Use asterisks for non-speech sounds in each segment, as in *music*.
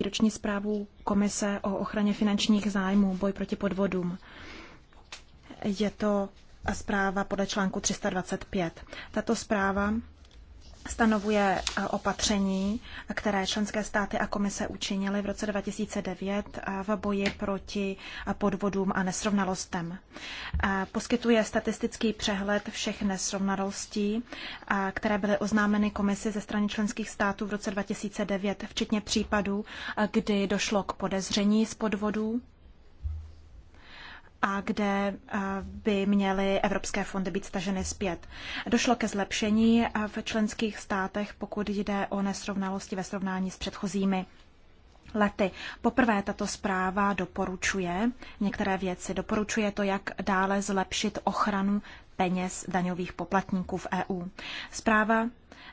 výroční zprávu Komise o ochraně finančních zájmů, boj proti podvodům. Je to zpráva podle článku 325. Tato zpráva stanovuje eh, opatření, které členské státy a komise učinily v roce 2009 eh, v boji proti eh, podvodům a nesrovnalostem. Poskytuje statistický přehled všech nesrovnalostí, které byly oznámeny komisi ze strany členských států v roce 2009, včetně případů, kdy došlo k podezření z podvodů a kde eh, by měly evropské fondy být staženy zpět. Došlo ke zlepšení eh, v členských státech, pokud jde o nesrovnalosti ve srovnání s předchozími lety. Poprvé tato zpráva doporučuje některé věci. Doporučuje to, jak dále zlepšit ochranu peněz daňových poplatníků v EU. Zpráva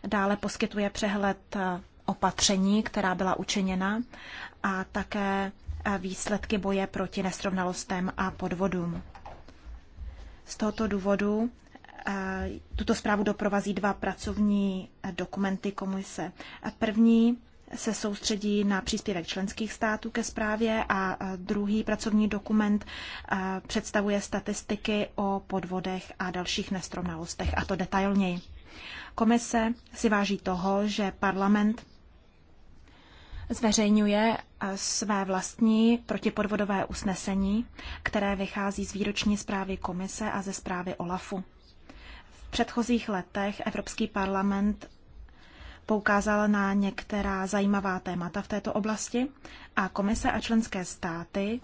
dále poskytuje přehled eh, opatření, která byla učiněna a také výsledky boje proti nesrovnalostem a podvodům. Z tohoto důvodu eh, tuto zprávu doprovází dva pracovní dokumenty komise. První se soustředí na příspěvek členských států ke zprávě a eh, druhý pracovní dokument eh, představuje statistiky o podvodech a dalších nestrovnalostech, a to detailněji. Komise si váží toho, že parlament zveřejňuje eh, své vlastní protipodvodové usnesení, které vychází z výroční zprávy komise a ze zprávy OLAFu. V předchozích letech Evropský parlament poukázal na některá zajímavá témata v této oblasti a komise a členské státy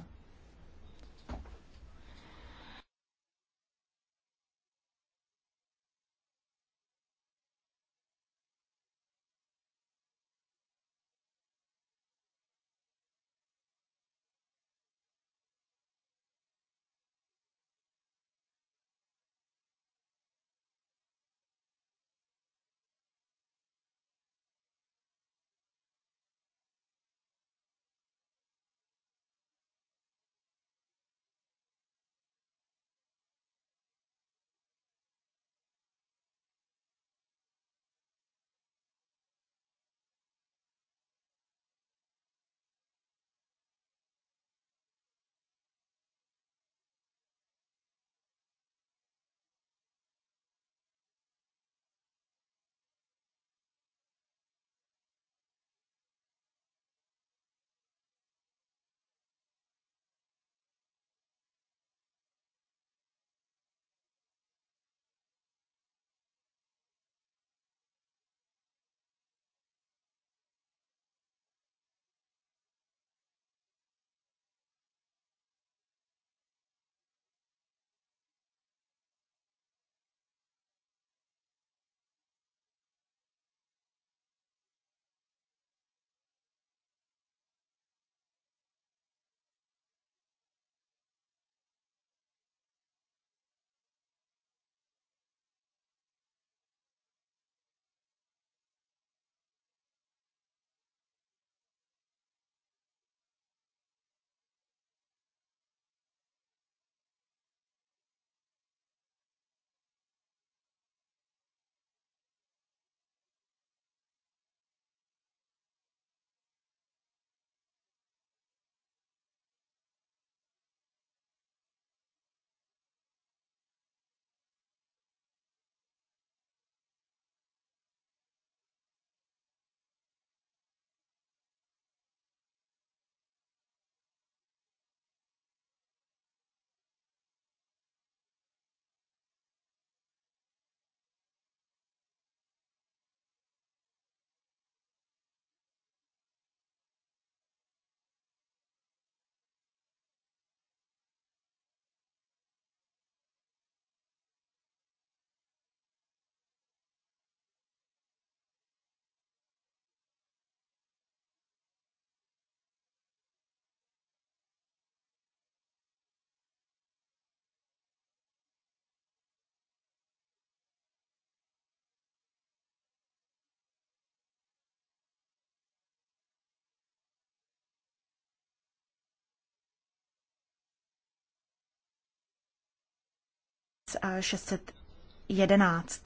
611.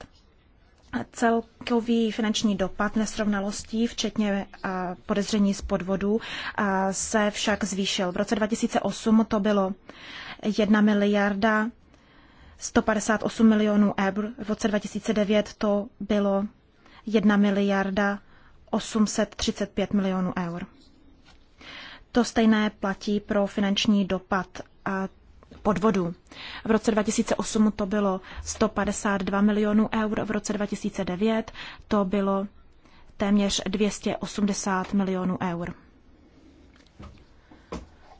Celkový finanční dopad nesrovnalostí, včetně podezření z podvodu, se však zvýšil. V roce 2008 to bylo 1 miliarda 158 milionů eur, v roce 2009 to bylo 1 miliarda 835 milionů eur. To stejné platí pro finanční dopad podvodu. V roce 2008 to bylo 152 milionů eur, v roce 2009 to bylo téměř 280 milionů eur.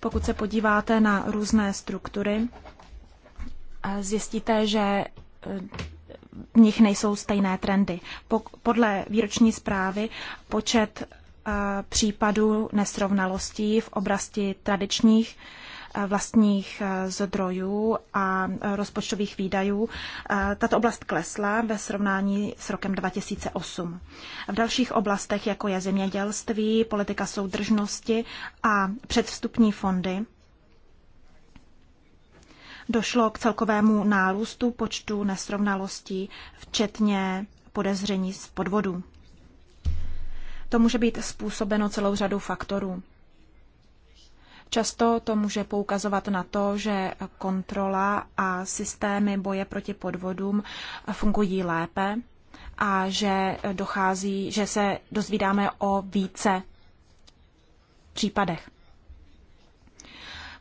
Pokud se podíváte na různé struktury, eh, zjistíte, že eh, v nich nejsou stejné trendy. Podle výroční zprávy počet eh, případů nesrovnalostí v oblasti tradičních Eh, vlastních eh, zdrojů a eh, rozpočtových výdajů, tato oblast klesla ve srovnání s rokem 2008. V dalších oblastech, jako je zemědělství, politika soudržnosti a předvstupní fondy, došlo k celkovému nárůstu počtu nesrovnalostí, včetně podezření z podvodu. To může být způsobeno celou řadou faktorů. Často to může poukazovat na to, že kontrola a systémy boje proti podvodům fungují lépe a že dochází, že se dozvídáme o více případech.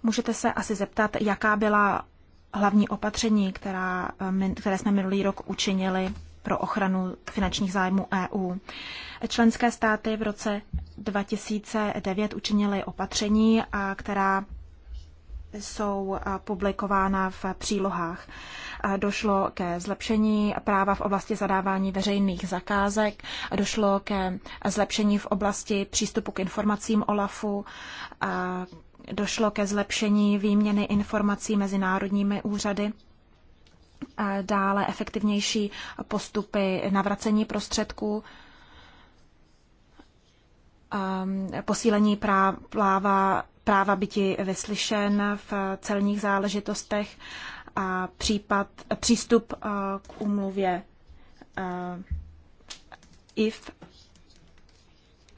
Můžete se asi zeptat, jaká byla hlavní opatření, která, které jsme minulý rok učinili pro ochranu finančních zájmů EU. Členské státy v roce 2009 učinily opatření, která jsou publikována v přílohách. Došlo ke zlepšení práva v oblasti zadávání veřejných zakázek, došlo ke zlepšení v oblasti přístupu k informacím OLAFu, došlo ke zlepšení výměny informací mezi národními úřady dále efektivnější postupy navracení prostředků, um, posílení práva, práva byti vyslyšen v celních záležitostech a případ, přístup uh, k úmluvě uh, IF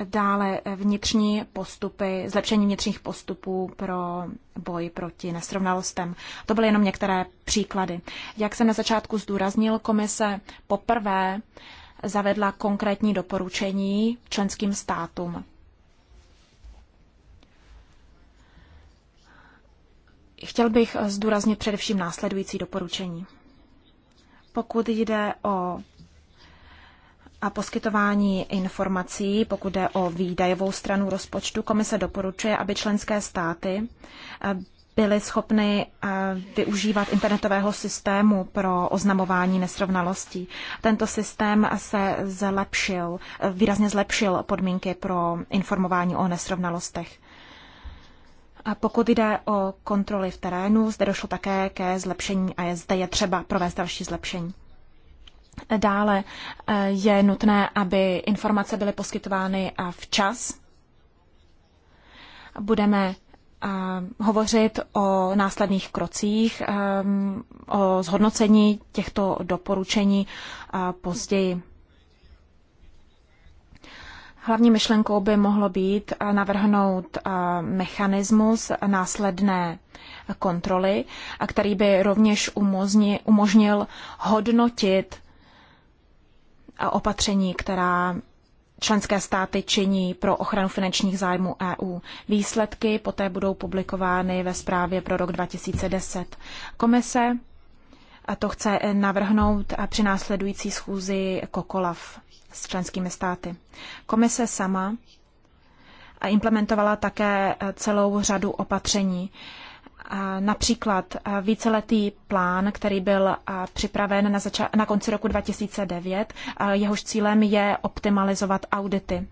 dále vnitřní postupy, zlepšení vnitřních postupů pro boj proti nesrovnalostem. To byly jenom některé příklady. Jak jsem na začátku zdůraznil, komise poprvé zavedla konkrétní doporučení členským státům. Chtěl bych zdůraznit především následující doporučení. Pokud jde o a poskytování informací, pokud jde o výdajovou stranu rozpočtu, komise doporučuje, aby členské státy eh, byly schopny eh, využívat internetového systému pro oznamování nesrovnalostí. Tento systém se zlepšil, eh, výrazně zlepšil podmínky pro informování o nesrovnalostech. A pokud jde o kontroly v terénu, zde došlo také ke zlepšení a je zde je třeba provést další zlepšení. Dále eh, je nutné, aby informace byly poskytovány eh, včas. Budeme eh, hovořit o následných krocích, o zhodnocení těchto doporučení později. Hlavní myšlenkou by mohlo být navrhnout mechanismus následné kontroly, který by rovněž umožnil hodnotit opatření, která členské státy činí pro ochranu finančních zájmů EU. Výsledky poté budou publikovány ve zprávě pro rok 2010. Komise a to chce navrhnout při následující schůzi Kokolav s členskými státy. Komise sama implementovala také celou řadu opatření. Například víceletý plán, který byl připraven na, zača- na konci roku 2009, jehož cílem je optimalizovat audity.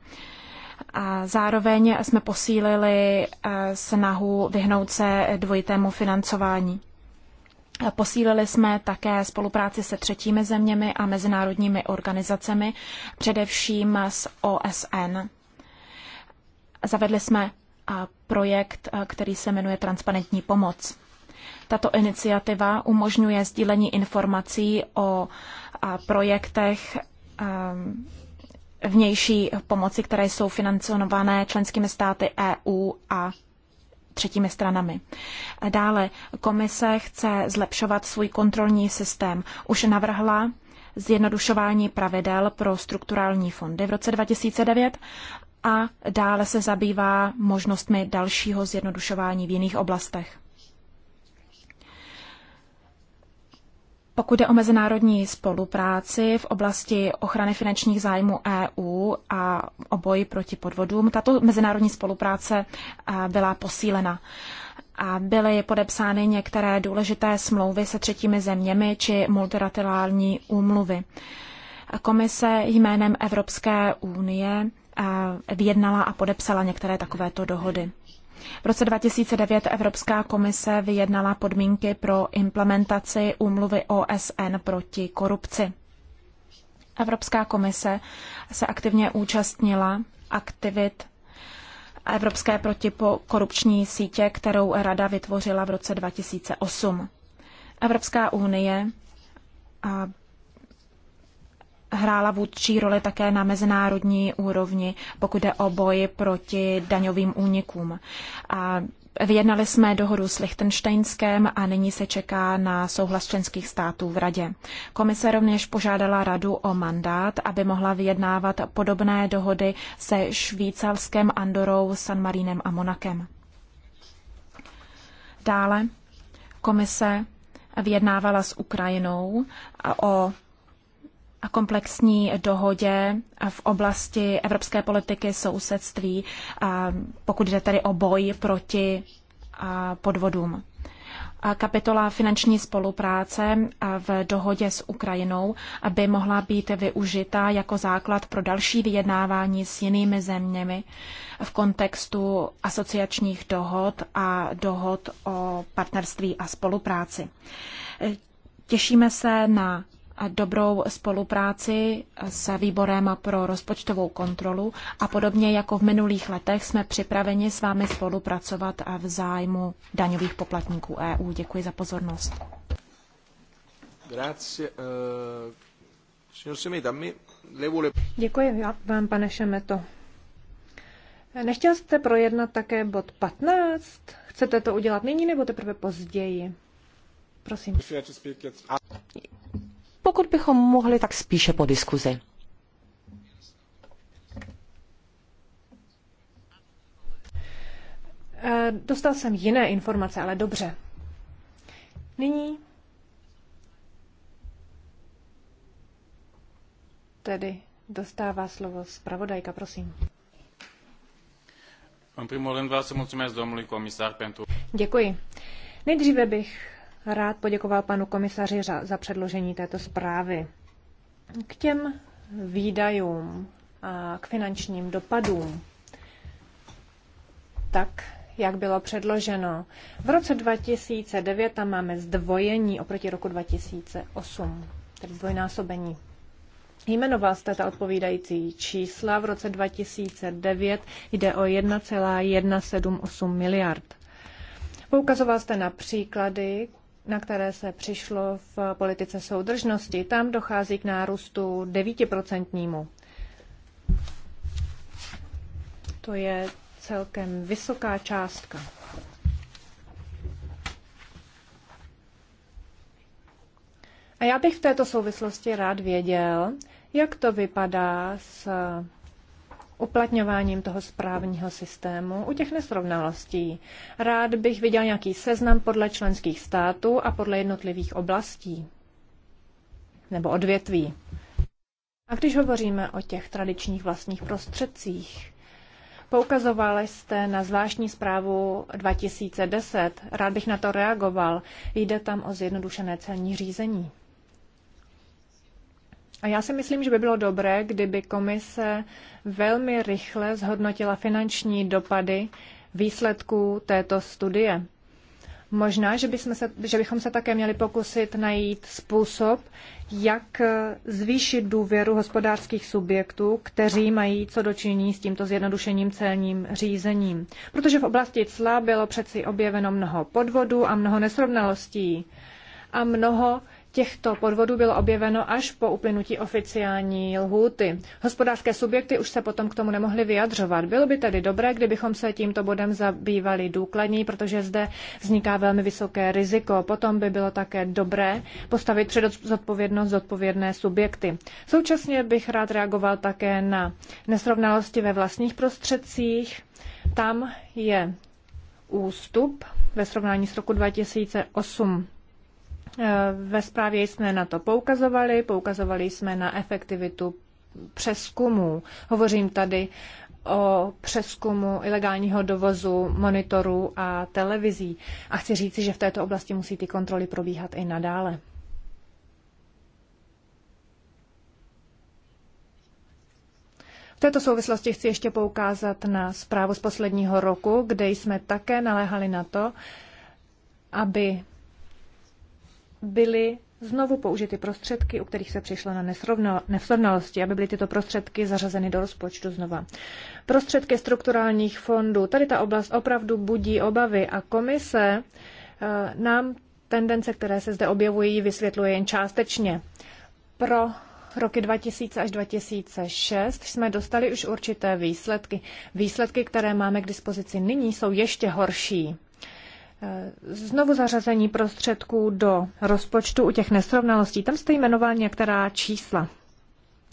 A zároveň jsme posílili snahu vyhnout se dvojitému financování. Posílili jsme také spolupráci se třetími zeměmi a mezinárodními organizacemi, především s OSN. Zavedli jsme projekt, který se jmenuje Transparentní pomoc. Tato iniciativa umožňuje sdílení informací o projektech vnější pomoci, které jsou financované členskými státy EU a třetími stranami. Dále komise chce zlepšovat svůj kontrolní systém. Už navrhla zjednodušování pravidel pro strukturální fondy v roce 2009 a dále se zabývá možnostmi dalšího zjednodušování v jiných oblastech. Pokud je o mezinárodní spolupráci v oblasti ochrany finančních zájmů EU a o boji proti podvodům, tato mezinárodní spolupráce eh, byla posílena. A byly podepsány některé důležité smlouvy se třetími zeměmi či multilaterální úmluvy. Komise jménem Evropské unie vyjednala a podepsala některé takovéto dohody. V roce 2009 Evropská komise vyjednala podmínky pro implementaci úmluvy OSN proti korupci. Evropská komise se aktivně účastnila aktivit Evropské protikorupční sítě, kterou Rada vytvořila v roce 2008. Evropská unie hrála vůdčí roli také na mezinárodní úrovni, pokud jde o boji proti daňovým únikům. A Vyjednali jsme dohodu s Lichtensteinskem a nyní se čeká na souhlas členských států v radě. Komise rovněž požádala radu o mandát, aby mohla vyjednávat podobné dohody se Švýcarskem, Andorou, San Marínem a Monakem. Dále komise vyjednávala s Ukrajinou o a komplexní dohodě v oblasti evropské politiky sousedství, pokud jde tedy o boj proti podvodům. Kapitola finanční spolupráce v dohodě s Ukrajinou by mohla být využita jako základ pro další vyjednávání s jinými zeměmi v kontextu asociačních dohod a dohod o partnerství a spolupráci. Těšíme se na dobrou spolupráci s výborem pro rozpočtovou kontrolu a podobně jako v minulých letech jsme připraveni s vámi spolupracovat a v zájmu daňových poplatníků EU. Děkuji za pozornost. Eh, Děkuji vám, pane Šemeto. Nechtěl jste projednat také bod 15? Chcete to udělat nyní nebo teprve později? Prosím. Pokud bychom mohli, tak spíše po diskuzi. Eh, dostal jsem jiné informace, ale dobře. Nyní tedy dostává slovo zpravodajka, prosím. Děkuji. Nejdříve bych rád poděkoval panu komisaři za předložení této zprávy. K těm výdajům a k finančním dopadům, tak jak bylo předloženo. V roce 2009 tam máme zdvojení oproti roku 2008, tedy zdvojnásobení. Jmenoval jste ta odpovídající čísla. V roce 2009 jde o 1,178 miliard. Poukazoval jste na příklady, na které se přišlo v politice soudržnosti. Tam dochází k nárůstu 9%. To je celkem vysoká částka. A já bych v této souvislosti rád věděl, jak to vypadá s uplatňováním toho správního systému u těch nesrovnalostí. Rád bych viděl nějaký seznam podle členských států a podle jednotlivých oblastí nebo odvětví. A když hovoříme o těch tradičních vlastních prostředcích, Poukazovali jste na zvláštní zprávu 2010. Rád bych na to reagoval. Jde tam o zjednodušené celní řízení. A já si myslím, že by bylo dobré, kdyby komise velmi rychle zhodnotila finanční dopady výsledků této studie. Možná, že, bychom se, že bychom se také měli pokusit najít způsob, jak zvýšit důvěru hospodářských subjektů, kteří mají co dočinění s tímto zjednodušením celním řízením. Protože v oblasti cla bylo přeci objeveno mnoho podvodů a mnoho nesrovnalostí a mnoho Těchto podvodů bylo objeveno až po uplynutí oficiální lhůty. Hospodářské subjekty už se potom k tomu nemohly vyjadřovat. Bylo by tedy dobré, kdybychom se tímto bodem zabývali důkladněji, protože zde vzniká velmi vysoké riziko. Potom by bylo také dobré postavit před zodpovědnost zodpovědné subjekty. Současně bych rád reagoval také na nesrovnalosti ve vlastních prostředcích. Tam je ústup ve srovnání s roku 2008 Eh, ve zprávě jsme na to poukazovali, poukazovali jsme na efektivitu přeskumu. Hovořím tady o přeskumu ilegálního dovozu monitorů a televizí. A chci říci, že v této oblasti musí ty kontroly probíhat i nadále. V této souvislosti chci ještě poukázat na zprávu z posledního roku, kde jsme také naléhali na to, aby byly znovu použity prostředky, u kterých se přišlo na nesrovnalosti, aby byly tyto prostředky zařazeny do rozpočtu znova. Prostředky strukturálních fondů. Tady ta oblast opravdu budí obavy a komise eh, nám tendence, které se zde objevují, vysvětluje jen částečně. Pro roky 2000 až 2006 jsme dostali už určité výsledky. Výsledky, které máme k dispozici nyní, jsou ještě horší. Znovu zařazení prostředků do rozpočtu u těch nesrovnalostí. Tam jste jmenoval některá čísla.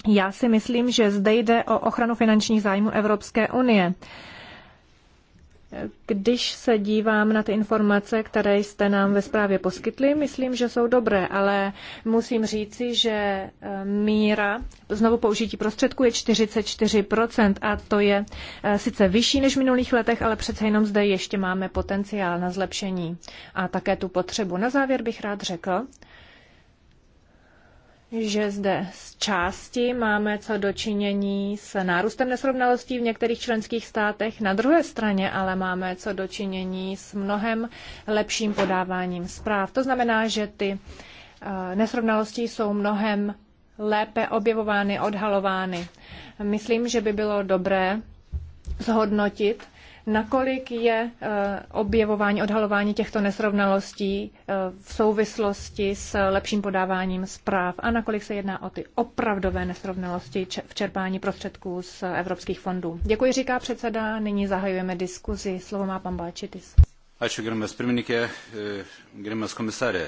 Já si myslím, že zde jde o ochranu finančních zájmů Evropské unie. Když se dívám na ty informace, které jste nám ve zprávě poskytli, myslím, že jsou dobré, ale musím říci, že eh, míra znovu použití prostředku je 44% a to je eh, sice vyšší než v minulých letech, ale přece jenom zde ještě máme potenciál na zlepšení a také tu potřebu. Na závěr bych rád řekl, že zde z části máme co dočinění s nárůstem nesrovnalostí v některých členských státech, na druhé straně ale máme co dočinění s mnohem lepším podáváním zpráv. To znamená, že ty eh, nesrovnalosti jsou mnohem lépe objevovány, odhalovány. Myslím, že by bylo dobré zhodnotit Nakolik je eh, objevování, odhalování těchto nesrovnalostí eh, v souvislosti s lepším podáváním zpráv a nakolik se jedná o ty opravdové nesrovnalosti v čerpání prostředků z evropských fondů? Děkuji, říká předseda. Nyní zahajujeme diskuzi. Slovo má pan Balčitis. E,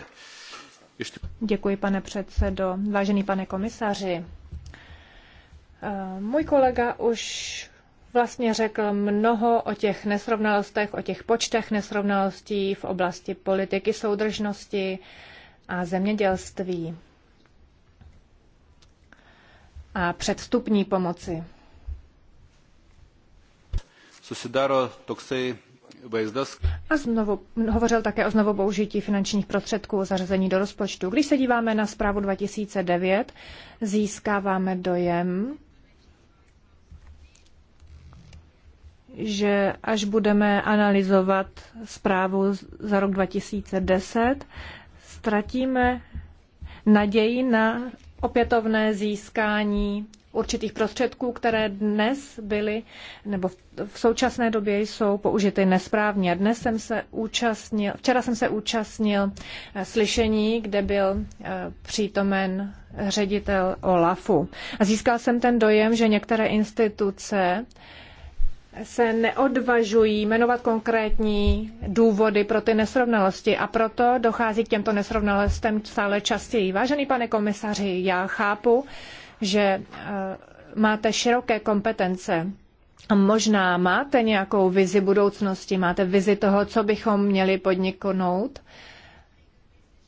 Děkuji, pane předsedo. Vážený pane komisaři, e, můj kolega už vlastně řekl mnoho o těch nesrovnalostech, o těch počtech nesrovnalostí v oblasti politiky soudržnosti a zemědělství a předstupní pomoci. a znovu, hovořil také o znovu použití finančních prostředků zařazení do rozpočtu. Když se díváme na zprávu 2009, získáváme dojem, že až budeme analyzovat zprávu za rok 2010, ztratíme naději na opětovné získání určitých prostředků, které dnes byly nebo v současné době jsou použity nesprávně. Dnes jsem se účastnil, včera jsem se účastnil eh, slyšení, kde byl eh, přítomen ředitel OLAFu. A získal jsem ten dojem, že některé instituce se neodvažují jmenovat konkrétní důvody pro ty nesrovnalosti a proto dochází k těmto nesrovnalostem stále častěji. Vážený pane komisaři, já chápu, že eh, máte široké kompetence a možná máte nějakou vizi budoucnosti, máte vizi toho, co bychom měli podniknout,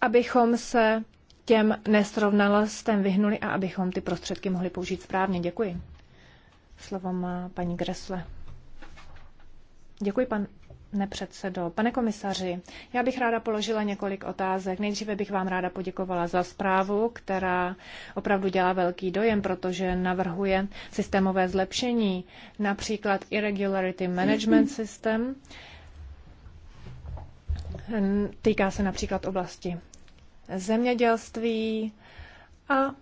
abychom se těm nesrovnalostem vyhnuli a abychom ty prostředky mohli použít správně. Děkuji. Slovo má paní Gresle. Děkuji, pan nepředsedo. Pane komisaři, já bych ráda položila několik otázek. Nejdříve bych vám ráda poděkovala za zprávu, která opravdu dělá velký dojem, protože navrhuje systémové zlepšení, například Irregularity Management System. Týká se například oblasti zemědělství a e,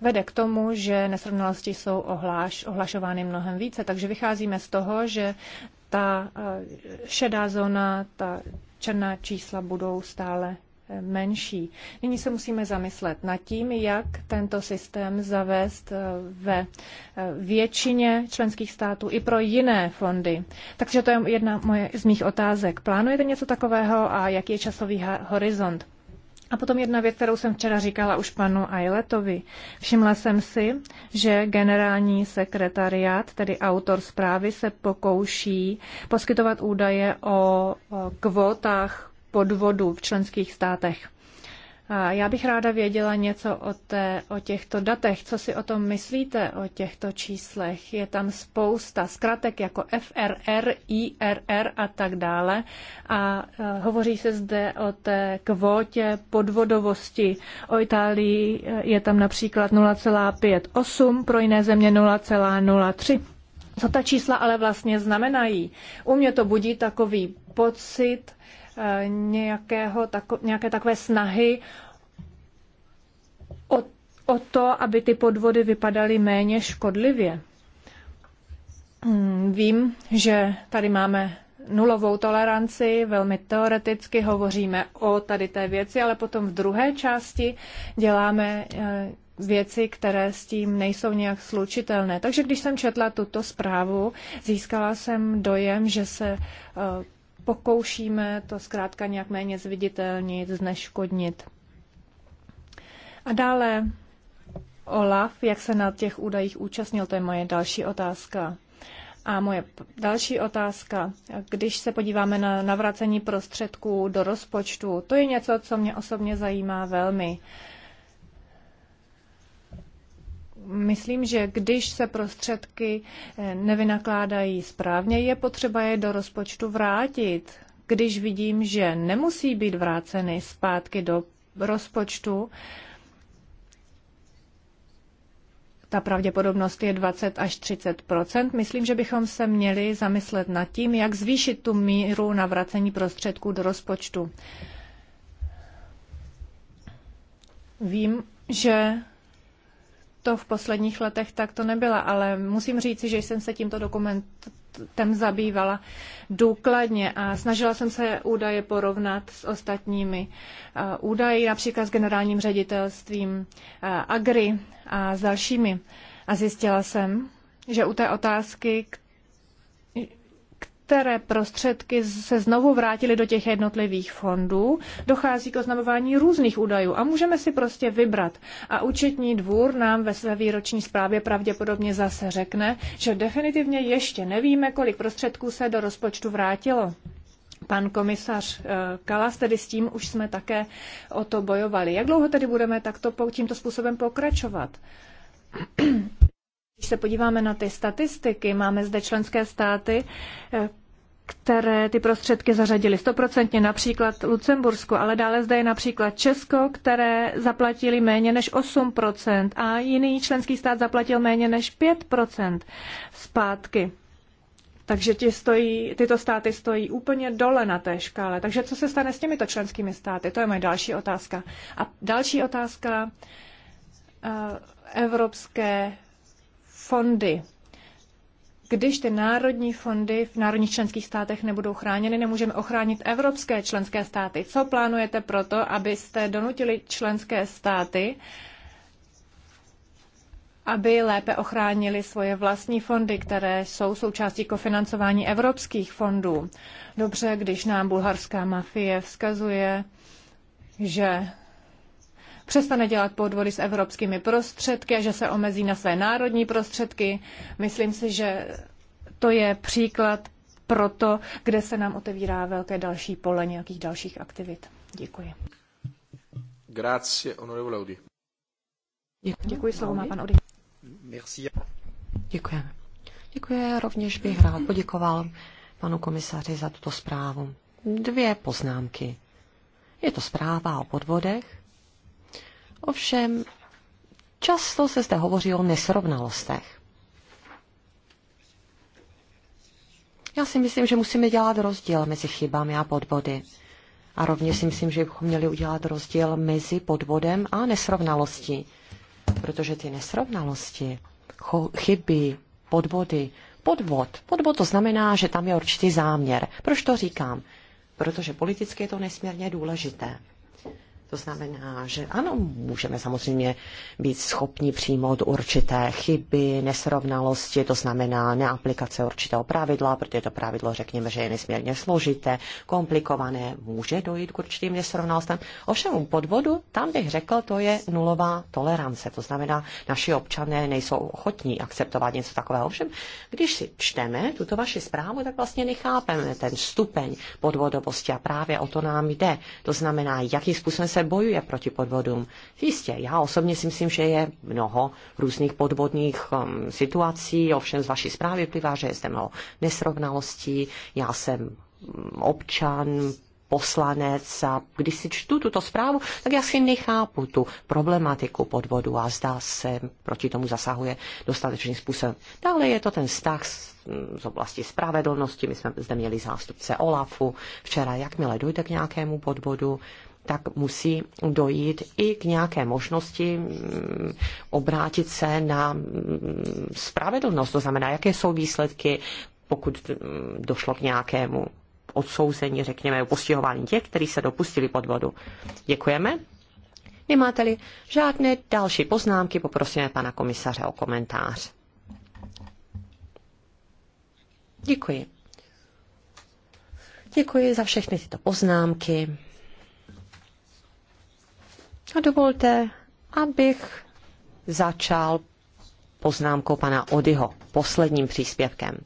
vede k tomu, že nesrovnalosti jsou ohláš, ohlašovány mnohem více. Takže vycházíme z toho, že ta eh, šedá zóna, ta černá čísla budou stále eh, menší. Nyní se musíme zamyslet nad tím, jak tento systém zavést eh, ve většině členských států i pro jiné fondy. Takže to je jedna moje, z mých otázek. Plánujete něco takového a jaký je časový horizont? A potom jedna věc, kterou jsem včera říkala už panu Ajletovi. Všimla jsem si, že generální sekretariát, tedy autor zprávy, se pokouší poskytovat údaje o kvótách podvodu v členských státech. Já bych ráda věděla něco o, té, o těchto datech. Co si o tom myslíte, o těchto číslech? Je tam spousta zkratek jako FRR, IRR a tak dále. A e, hovoří se zde o té kvótě podvodovosti. O Itálii e, je tam například 0,58, pro jiné země 0,03 co ta čísla ale vlastně znamenají. U mě to budí takový pocit, nějakého, tako, nějaké takové snahy o, o to, aby ty podvody vypadaly méně škodlivě. Hmm, vím, že tady máme nulovou toleranci, velmi teoreticky hovoříme o tady té věci, ale potom v druhé části děláme eh, věci, které s tím nejsou nějak slučitelné. Takže když jsem četla tuto zprávu, získala jsem dojem, že se eh, pokoušíme to zkrátka nějak méně zviditelnit, zneškodnit. A dále Olaf, jak se na těch údajích účastnil, to je moje další otázka. A moje další otázka, když se podíváme na navracení prostředků do rozpočtu, to je něco, co mě osobně zajímá velmi. Uh, myslím, že když se prostředky eh, nevynakládají správně, je potřeba je do rozpočtu vrátit. Když vidím, že nemusí být vráceny zpátky do rozpočtu, ta pravděpodobnost je 20 až 30 Myslím, že bychom se měli zamyslet nad tím, jak zvýšit tu míru navracení prostředků do rozpočtu. Vím, že to v posledních letech tak to nebyla, ale musím říci, že jsem se tímto dokumentem zabývala důkladně a snažila jsem se údaje porovnat s ostatními eh, údaji, například s generálním ředitelstvím eh, Agri a s dalšími. A zjistila jsem, že u té otázky, které prostředky se znovu vrátily do těch jednotlivých fondů, dochází k oznamování různých údajů a můžeme si prostě vybrat. A účetní dvůr nám ve své výroční zprávě pravděpodobně zase řekne, že definitivně ještě nevíme, kolik prostředků se do rozpočtu vrátilo. Pan komisař eh, Kalas, tedy s tím už jsme také o to bojovali. Jak dlouho tedy budeme takto tímto způsobem pokračovat? Když se podíváme na ty statistiky, máme zde členské státy, eh, které ty prostředky zařadili stoprocentně, například Lucembursko, ale dále zde je například Česko, které zaplatili méně než 8% a jiný členský stát zaplatil méně než 5% zpátky. Takže ti stojí, tyto státy stojí úplně dole na té škále. Takže co se stane s těmito členskými státy? To je moje další otázka. A další otázka eh, evropské fondy. Když ty národní fondy v národních členských státech nebudou chráněny, nemůžeme ochránit evropské členské státy. Co plánujete proto, abyste donutili členské státy, aby lépe ochránili svoje vlastní fondy, které jsou součástí kofinancování evropských fondů. Dobře, když nám bulharská mafie vzkazuje, že přestane dělat podvody s evropskými prostředky a že se omezí na své národní prostředky. Myslím si, že to je příklad pro to, kde se nám otevírá velké další pole nějakých dalších aktivit. Děkuji. Grazie, onorevole Audi. Děkuji, Děkuji slovo má pan Audi. Merci. Děkujeme. Děkuji, rovněž bych rád poděkoval panu komisaři za tuto zprávu. Dvě poznámky. Je to zpráva o podvodech Ovšem, často se zde hovoří o nesrovnalostech. Já si myslím, že musíme dělat rozdíl mezi chybami a podvody. A rovněž si myslím, že bychom měli udělat rozdíl mezi podvodem a nesrovnalostí. Protože ty nesrovnalosti, chyby, podvody, podvod, podvod to znamená, že tam je určitý záměr. Proč to říkám? Protože politicky je to nesmírně důležité. To znamená, že ano, můžeme samozřejmě být schopni přijmout určité chyby, nesrovnalosti, to znamená neaplikace určitého pravidla, protože to pravidlo, řekněme, že je nesmírně složité, komplikované, může dojít k určitým nesrovnalostem. Ovšem u podvodu, tam bych řekl, to je nulová tolerance. To znamená, naši občané nejsou ochotní akceptovat něco takového. Ovšem, když si čteme tuto vaši zprávu, tak vlastně nechápeme ten stupeň podvodovosti a právě o to nám jde. To znamená, jaký způsobem se bojuje proti podvodům. Jistě, já osobně si myslím, že je mnoho různých podvodních um, situací, ovšem z vaší zprávy vyplývá, že je zde mnoho nesrovnalostí. Já jsem um, občan, poslanec a když si čtu tuto zprávu, tak já si nechápu tu problematiku podvodu a zdá se, proti tomu zasahuje dostatečným způsobem. Dále je to ten vztah s z oblasti spravedlnosti. My jsme zde měli zástupce OLAFu. Včera, jakmile dojde k nějakému podvodu, tak musí dojít i k nějaké možnosti mm, obrátit se na mm, spravedlnost. To znamená, jaké jsou výsledky, pokud mm, došlo k nějakému odsouzení, řekněme, postihování těch, kteří se dopustili podvodu. Děkujeme. Nemáte-li žádné další poznámky, poprosíme pana komisaře o komentář. Děkuji. Děkuji za všechny tyto poznámky. A dovolte, abych začal poznámkou pana Odyho, posledním příspěvkem.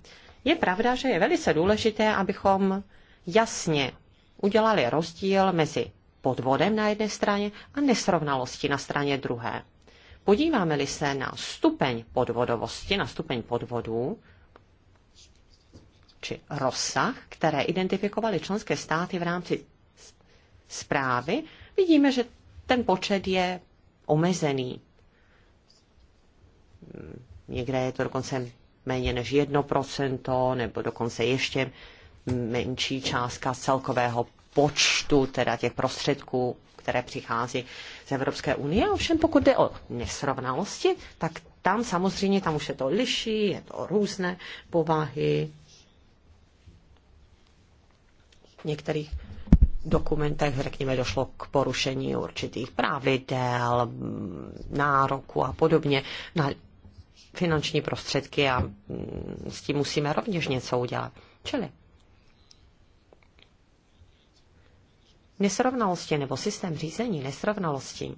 Je pravda, že je velice důležité, abychom jasně udělali rozdíl mezi podvodem na jedné straně a nesrovnalosti na straně druhé. Podíváme-li se na stupeň podvodovosti, na stupeň podvodů, či rozsah, které identifikovaly členské státy v rámci zprávy, vidíme, že ten počet je omezený. Někde je to dokonce méně než 1%, nebo dokonce ještě menší částka celkového počtu teda těch prostředků, které přichází z Evropské unie. Ovšem pokud jde o nesrovnalosti, tak tam samozřejmě, tam už je to liší, je to různé povahy. V některých dokumentech, řekněme, došlo k porušení určitých pravidel, nároku a podobně na finanční prostředky a mm, s tím musíme rovněž něco udělat. Čili nesrovnalosti nebo systém řízení nesrovnalosti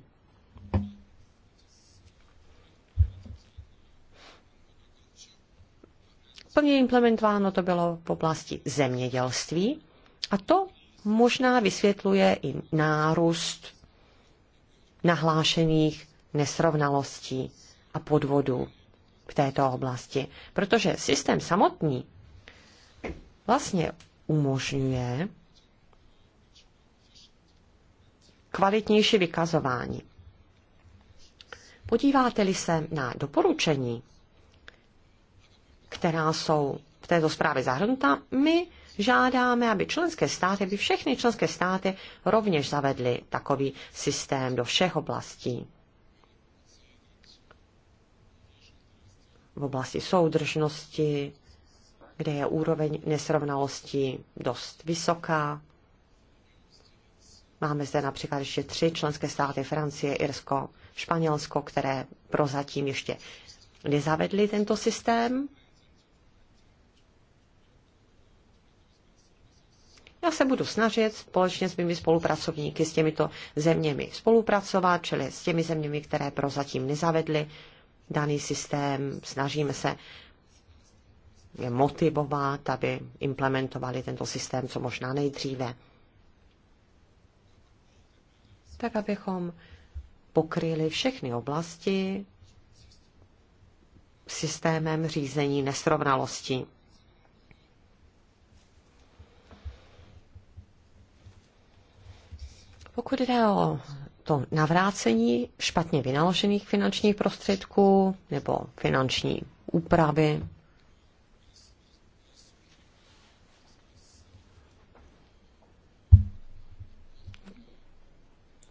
plně implementováno to bylo v oblasti zemědělství a to možná vysvětluje i nárůst nahlášených nesrovnalostí a podvodů v této oblasti. Protože systém samotný vlastně umožňuje kvalitnější vykazování. Podíváte-li se na doporučení, která jsou v této zprávě zahrnuta, my žádáme, aby členské státy, aby všechny členské státy rovněž zavedly takový systém do všech oblastí. V oblasti soudržnosti, kde je úroveň nesrovnalostí dost vysoká. Máme zde například ještě tři členské státy, Francie, Irsko, Španělsko, které prozatím ještě nezavedly tento systém Já se budu snažit společně s mými spolupracovníky s těmito zeměmi spolupracovat, čili s těmi zeměmi, které prozatím nezavedly daný systém. Snažíme se je motivovat, aby implementovali tento systém co možná nejdříve. Tak, abychom pokryli všechny oblasti systémem řízení nesrovnalostí. Pokud jde o to navrácení špatně vynaložených finančních prostředků nebo finanční úpravy,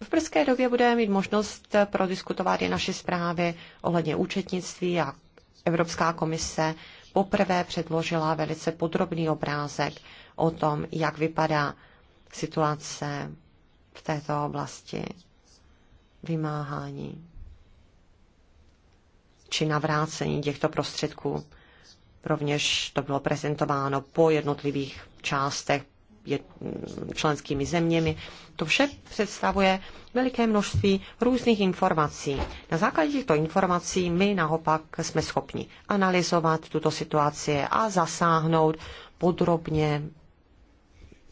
V brzké době budeme mít možnost prodiskutovat i naše zprávy ohledně účetnictví a Evropská komise poprvé předložila velice podrobný obrázek o tom, jak vypadá situace v této oblasti vymáhání či navrácení těchto prostředků. Rovněž to bylo prezentováno po jednotlivých částech členskými zeměmi. To vše představuje veliké množství různých informací. Na základě těchto informací my naopak jsme schopni analyzovat tuto situaci a zasáhnout podrobně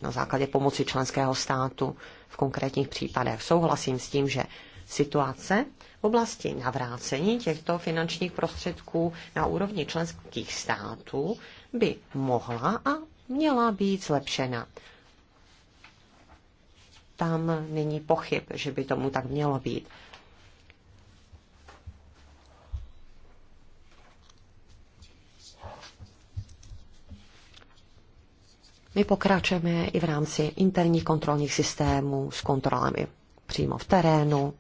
na základě pomoci členského státu v konkrétních případech. Souhlasím s tím, že situace v oblasti navrácení těchto finančních prostředků na úrovni členských států by mohla a měla být zlepšena. Tam není pochyb, že by tomu tak mělo být. My pokračujeme i v rámci interních kontrolních systémů s kontrolami přímo v terénu.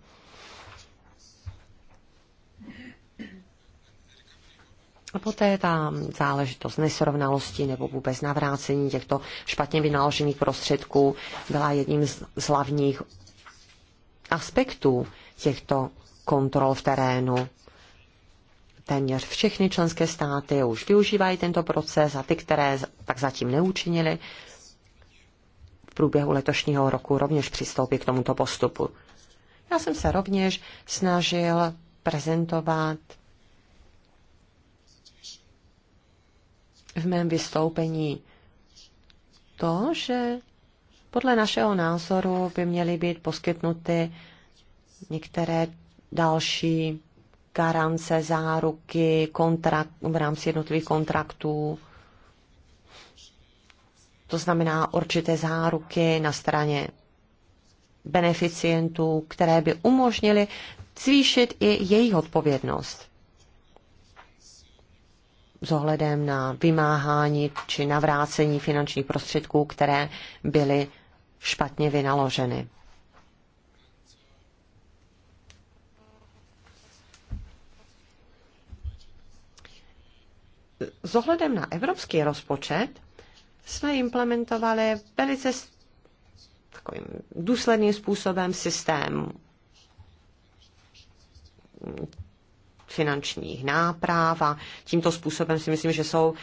A poté ta záležitost nesrovnalosti nebo vůbec navrácení těchto špatně vynaložených prostředků byla jedním z hlavních aspektů těchto kontrol v terénu téměř všechny členské státy už využívají tento proces a ty, které tak zatím neučinili, v průběhu letošního roku rovněž přistoupí k tomuto postupu. Já jsem se rovněž snažil prezentovat v mém vystoupení to, že podle našeho názoru by měly být poskytnuty některé další garance, záruky, kontrakt, v rámci jednotlivých kontraktů. To znamená určité záruky na straně beneficientů, které by umožnily zvýšit i jejich odpovědnost s ohledem na vymáhání či navrácení finančních prostředků, které byly špatně vynaloženy. s ohledem na evropský rozpočet jsme implementovali velice takovým důsledným způsobem systém finančních náprav a tímto způsobem si myslím, že jsou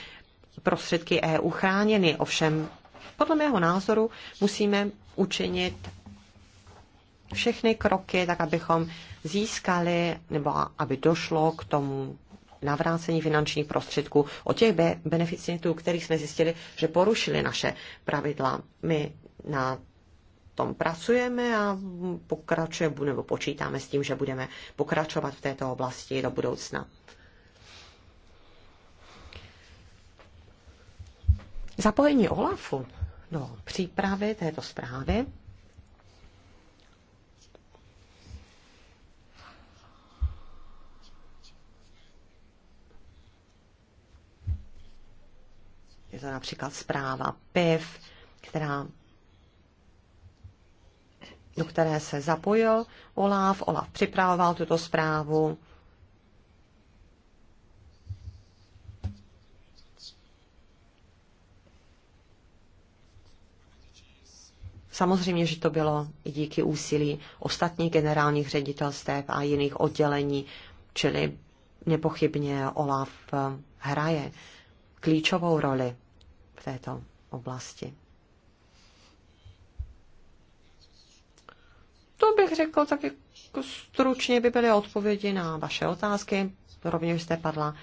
prostředky EU chráněny. Ovšem, podle mého názoru musíme učinit všechny kroky, tak abychom získali nebo aby došlo k tomu navrácení finančních prostředků o těch beneficientů, kterých jsme zjistili, že porušili naše pravidla. My na tom pracujeme a pokračujeme nebo počítáme s tím, že budeme pokračovat v této oblasti do budoucna. Zapojení OLAFu do přípravy této zprávy Je to například zpráva PIV, která do které se zapojil Olaf. Olaf připravoval tuto zprávu. Samozřejmě, že to bylo i díky úsilí ostatních generálních ředitelstv a jiných oddělení, čili nepochybně Olaf hraje klíčovou roli v této oblasti. To bych řekl tak jako stručně by byly odpovědi na vaše otázky. Rovněž jste padla,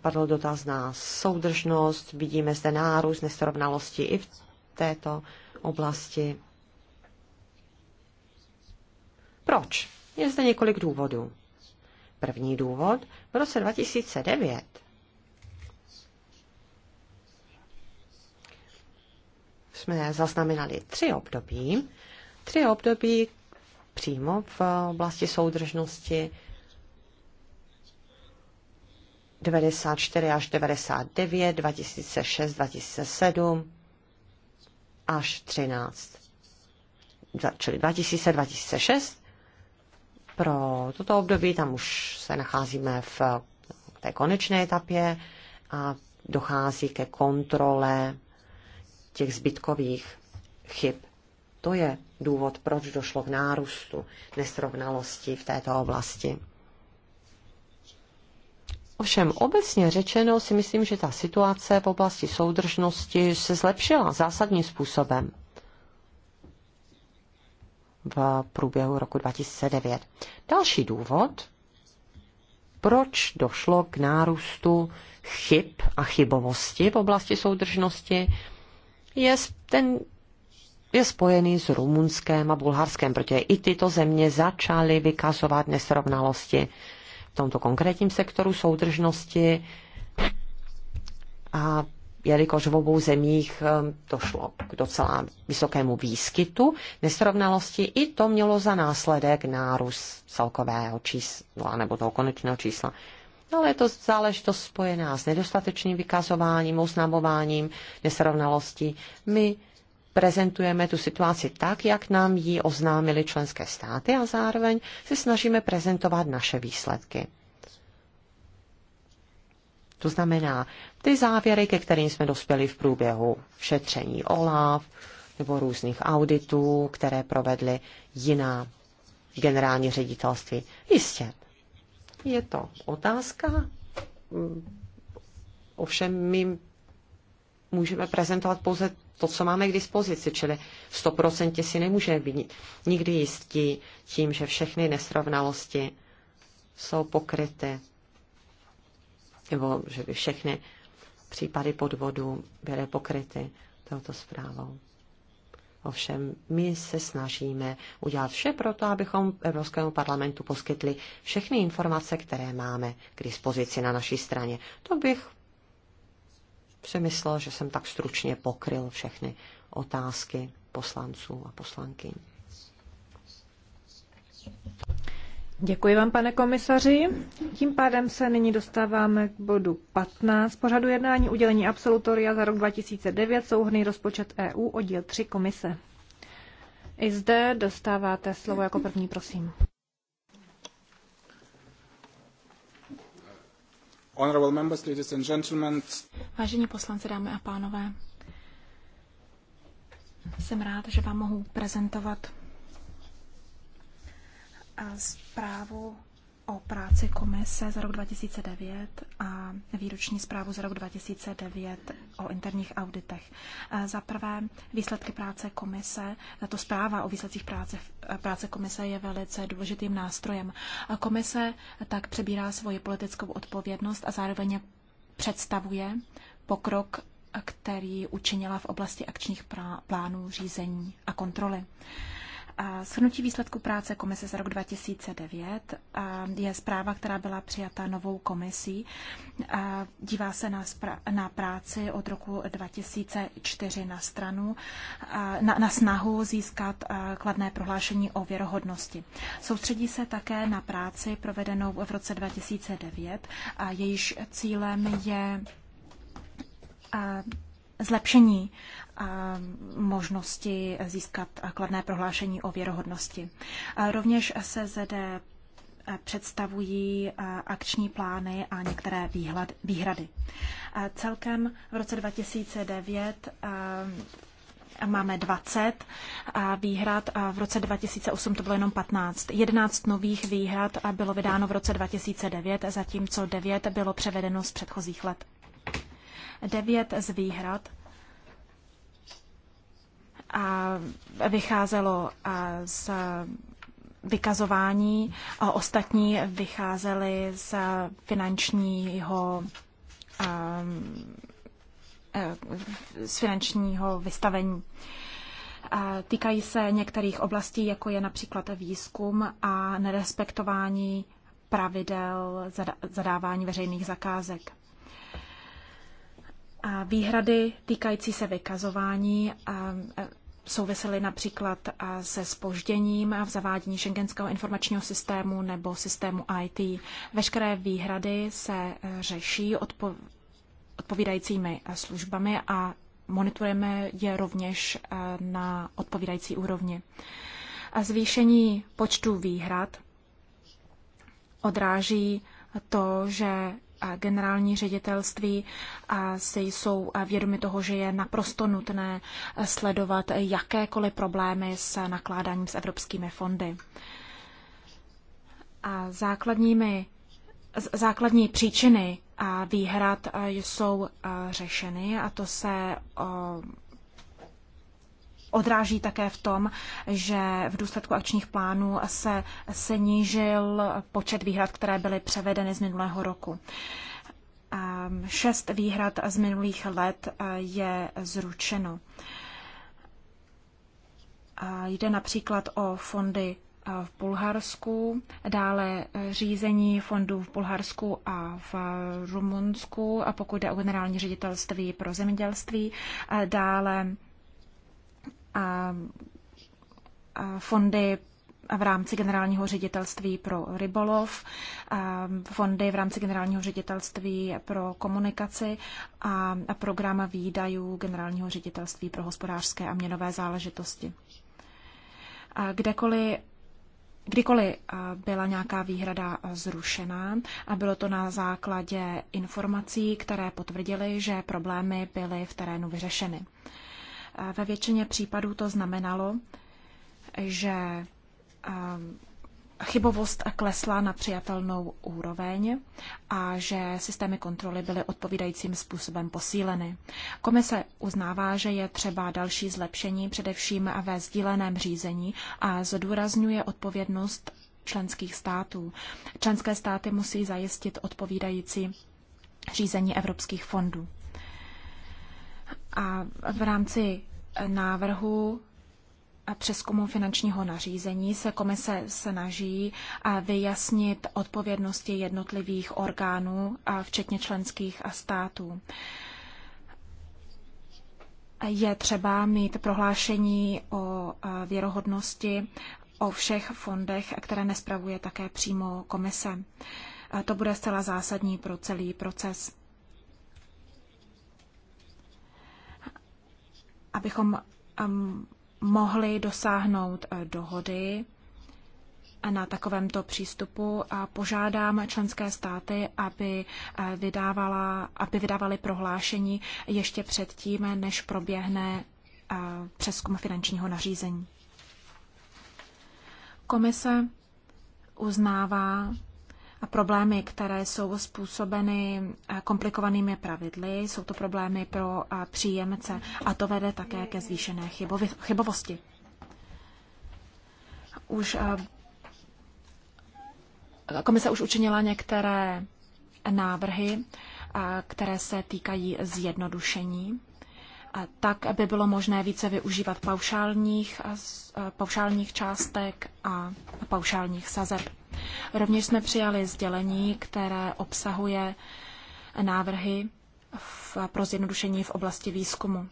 padl dotaz na soudržnost. Vidíme zde nárůst nesrovnalosti i v této oblasti. Proč? Je zde několik důvodů. První důvod, v roce 2009 jsme zaznamenali tři období. Tři období přímo v oblasti soudržnosti 94 až 99, 2006, 2007 až 13. Čili 2000, 2006. Pro toto období tam už se nacházíme v té konečné etapě a dochází ke kontrole těch zbytkových chyb. To je důvod, proč došlo k nárůstu nesrovnalosti v této oblasti. Ovšem obecně řečeno si myslím, že ta situace v oblasti soudržnosti se zlepšila zásadním způsobem v průběhu roku 2009. Další důvod, proč došlo k nárůstu chyb a chybovosti v oblasti soudržnosti, je ten je spojený s Rumunském a Bulharském, protože i tyto země začaly vykazovat nesrovnalosti v tomto konkrétním sektoru soudržnosti a jelikož v obou zemích došlo ehm, k docela vysokému výskytu nesrovnalosti, i to mělo za následek nárůst celkového čísla nebo toho konečného čísla ale no, je to záležitost spojená s nedostatečným vykazováním, oznamováním nesrovnalostí. My prezentujeme tu situaci tak, jak nám ji oznámili členské státy a zároveň se snažíme prezentovat naše výsledky. To znamená ty závěry, ke kterým jsme dospěli v průběhu šetření OLAV nebo různých auditů, které provedly jiná generální ředitelství. Jistě, je to otázka, ovšem my můžeme prezentovat pouze to, co máme k dispozici, čili 100 si nemůže být nikdy jistí tím, že všechny nesrovnalosti jsou pokryty, nebo že by všechny případy podvodu byly pokryty touto zprávou. Ovšem my se snažíme udělat vše pro to, abychom Evropskému parlamentu poskytli všechny informace, které máme k dispozici na naší straně. To bych si myslel, že jsem tak stručně pokryl všechny otázky poslanců a poslankyň. Děkuji vám, pane komisaři. Tím pádem se nyní dostáváme k bodu 15 pořadu jednání udělení absolutoria za rok 2009 souhrný rozpočet EU oddíl 3 komise. I zde dostáváte slovo jako první, prosím. Honorable members, ladies and gentlemen. Vážení poslanci, dámy a pánové, jsem rád, že vám mohu prezentovat zprávu o práci komise za rok 2009 a výroční zprávu za rok 2009 o interních auditech. Za prvé, výsledky práce komise, tato zpráva o výsledcích práce, práce komise je velice důležitým nástrojem. Komise tak přebírá svoji politickou odpovědnost a zároveň představuje pokrok, který učinila v oblasti akčních plánů, řízení a kontroly. Shrnutí výsledku práce komise za rok 2009 je zpráva, která byla přijata novou komisí. Dívá se na, na práci od roku 2004 na stranu, na, na snahu získat kladné prohlášení o věrohodnosti. Soustředí se také na práci provedenou v roce 2009, a jejíž cílem je zlepšení možnosti získat kladné prohlášení o věrohodnosti. Rovněž se zde představují akční plány a některé výhled, výhrady. Celkem v roce 2009 máme 20 výhrad, a v roce 2008 to bylo jenom 15. 11 nových výhrad bylo vydáno v roce 2009, zatímco 9 bylo převedeno z předchozích let. 9 z výhrad a vycházelo z vykazování a ostatní vycházeli z finančního um, e, z finančního vystavení. Týkají se některých oblastí, jako je například výzkum a nerespektování pravidel zadávání veřejných zakázek. Výhrady týkající se vykazování souvisely například se spožděním v zavádění šengenského informačního systému nebo systému IT. Veškeré výhrady se e, řeší odpo- odpovídajícími e, službami a monitorujeme je rovněž e, na odpovídající úrovni. A zvýšení počtu výhrad odráží to, že generální ředitelství si jsou vědomi toho, že je naprosto nutné sledovat jakékoliv problémy s nakládáním s evropskými fondy. A základními, základní příčiny a výhrad jsou řešeny a to se odráží také v tom, že v důsledku akčních plánů se snížil počet výhrad, které byly převedeny z minulého roku. Ehm, šest výhrad z minulých let eh, je zručeno. Jde například o fondy eh, v Bulharsku, dále eh, řízení fondů v Bulharsku a v Rumunsku, a pokud jde o generální ředitelství pro zemědělství, dále fondy v rámci generálního ředitelství pro rybolov, fondy v rámci generálního ředitelství pro komunikaci a program výdajů generálního ředitelství pro hospodářské a měnové záležitosti. Kdekoliv Kdykoliv byla nějaká výhrada zrušena a bylo to na základě informací, které potvrdily, že problémy byly v terénu vyřešeny. Ve většině případů to znamenalo, že ehm, chybovost klesla na přijatelnou úroveň a že systémy kontroly byly odpovídajícím způsobem posíleny. Komise uznává, že je třeba další zlepšení, především ve sdíleném řízení a zdůrazňuje odpovědnost členských států. Členské státy musí zajistit odpovídající řízení evropských fondů. A v rámci návrhu přeskumu finančního nařízení se komise snaží vyjasnit odpovědnosti jednotlivých orgánů, a včetně členských států. Je třeba mít prohlášení o věrohodnosti o všech fondech, které nespravuje také přímo komise. To bude zcela zásadní pro celý proces. abychom mohli dosáhnout eh, dohody na takovémto přístupu a požádám členské státy, aby, eh, vydávala, aby vydávali prohlášení ještě předtím, než proběhne eh, přeskum finančního nařízení. Komise uznává problémy, které jsou způsobeny eh, komplikovanými pravidly, jsou to problémy pro eh, příjemce a to vede také ke zvýšené chybovosti. Už eh, Komise už učinila některé návrhy, které se týkají zjednodušení tak, aby bylo možné více využívat paušálních, paušálních částek a paušálních sazeb. Rovněž jsme přijali sdělení, které obsahuje návrhy v, pro zjednodušení v oblasti výzkumu.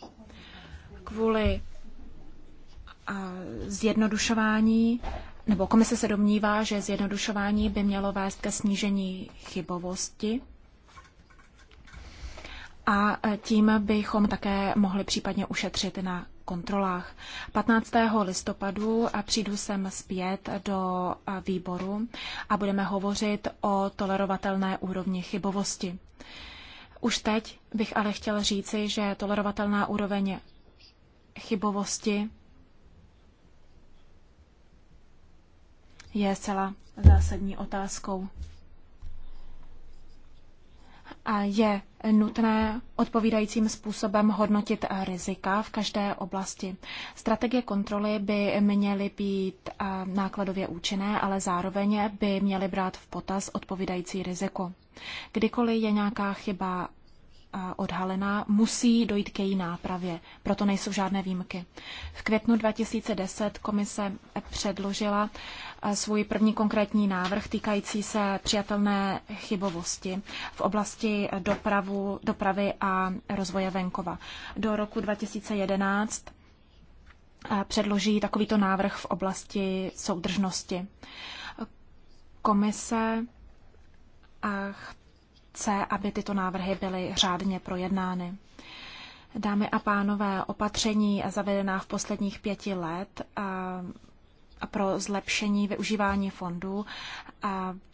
Kvůli zjednodušování, nebo komise se domnívá, že zjednodušování by mělo vést ke snížení chybovosti a e, tím bychom také mohli případně ušetřit na kontrolách. 15. listopadu přijdu sem zpět do e, výboru a budeme hovořit o tolerovatelné úrovni chybovosti. Už teď bych ale chtěl říci, že tolerovatelná úroveň chybovosti je zcela zásadní otázkou je nutné odpovídajícím způsobem hodnotit rizika v každé oblasti. Strategie kontroly by měly být eh, nákladově účinné, ale zároveň by měly brát v potaz odpovídající riziko. Kdykoliv je nějaká chyba eh, odhalená, musí dojít k její nápravě. Proto nejsou žádné výjimky. V květnu 2010 komise předložila svůj první konkrétní návrh týkající se přijatelné chybovosti v oblasti dopravu, dopravy a rozvoje venkova. Do roku 2011 eh, předloží takovýto návrh v oblasti soudržnosti. Komise eh, chce, aby tyto návrhy byly řádně projednány. Dámy a pánové, opatření zavedená v posledních pěti let eh, pro zlepšení využívání fondů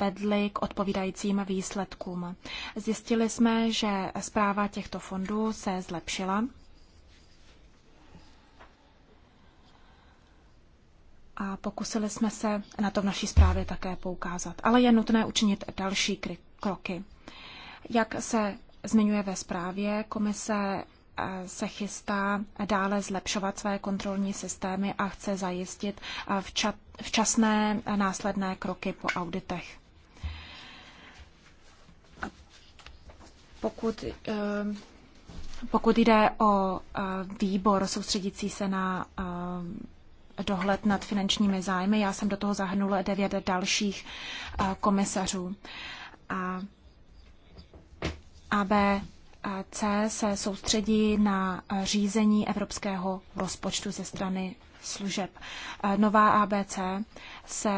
vedly k odpovídajícím výsledkům. Zjistili jsme, že zpráva těchto fondů se zlepšila. A pokusili jsme se na to v naší zprávě také poukázat. Ale je nutné učinit další kroky. Jak se zmiňuje ve zprávě, komise se chystá dále zlepšovat své kontrolní systémy a chce zajistit včasné následné kroky po auditech. Pokud, ehm, pokud jde o e, výbor soustředící se na e, dohled nad finančními zájmy, já jsem do toho zahrnula devět dalších e, komisařů. A b C se soustředí na řízení evropského rozpočtu ze strany služeb. Nová ABC se,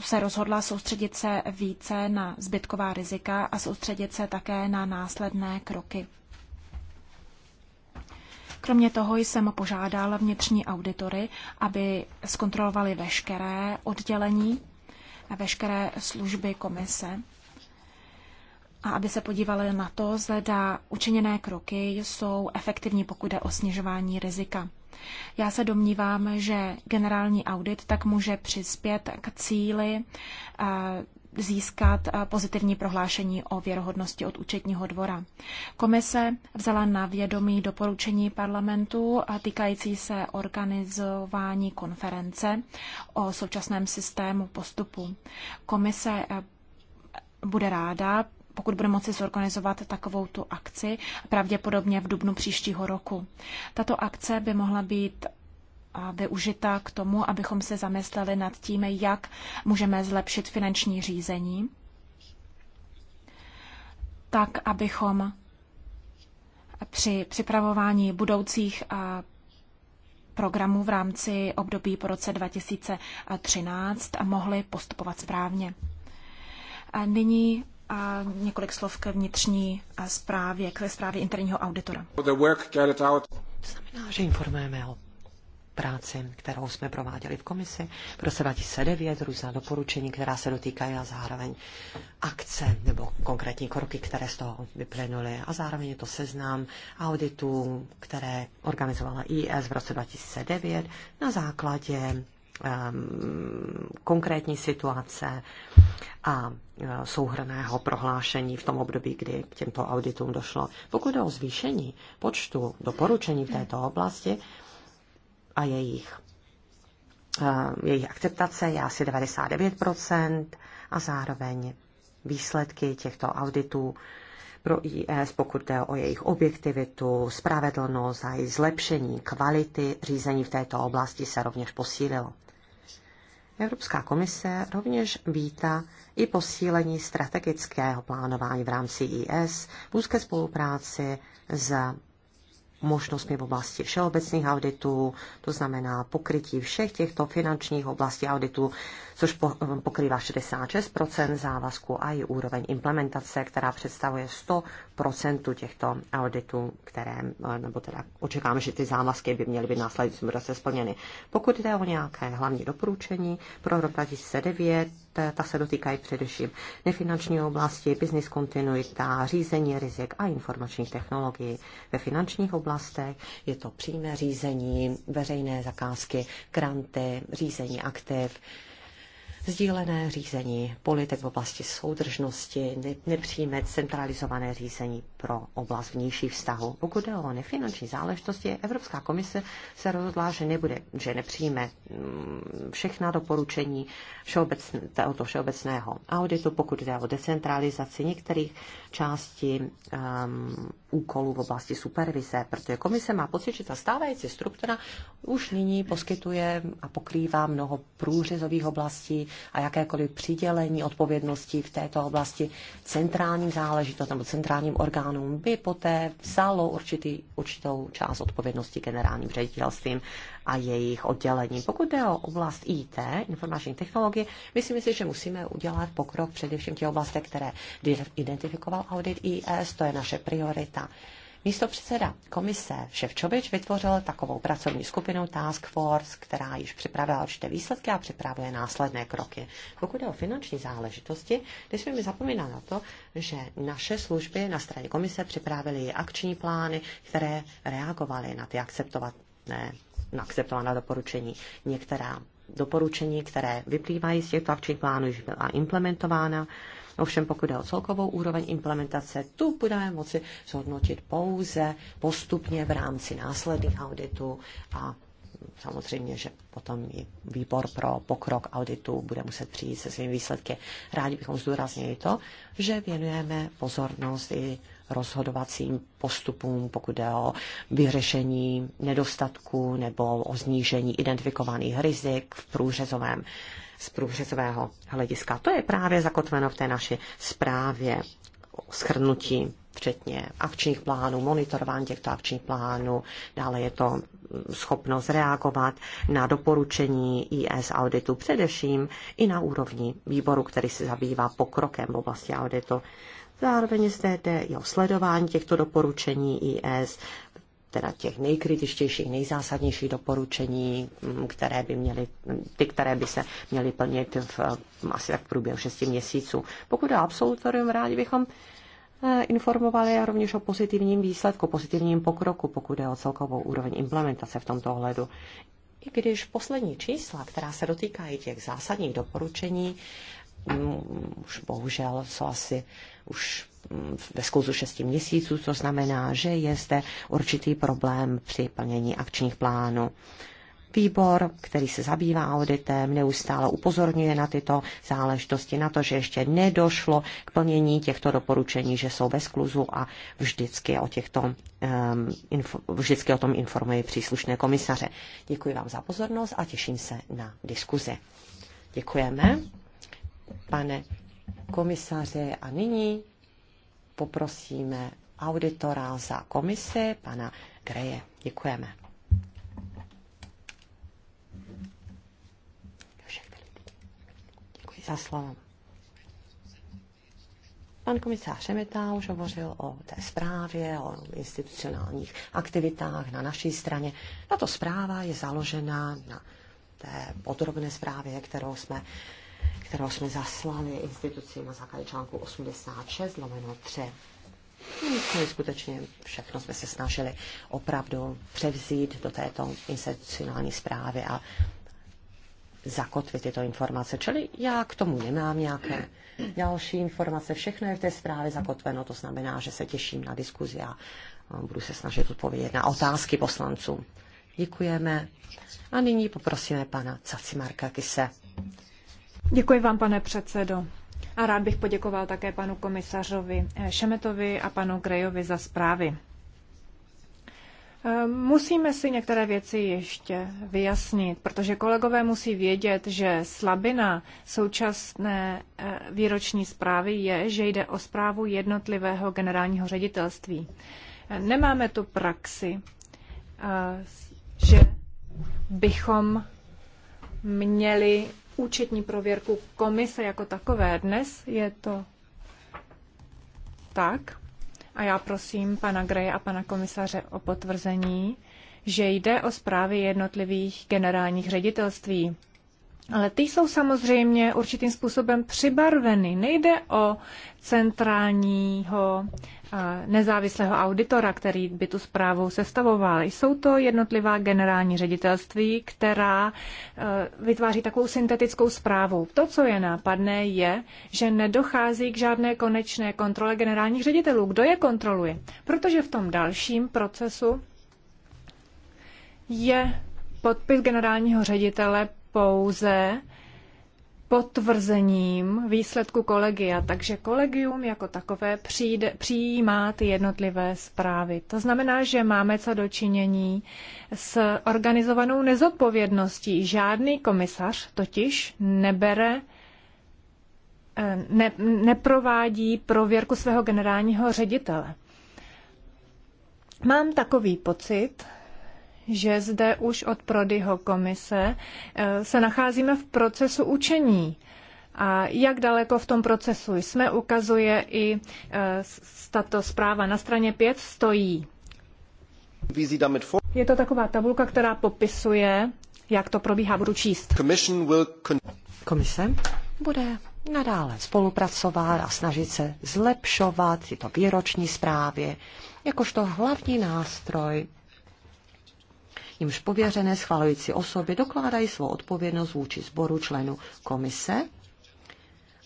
se rozhodla soustředit se více na zbytková rizika a soustředit se také na následné kroky. Kromě toho jsem požádal vnitřní auditory, aby zkontrolovali veškeré oddělení, a veškeré služby komise a aby se podívali na to, zda učiněné kroky jsou efektivní, pokud jde o snižování rizika. Já se domnívám, že generální audit tak může přispět k cíli eh, získat eh, pozitivní prohlášení o věrohodnosti od účetního dvora. Komise vzala na vědomí doporučení parlamentu eh, týkající se organizování konference o současném systému postupu. Komise bude ráda, pokud bude moci zorganizovat takovou tu akci, pravděpodobně v dubnu příštího roku. Tato akce by mohla být využita k tomu, abychom se zamysleli nad tím, jak můžeme zlepšit finanční řízení, tak abychom při připravování budoucích programů v rámci období po roce 2013 mohli postupovat správně. A nyní a několik slov ke vnitřní zprávě, eh, k zprávě interního auditora. To znamená, že informujeme o práci, kterou jsme prováděli v komisi v se 2009, různá doporučení, která se dotýkají a zároveň akce nebo konkrétní kroky, které z toho vyplynuly a zároveň je to seznam auditů, které organizovala IS v roce 2009 na základě Ehm, konkrétní situace a e, souhrného prohlášení v tom období, kdy k těmto auditům došlo. Pokud jde o zvýšení počtu doporučení v této oblasti a jejich, e, jejich akceptace je asi 99% a zároveň výsledky těchto auditů pro IS, e pokud jde o jejich objektivitu, spravedlnost a i zlepšení kvality řízení v této oblasti se rovněž posílilo. Evropská komise rovněž vítá i posílení strategického plánování v rámci IS v úzké spolupráci s možnostmi v oblasti všeobecných auditů, to znamená pokrytí všech těchto finančních oblastí auditů, což pokrývá 66 závazku a i úroveň implementace, která představuje 100 těchto auditů, které, nebo teda očekáváme, že ty závazky by měly být následujícím roce splněny. Pokud jde o nějaké hlavní doporučení pro rok 2009, ta se dotýkají především nefinanční oblasti, business kontinuita, řízení rizik a informačních technologií. Ve finančních oblastech je to přímé řízení, veřejné zakázky, granty, řízení aktiv, sdílené řízení politik v oblasti soudržnosti, ne, centralizované řízení pro oblast vnějších vztahů. Pokud jde o nefinanční záležitosti, Evropská komise se rozhodla, že, nebude, že nepřijme mm, všechna doporučení všeobecné, tohoto všeobecného auditu, pokud jde o decentralizaci některých částí um, úkolů v oblasti supervize, protože komise má pocit, že ta stávající struktura už nyní poskytuje a pokrývá mnoho průřezových oblastí a jakékoliv přidělení odpovědnosti v této oblasti centrálním záležitost nebo centrálním orgánům by poté vzalo určitý, určitou část odpovědnosti generálním ředitelstvím a jejich oddělení. Pokud jde o oblast IT, informační technologie, myslím si, že musíme udělat pokrok především těch oblasti, které identifikoval audit IS, to je naše priorita. Místo předseda komise Ševčovič vytvořil takovou pracovní skupinu Task Force, která již připravila určité výsledky a připravuje následné kroky. Pokud jde o finanční záležitosti, nesmíme zapomínat na to, že naše služby na straně komise připravily akční plány, které reagovaly na ty akceptovatné na doporučení. Některá doporučení, které vyplývají z těchto akčních plánů, již byla implementována. Ovšem pokud jde o celkovou úroveň implementace, tu budeme moci zhodnotit pouze postupně v rámci následných auditů a samozřejmě, že potom i výbor pro pokrok auditu bude muset přijít se svými výsledky. Rádi bychom zdůraznili to, že věnujeme pozornost i rozhodovacím postupům, pokud jde o vyřešení nedostatků nebo o znížení identifikovaných rizik v průřezovém z průřezového hlediska. To je právě zakotveno v té naší zprávě schrnutí včetně akčních plánů, monitorování těchto akčních plánů, dále je to schopnost reagovat na doporučení IS auditu, především i na úrovni výboru, který se zabývá pokrokem v oblasti auditu. Zároveň zde jde i o sledování těchto doporučení IS, teda těch nejkritičtějších, nejzásadnějších doporučení, mm, které by měly, mm, ty, které by se měly plnit v, mm, asi tak v průběhu 6 měsíců. Pokud je absolutorium, rádi bychom e, informovali rovněž o pozitivním výsledku, pozitivním pokroku, pokud je o celkovou úroveň implementace v tomto ohledu. I když poslední čísla, která se dotýkají těch zásadních doporučení, Mm, už bohužel jsou asi už mm, ve skluzu 6 měsíců, co znamená, že je zde určitý problém při plnění akčních plánů. Výbor, který se zabývá auditem, neustále upozorňuje na tyto záležitosti, na to, že ještě nedošlo k plnění těchto doporučení, že jsou ve skluzu a vždycky o, těchto, um, info, vždycky o tom informuje příslušné komisaře. Děkuji vám za pozornost a těším se na diskuzi. Děkujeme pane komisaře. A nyní poprosíme auditora za komisi, pana Greje. Děkujeme. Děkuji za slovo. Pan komisář Šemeta už hovořil o té zprávě, o institucionálních aktivitách na naší straně. Tato zpráva je založena na té podrobné zprávě, kterou jsme kterou jsme zaslali instituci na základě článku 86 lomeno 3. Nicméně no, skutečně všechno jsme se snažili opravdu převzít do této institucionální zprávy a zakotvit tyto informace. Čili já k tomu nemám nějaké další informace. Všechno je v té zprávě zakotveno, to znamená, že se těším na diskuzi a budu se snažit odpovědět na otázky poslanců. Děkujeme. A nyní poprosíme pana Cacimarka Kise. Děkuji vám, pane předsedo. A rád bych poděkoval také panu komisařovi eh, Šemetovi a panu Grejovi za zprávy. Eh, musíme si některé věci ještě vyjasnit, protože kolegové musí vědět, že slabina současné eh, výroční zprávy je, že jde o zprávu jednotlivého generálního ředitelství. Nemáme tu praxi, že bychom měli účetní prověrku komise jako takové. Dnes je to tak. A já prosím pana Greje a pana komisaře o potvrzení, že jde o zprávy jednotlivých generálních ředitelství. Ale ty jsou samozřejmě určitým způsobem přibarveny. Nejde o centrálního eh, nezávislého auditora, který by tu zprávu sestavoval. Jsou to jednotlivá generální ředitelství, která eh, vytváří takovou syntetickou zprávu. To, co je nápadné, je, že nedochází k žádné konečné kontrole generálních ředitelů. Kdo je kontroluje? Protože v tom dalším procesu je podpis generálního ředitele pouze potvrzením výsledku kolegia, takže kolegium jako takové přijde, přijímá ty jednotlivé zprávy. To znamená, že máme co dočinění s organizovanou nezodpovědností. Žádný komisař totiž nebere eh, ne, neprovádí prověrku svého generálního ředitele. Mám takový pocit, že zde už od Prodyho komise eh, se nacházíme v procesu učení. A jak daleko v tom procesu jsme, ukazuje i eh, tato zpráva. Na straně 5 stojí. Je to taková tabulka, která popisuje, jak to probíhá. Budu číst. Komise bude nadále spolupracovat a snažit se zlepšovat tyto výroční zprávy jakožto hlavní nástroj jimž pověřené schvalující osoby dokládají svou odpovědnost vůči sboru členů komise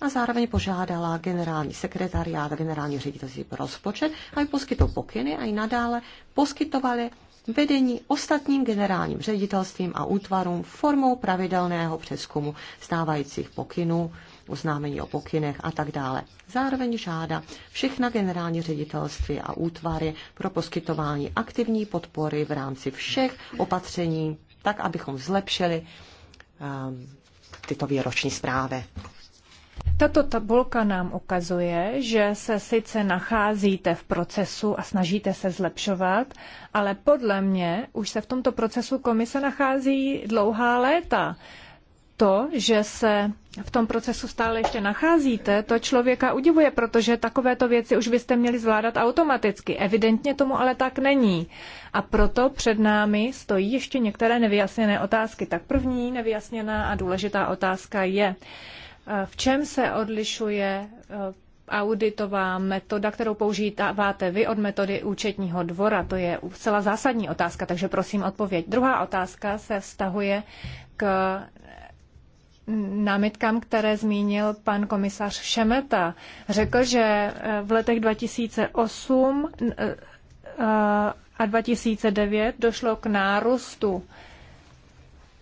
a zároveň požádala generální sekretariát a generální ředitelství pro rozpočet, aby poskytl pokyny a i nadále poskytovali vedení ostatním generálním ředitelstvím a útvarům formou pravidelného přeskumu stávajících pokynů oznámení o pokynech a tak dále. Zároveň žádá všechna generální ředitelství a útvary pro poskytování aktivní podpory v rámci všech opatření, tak abychom zlepšili um, tyto výroční zprávy. Tato tabulka nám ukazuje, že se sice nacházíte v procesu a snažíte se zlepšovat, ale podle mě už se v tomto procesu komise nachází dlouhá léta to, že se v tom procesu stále ještě nacházíte, to člověka udivuje, protože takovéto věci už byste měli zvládat automaticky. Evidentně tomu ale tak není. A proto před námi stojí ještě některé nevyjasněné otázky. Tak první nevyjasněná a důležitá otázka je, v čem se odlišuje eh, auditová metoda, kterou používáte vy od metody účetního dvora? To je celá zásadní otázka, takže prosím odpověď. Druhá otázka se vztahuje k námitkám, které zmínil pan komisař Šemeta. Řekl, že eh, v letech 2008 eh, a 2009 došlo k nárůstu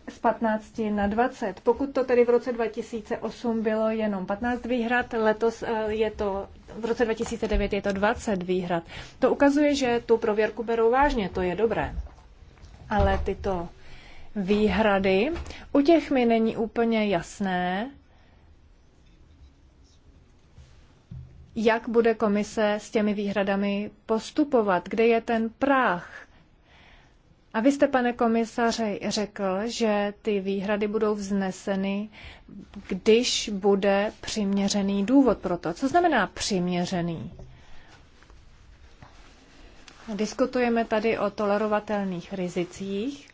z 15 na 20. Pokud to tedy v roce 2008 bylo jenom 15 výhrad, letos eh, je to, v roce 2009 je to 20 výhrad. To ukazuje, že tu prověrku berou vážně, to je dobré. Ale tyto výhrady. U těch mi není úplně jasné, jak bude komise s těmi výhradami postupovat, kde je ten práh. A vy jste, pane komisaře, řekl, že ty výhrady budou vzneseny, když bude přiměřený důvod pro to. Co znamená přiměřený? Diskutujeme tady o tolerovatelných rizicích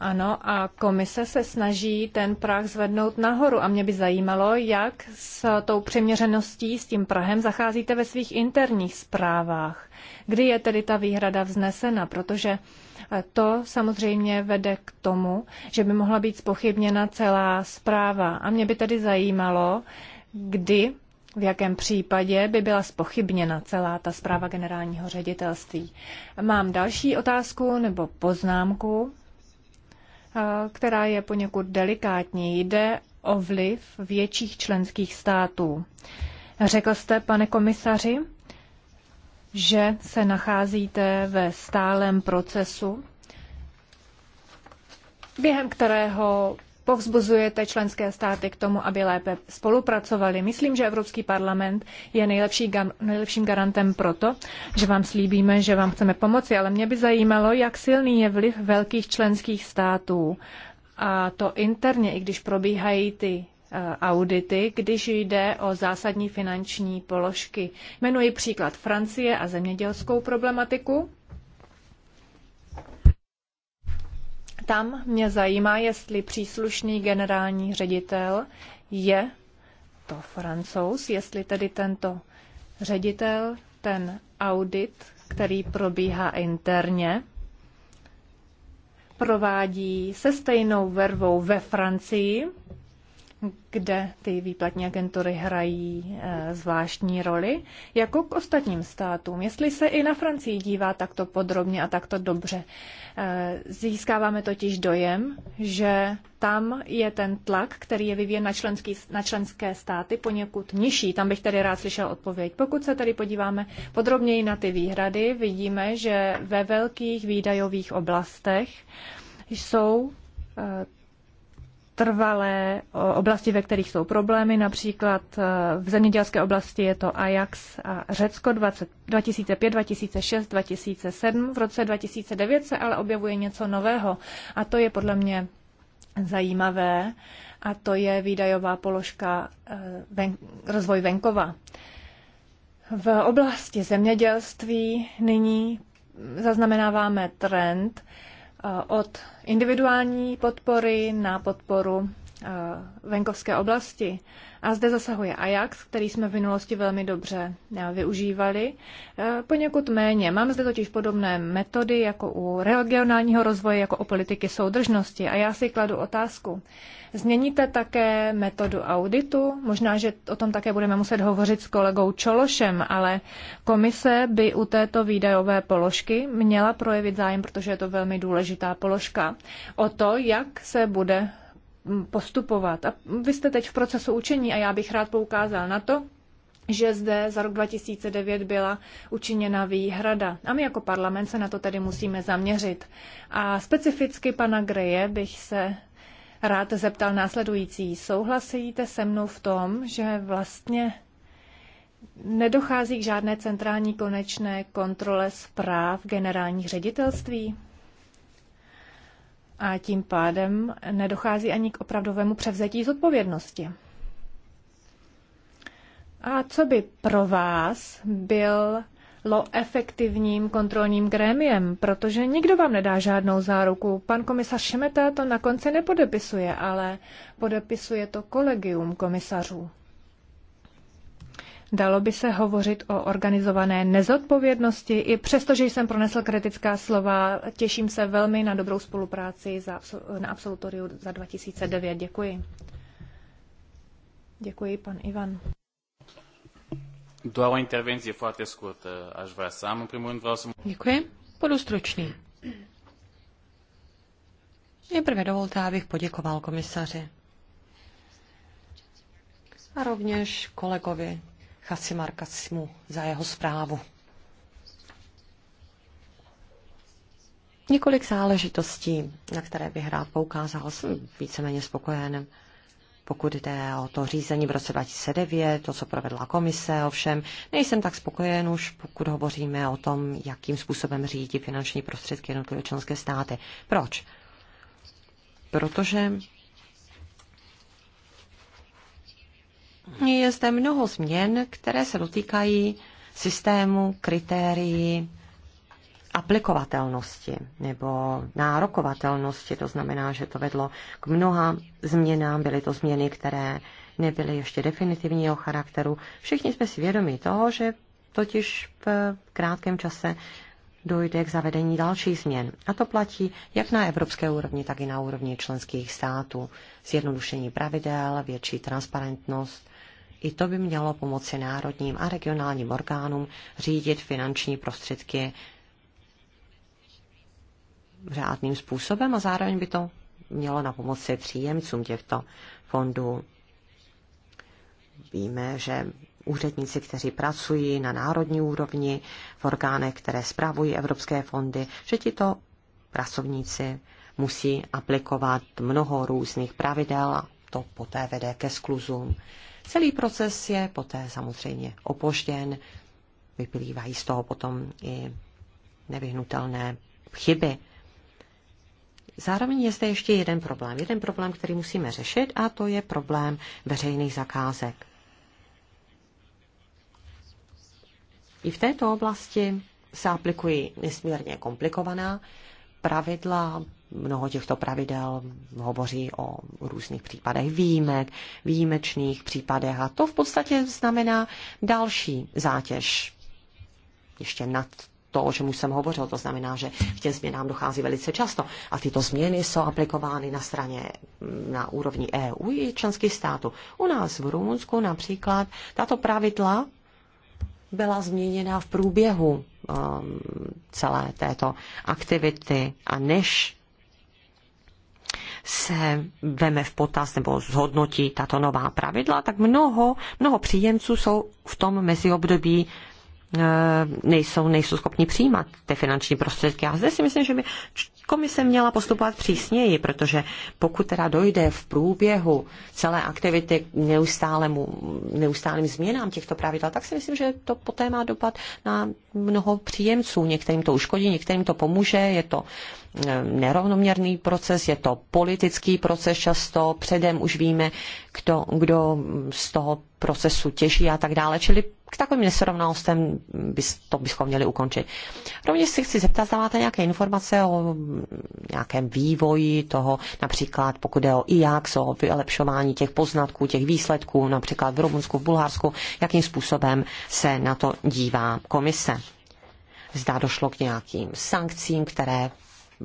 ano, a komise se snaží ten prach zvednout nahoru a mě by zajímalo, jak s tou přiměřeností, s tím prahem zacházíte ve svých interních zprávách. Kdy je tedy ta výhrada vznesena, protože eh, to samozřejmě vede k tomu, že by mohla být spochybněna celá zpráva. A mě by tedy zajímalo, kdy, v jakém případě by byla spochybněna celá ta zpráva generálního ředitelství. Mám další otázku nebo poznámku. Eh, která je poněkud delikátní. Jde o vliv větších členských států. Řekl jste, pane komisaři, že se nacházíte ve stálem procesu, během kterého povzbuzujete členské státy k tomu, aby lépe spolupracovali. Myslím, že Evropský parlament je nejlepší, nejlepším garantem proto, že vám slíbíme, že vám chceme pomoci, ale mě by zajímalo, jak silný je vliv velkých členských států. A to interně, i když probíhají ty eh, audity, když jde o zásadní finanční položky. Jmenuji příklad Francie a zemědělskou problematiku. Tam mě zajímá, jestli příslušný generální ředitel je to francouz, jestli tedy tento ředitel ten audit, který probíhá interně, provádí se stejnou vervou ve Francii, kde ty výplatní agentury hrají eh, zvláštní roli, jako k ostatním státům. Jestli se i na Francii dívá takto podrobně a takto dobře, eh, získáváme totiž dojem, že tam je ten tlak, který je vyvíjen na, členský, na členské státy, poněkud nižší. Tam bych tedy rád slyšel odpověď. Pokud se tady podíváme podrobněji na ty výhrady, vidíme, že ve velkých výdajových oblastech jsou eh, trvalé oblasti, ve kterých jsou problémy. Například e, v zemědělské oblasti je to Ajax a Řecko 20, 2005, 2006, 2007. V roce 2009 se ale objevuje něco nového a to je podle mě zajímavé a to je výdajová položka e, ven, rozvoj venkova. V oblasti zemědělství nyní zaznamenáváme trend, Eh, od individuální podpory na podporu eh, venkovské oblasti. A zde zasahuje Ajax, který jsme v minulosti velmi dobře eh, využívali, eh, poněkud méně. Mám zde totiž podobné metody jako u regionálního rozvoje, jako u politiky soudržnosti. A já si kladu otázku. Změníte také metodu auditu? Možná, že o tom také budeme muset hovořit s kolegou Čološem, ale komise by u této výdajové položky měla projevit zájem, protože je to velmi důležitá položka, o to, jak se bude Mm, postupovat. A vy jste teď v procesu učení a já bych rád poukázal na to, že zde za rok 2009 byla učiněna výhrada. A my jako parlament se na to tedy musíme zaměřit. A specificky pana Greje bych se rád zeptal následující. Souhlasíte se mnou v tom, že vlastně nedochází k žádné centrální konečné kontrole zpráv generálních ředitelství? a tím pádem nedochází ani k opravdovému převzetí zodpovědnosti. A co by pro vás byl lo efektivním kontrolním grémiem, protože nikdo vám nedá žádnou záruku. Pan komisař Šemeta to na konci nepodepisuje, ale podepisuje to kolegium komisařů. Dalo by se hovořit o organizované nezodpovědnosti. I přesto, že jsem pronesl kritická slova, těším se velmi na dobrou spolupráci za, na absolutoriu za 2009. Děkuji. Děkuji, pan Ivan. Doar o intervenție foarte scurtă aș vrea să am. În primul rând vreau să... Děkuji. Budu stručný. Nejprve dovolte, abych poděkoval komisaři a rovněž kolegovi Kacimarkasmu za jeho zprávu. Několik záležitostí, na které bych rád poukázal, jsem víceméně spokojen. Pokud jde o to řízení v roce 2009, to, co provedla komise, ovšem nejsem tak spokojen už, pokud hovoříme o tom, jakým způsobem řídí finanční prostředky jednotlivé členské státy. Proč? Protože Je zde mnoho změn, které se dotýkají systému, kritérií, aplikovatelnosti nebo nárokovatelnosti. To znamená, že to vedlo k mnoha změnám. Byly to změny, které nebyly ještě definitivního charakteru. Všichni jsme si vědomi toho, že totiž v krátkém čase dojde k zavedení dalších změn. A to platí jak na evropské úrovni, tak i na úrovni členských států. Zjednodušení pravidel, větší transparentnost i to by mělo pomoci národním a regionálním orgánům řídit finanční prostředky řádným způsobem a zároveň by to mělo na pomoci příjemcům těchto fondů. Víme, že úředníci, kteří pracují na národní úrovni, v orgánech, které spravují evropské fondy, že tito pracovníci musí aplikovat mnoho různých pravidel a to poté vede ke skluzům. Celý proces je poté samozřejmě opožděn, vyplývají z toho potom i nevyhnutelné chyby. Zároveň je zde ještě jeden problém. Jeden problém, který musíme řešit, a to je problém veřejných zakázek. I v této oblasti se aplikují nesmírně komplikovaná pravidla, mnoho těchto pravidel hovoří o různých případech výjimek, výjimečných případech a to v podstatě znamená další zátěž ještě nad to, o čem už jsem hovořil, to znamená, že k těm změnám dochází velice často. A tyto změny jsou aplikovány na straně, mm, na úrovni EU i členských států. U nás v Rumunsku například tato pravidla byla změněna v průběhu um, celé této aktivity a než se veme v potaz nebo zhodnotí tato nová pravidla, tak mnoho, mnoho příjemců jsou v tom meziobdobí Eh, nejsou, nejsou schopni přijímat ty finanční prostředky. A zde si myslím, že by komise měla postupovat přísněji, protože pokud teda dojde v průběhu celé aktivity k neustálému, neustálým změnám těchto pravidel, tak si myslím, že to poté má dopad na mnoho příjemců. Některým to uškodí, některým to pomůže, je to eh, nerovnoměrný proces, je to politický proces často, předem už víme, kdo, kdo z toho procesu těží a tak dále. Čili k takovým nesrovnalostem bys, to bychom měli ukončit. Rovněž si chci zeptat, zda máte nějaké informace o nějakém vývoji toho, například pokud je o IAX, o vylepšování těch poznatků, těch výsledků, například v Rumunsku, v Bulharsku, jakým způsobem se na to dívá komise. Zda došlo k nějakým sankcím, které,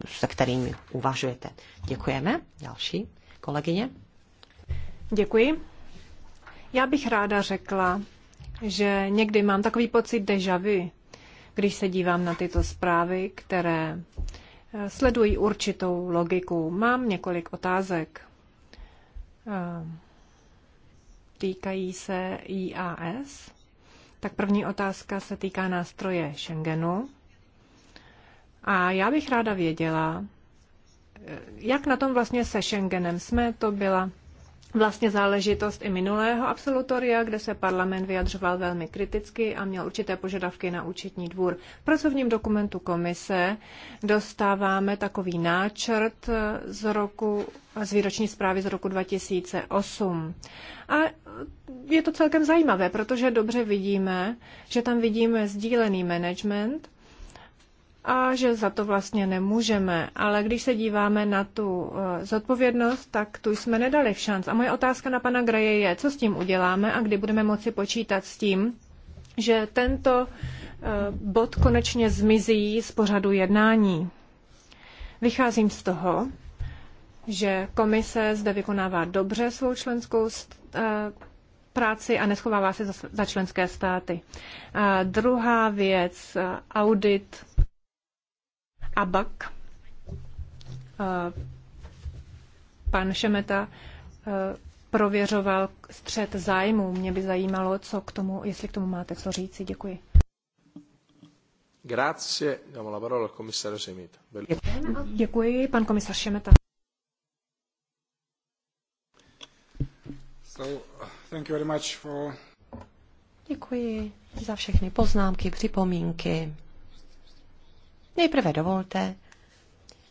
se kterými uvažujete. Děkujeme. Další kolegyně. Děkuji. Já bych ráda řekla, že někdy mám takový pocit deja vu, když se dívám na tyto zprávy, které eh, sledují určitou logiku. Mám několik otázek. Eh, týkají se IAS. Tak první otázka se týká nástroje Schengenu. A já bych ráda věděla, eh, jak na tom vlastně se Schengenem jsme, to byla vlastně záležitost i minulého absolutoria, kde se parlament vyjadřoval velmi kriticky a měl určité požadavky na účetní dvůr. V pracovním dokumentu komise dostáváme takový náčrt z roku z výroční zprávy z roku 2008. A je to celkem zajímavé, protože dobře vidíme, že tam vidíme sdílený management, a že za to vlastně nemůžeme. Ale když se díváme na tu eh, zodpovědnost, tak tu jsme nedali v šanc. A moje otázka na pana Graje je, co s tím uděláme a kdy budeme moci počítat s tím, že tento eh, bod konečně zmizí z pořadu jednání. Vycházím z toho, že komise zde vykonává dobře svou členskou eh, práci a neschovává se za, členské státy. A druhá věc, audit ABAC. Eh, pan Šemeta eh, prověřoval střed zájmu. Mě by zajímalo, co k tomu, jestli k tomu máte co říci. Děkuji. Grazie. Dám la parola al commissario Semeta. Děkuji, pan komisar Šemeta. So, thank you very much for... Děkuji za všechny poznámky, připomínky Nejprve dovolte,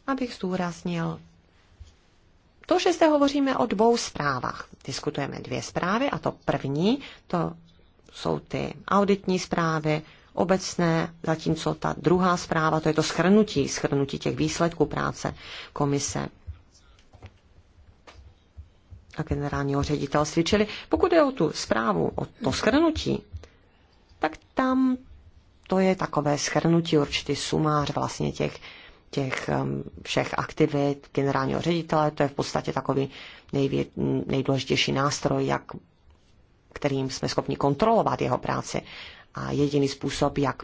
abych zdůraznil to, že zde hovoříme o dvou zprávách. Diskutujeme dvě zprávy a to první, to jsou ty auditní zprávy, obecné, zatímco ta druhá zpráva, to je to schrnutí, schrnutí těch výsledků práce komise a generálního ředitelství. Čili pokud je o tu zprávu, o to schrnutí, tak tam to je takové schrnutí, určitý sumář vlastně těch, těch um, všech aktivit generálního ředitele. To je v podstatě takový nejvě, nejdůležitější nástroj, jak, kterým jsme schopni kontrolovat jeho práci. A jediný způsob, jak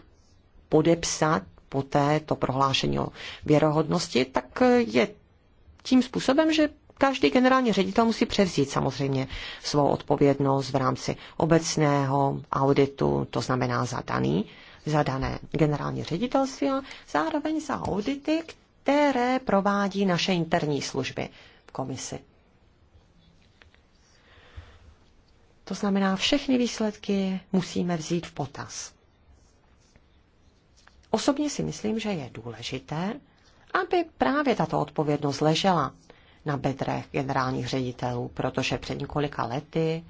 podepsat poté to prohlášení o věrohodnosti, tak je tím způsobem, že každý generální ředitel musí převzít samozřejmě svou odpovědnost v rámci obecného auditu, to znamená za daný za dané generální ředitelství a zároveň za audity, které provádí naše interní služby v komisi. To znamená, všechny výsledky musíme vzít v potaz. Osobně si myslím, že je důležité, aby právě tato odpovědnost ležela na bedrech generálních ředitelů, protože před několika lety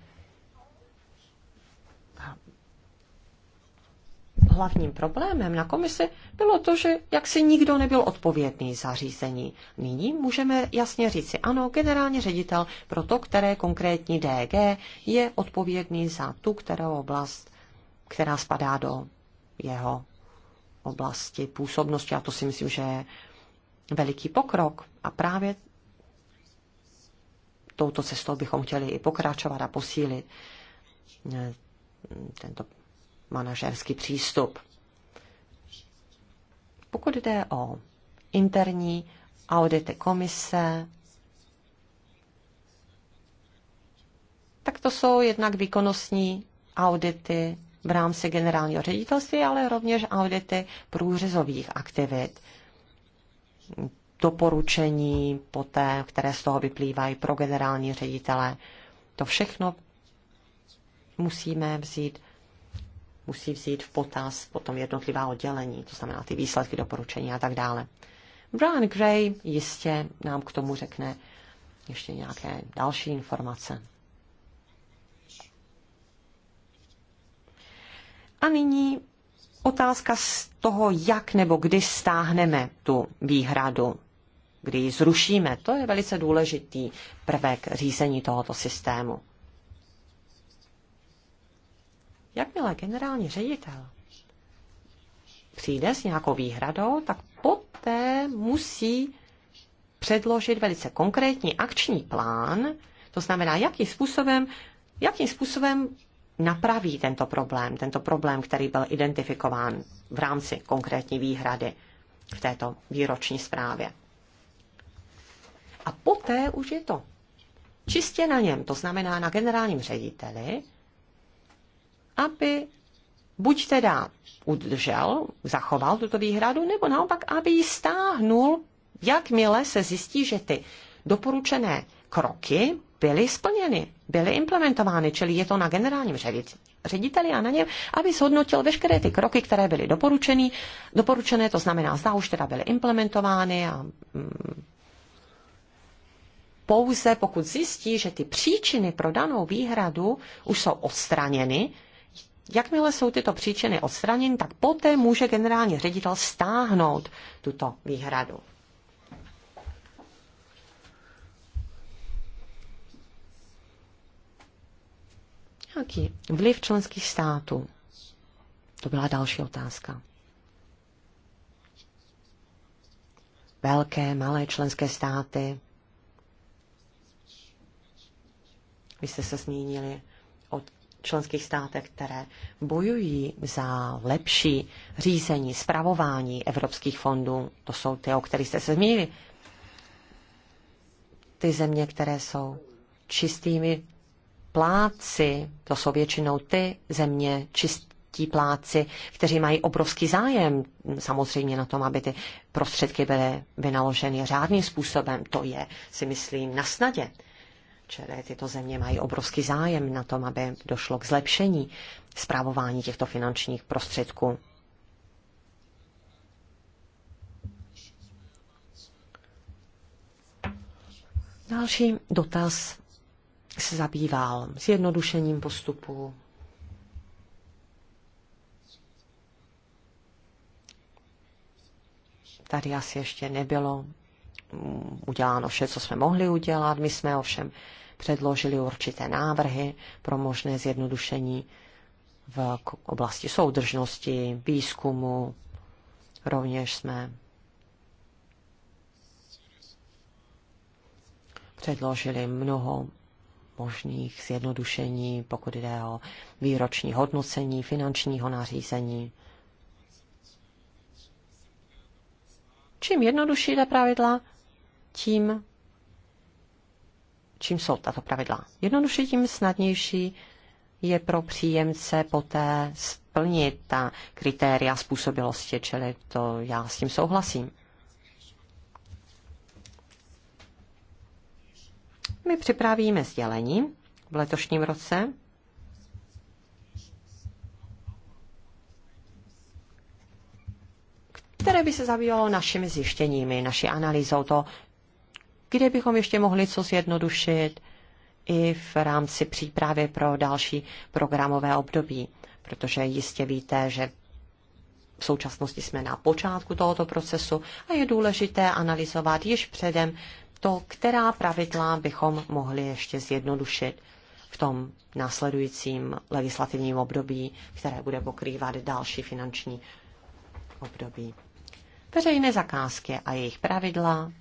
hlavním problémem na komisi bylo to, že jaksi nikdo nebyl odpovědný za řízení. Nyní můžeme jasně říci, ano, generální ředitel pro to, které konkrétní DG je odpovědný za tu, kterou oblast, která spadá do jeho oblasti působnosti. A to si myslím, že je veliký pokrok. A právě touto cestou bychom chtěli i pokračovat a posílit eh, tento manažerský přístup. Pokud jde o interní audity komise, tak to jsou jednak výkonnostní audity v rámci generálního ředitelství, ale rovněž audity průřezových aktivit, doporučení poté, které z toho vyplývají pro generální ředitele. To všechno musíme vzít musí vzít v potaz potom jednotlivá oddělení, to znamená ty výsledky doporučení a tak dále. Brian Gray jistě nám k tomu řekne ještě nějaké další informace. A nyní otázka z toho, jak nebo kdy stáhneme tu výhradu, kdy ji zrušíme. To je velice důležitý prvek řízení tohoto systému. Jakmile generální ředitel přijde s nějakou výhradou, tak poté musí předložit velice konkrétní akční plán, to znamená, jakým způsobem, jakým způsobem napraví tento problém, tento problém, který byl identifikován v rámci konkrétní výhrady v této výroční zprávě. A poté už je to čistě na něm, to znamená na generálním řediteli, aby buď teda udržel, zachoval tuto výhradu, nebo naopak, aby ji stáhnul, jakmile se zjistí, že ty doporučené kroky byly splněny, byly implementovány, čili je to na generálním řediteli a na něm, aby zhodnotil veškeré ty kroky, které byly doporučený, doporučené, to znamená, zda už teda byly implementovány a mm, pouze pokud zjistí, že ty příčiny pro danou výhradu už jsou odstraněny, Jakmile jsou tyto příčiny odstraněny, tak poté může generální ředitel stáhnout tuto výhradu. Jaký vliv členských států? To byla další otázka. Velké, malé členské státy. Vy jste se zmínili členských státech, které bojují za lepší řízení, spravování evropských fondů. To jsou ty, o kterých jste se zmínili. Ty země, které jsou čistými pláci, to jsou většinou ty země čistí pláci, kteří mají obrovský zájem samozřejmě na tom, aby ty prostředky byly vynaloženy řádným způsobem. To je, si myslím, na snadě čili tyto země mají obrovský zájem na tom, aby došlo k zlepšení zprávování těchto finančních prostředků. Další dotaz se zabýval zjednodušením postupu. Tady asi ještě nebylo uděláno vše, co jsme mohli udělat. My jsme ovšem předložili určité návrhy pro možné zjednodušení v oblasti soudržnosti, výzkumu. Rovněž jsme předložili mnoho možných zjednodušení, pokud jde o výroční hodnocení finančního nařízení. Čím jednodušší jde pravidla, tím čím jsou tato pravidla? Jednoduše tím snadnější je pro příjemce poté splnit ta kritéria způsobilosti, čili to já s tím souhlasím. My připravíme sdělení v letošním roce. které by se zabývalo našimi zjištěními, naší analýzou to, kde bychom ještě mohli co zjednodušit i v rámci přípravy pro další programové období, protože jistě víte, že v současnosti jsme na počátku tohoto procesu a je důležité analyzovat již předem to, která pravidla bychom mohli ještě zjednodušit v tom následujícím legislativním období, které bude pokrývat další finanční období. Veřejné zakázky a jejich pravidla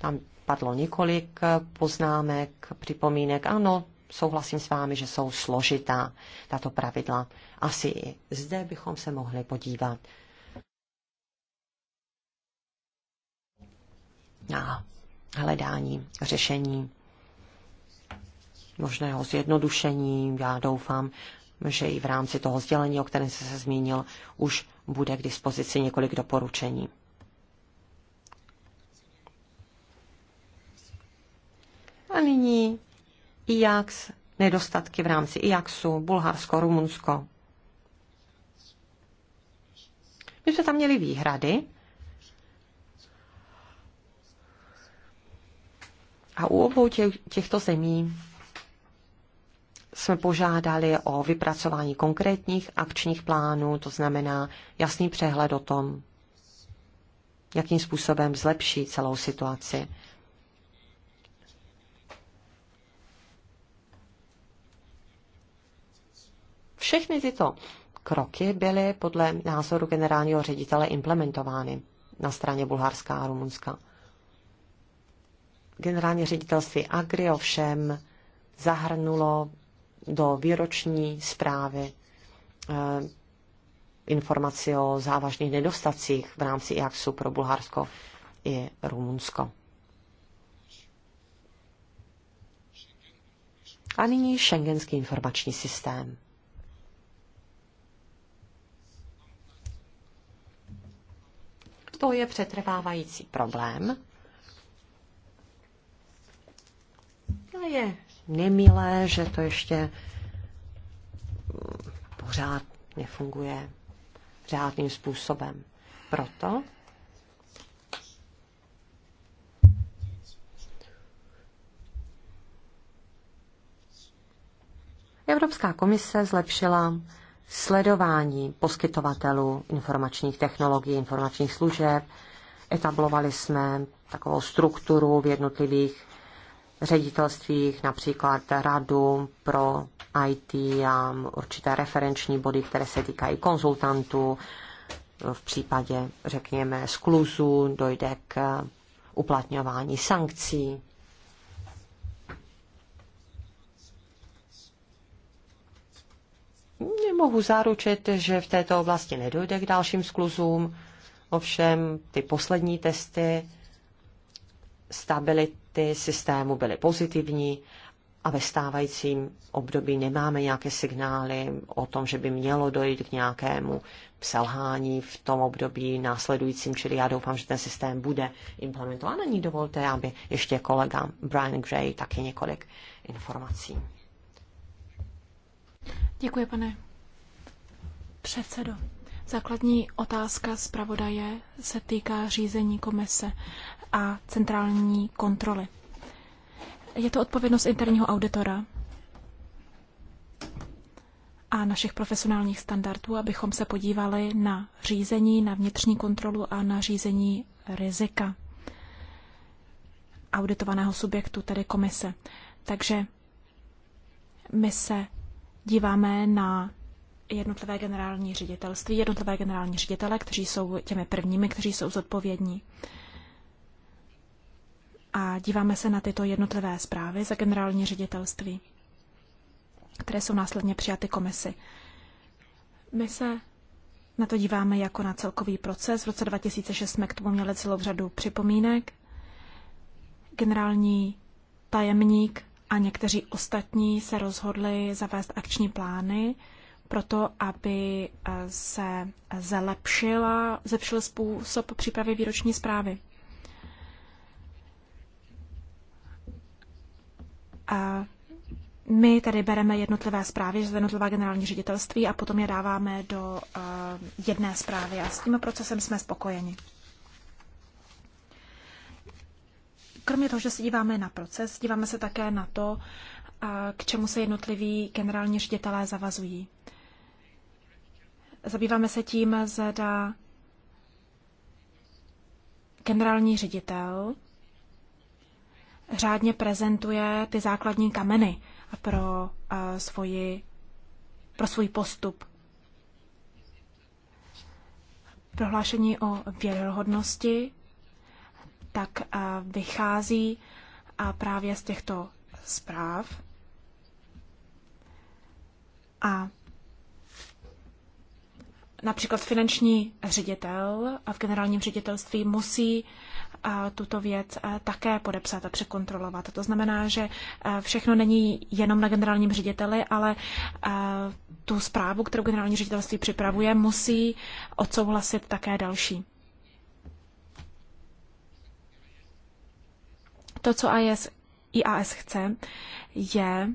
Tam padlo několik poznámek, připomínek. Ano, souhlasím s vámi, že jsou složitá tato pravidla. Asi i zde bychom se mohli podívat na hledání řešení možného zjednodušení. Já doufám, že i v rámci toho sdělení, o kterém jste se zmínil, už bude k dispozici několik doporučení. A nyní IAX, nedostatky v rámci IAXu, Bulharsko, Rumunsko. My jsme tam měli výhrady a u obou těch, těchto zemí jsme požádali o vypracování konkrétních akčních plánů, to znamená jasný přehled o tom, jakým způsobem zlepší celou situaci. Všechny tyto kroky byly podle názoru generálního ředitele implementovány na straně Bulharska a Rumunska. Generální ředitelství Agri ovšem zahrnulo do výroční zprávy eh, informaci o závažných nedostacích v rámci IAXu pro Bulharsko i Rumunsko. A nyní šengenský informační systém. To je přetrvávající problém. A je nemilé, že to ještě mm, pořád nefunguje řádným způsobem. Proto Evropská komise zlepšila sledování poskytovatelů informačních technologií, informačních služeb. Etablovali jsme takovou strukturu v jednotlivých ředitelstvích, například radu pro IT a určité referenční body, které se týkají konzultantů. V případě, řekněme, skluzu dojde k uplatňování sankcí. nemohu zaručit, že v této oblasti nedojde k dalším skluzům. Ovšem, ty poslední testy stability systému byly pozitivní a ve stávajícím období nemáme nějaké signály o tom, že by mělo dojít k nějakému selhání v tom období následujícím, čili já doufám, že ten systém bude implementován. Není dovolte, aby ještě kolega Brian Gray taky několik informací. Děkuji, pane předsedo. Základní otázka zpravodaje se týká řízení komise a centrální kontroly. Je to odpovědnost interního auditora a našich profesionálních standardů, abychom se podívali na řízení, na vnitřní kontrolu a na řízení rizika auditovaného subjektu, tedy komise. Takže my se díváme na jednotlivé generální ředitelství, jednotlivé generální ředitele, kteří jsou těmi prvními, kteří jsou zodpovědní. A díváme se na tyto jednotlivé zprávy za generální ředitelství, které jsou následně přijaty komisi. My se na to díváme jako na celkový proces. V roce 2006 jsme k tomu měli celou řadu připomínek. Generální tajemník a někteří ostatní se rozhodli zavést akční plány proto aby eh, se zlepšila, zlepšil způsob přípravy výroční zprávy. A my tady bereme jednotlivé zprávy z jednotlivá generální ředitelství a potom je dáváme do eh, jedné zprávy a s tím procesem jsme spokojeni. Kromě toho, že se díváme na proces, díváme se také na to, eh, k čemu se jednotliví generální ředitelé zavazují. Zabýváme se tím, zda generální ředitel řádně prezentuje ty základní kameny pro, uh, svoji, pro svůj postup. Prohlášení o věrohodnosti tak vychází a právě z těchto zpráv. A například finanční ředitel a v generálním ředitelství musí eh, tuto věc eh, také podepsat a překontrolovat. To znamená, že eh, všechno není jenom na generálním řediteli, ale tu zprávu, kterou generální ředitelství připravuje, musí odsouhlasit také další. To, co IS, IAS chce, je,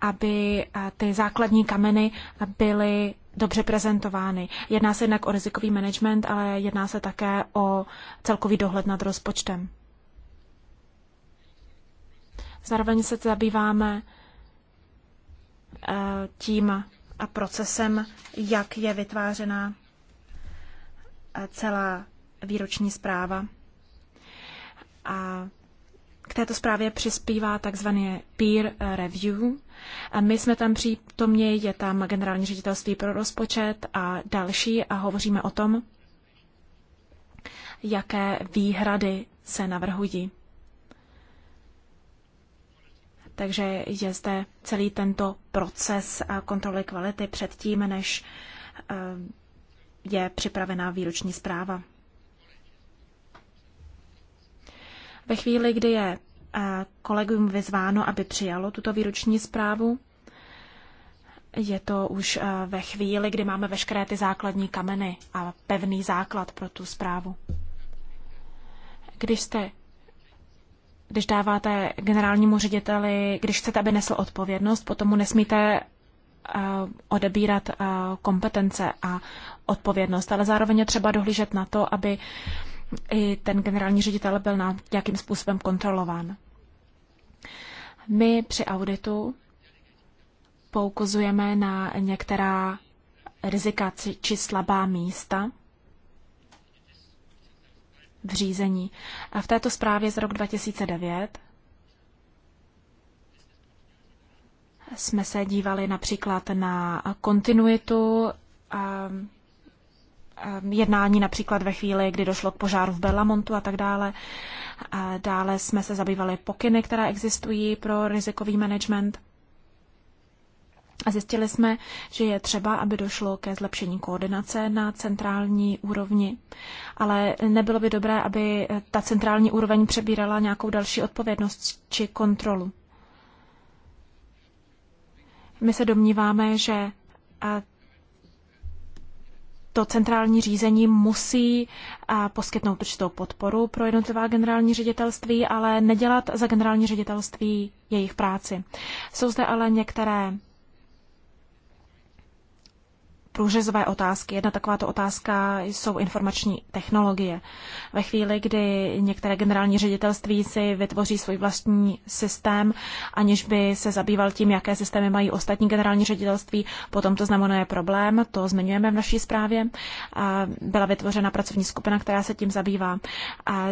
aby ty základní kameny byly dobře prezentovány. Jedná se jednak o rizikový management, ale jedná se také o celkový dohled nad rozpočtem. Zároveň se zabýváme eh, tím a procesem, jak je vytvářena eh, celá výroční zpráva. A k této zprávě přispívá takzvaný peer review, a my jsme tam přítomně, je tam generální ředitelství pro rozpočet a další a hovoříme o tom, jaké výhrady se navrhují. Takže je zde celý tento proces kontroly kvality předtím, než eh, je připravená výroční zpráva. Ve chvíli, kdy je kolegům vyzváno, aby přijalo tuto výroční zprávu. Je to už eh, ve chvíli, kdy máme veškeré ty základní kameny a pevný základ pro tu zprávu. Když jste když dáváte generálnímu řediteli, když chcete, aby nesl odpovědnost, potom mu nesmíte eh, odebírat eh, kompetence a odpovědnost, ale zároveň je třeba dohlížet na to, aby i ten generální ředitel byl na nějakým způsobem kontrolován. My při auditu poukazujeme na některá rizika či slabá místa v řízení. A v této zprávě z roku 2009 jsme se dívali například na kontinuitu Um, jednání například ve chvíli, kdy došlo k požáru v Berlamontu a tak dále. Dále jsme se zabývali pokyny, které existují pro rizikový management. A zjistili jsme, že je třeba, aby došlo ke zlepšení koordinace na centrální úrovni. Ale nebylo by dobré, aby ta centrální úroveň přebírala nějakou další odpovědnost či kontrolu. My se domníváme, že to centrální řízení musí poskytnout určitou podporu pro jednotlivá generální ředitelství, ale nedělat za generální ředitelství jejich práci. Jsou zde ale některé průřezové otázky. Jedna takováto otázka jsou informační technologie. Ve chvíli, kdy některé generální ředitelství si vytvoří svůj vlastní systém, aniž by se zabýval tím, jaké systémy mají ostatní generální ředitelství, potom to znamená problém, to zmiňujeme v naší zprávě. Byla vytvořena pracovní skupina, která se tím zabývá.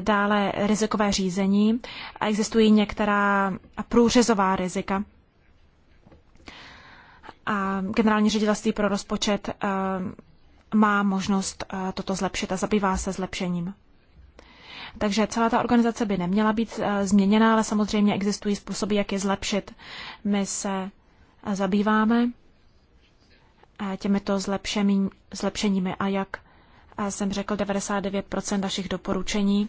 Dále rizikové řízení. Existují některá průřezová rizika a generální ředitelství pro rozpočet eh, má možnost eh, toto zlepšit a zabývá se zlepšením. Takže celá ta organizace by neměla být eh, změněna, ale samozřejmě existují způsoby, jak je zlepšit. My se zabýváme těmito zlepšení, zlepšeními a jak jsem řekl, 99% našich doporučení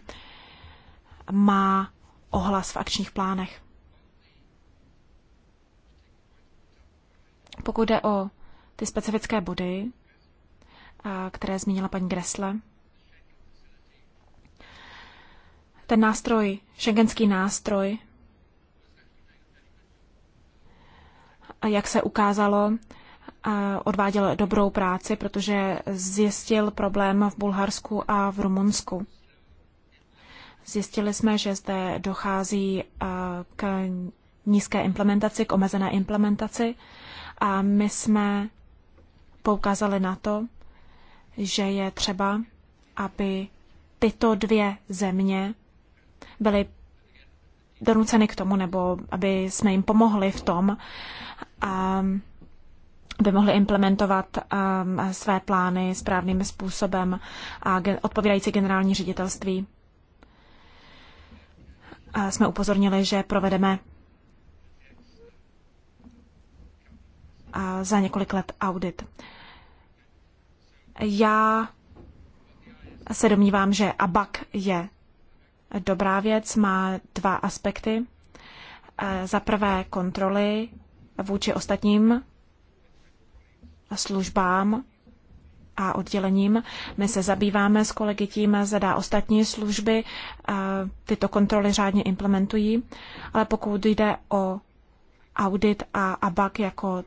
má ohlas v akčních plánech. Pokud jde o ty specifické body, které zmínila paní Gressle, ten nástroj, šengenský nástroj, a jak se ukázalo, odváděl dobrou práci, protože zjistil problém v Bulharsku a v Rumunsku. Zjistili jsme, že zde dochází k nízké implementaci, k omezené implementaci a my jsme poukázali na to, že je třeba, aby tyto dvě země byly donuceny k tomu, nebo aby jsme jim pomohli v tom, aby mohli implementovat um, své plány správným způsobem a odpovídající generální ředitelství. Jsme upozornili, že provedeme za několik let audit. Já se domnívám, že ABAC je dobrá věc, má dva aspekty. E, za prvé kontroly vůči ostatním službám a oddělením. My se zabýváme s kolegy tím, zda ostatní služby e, tyto kontroly řádně implementují, ale pokud jde o audit a ABAC jako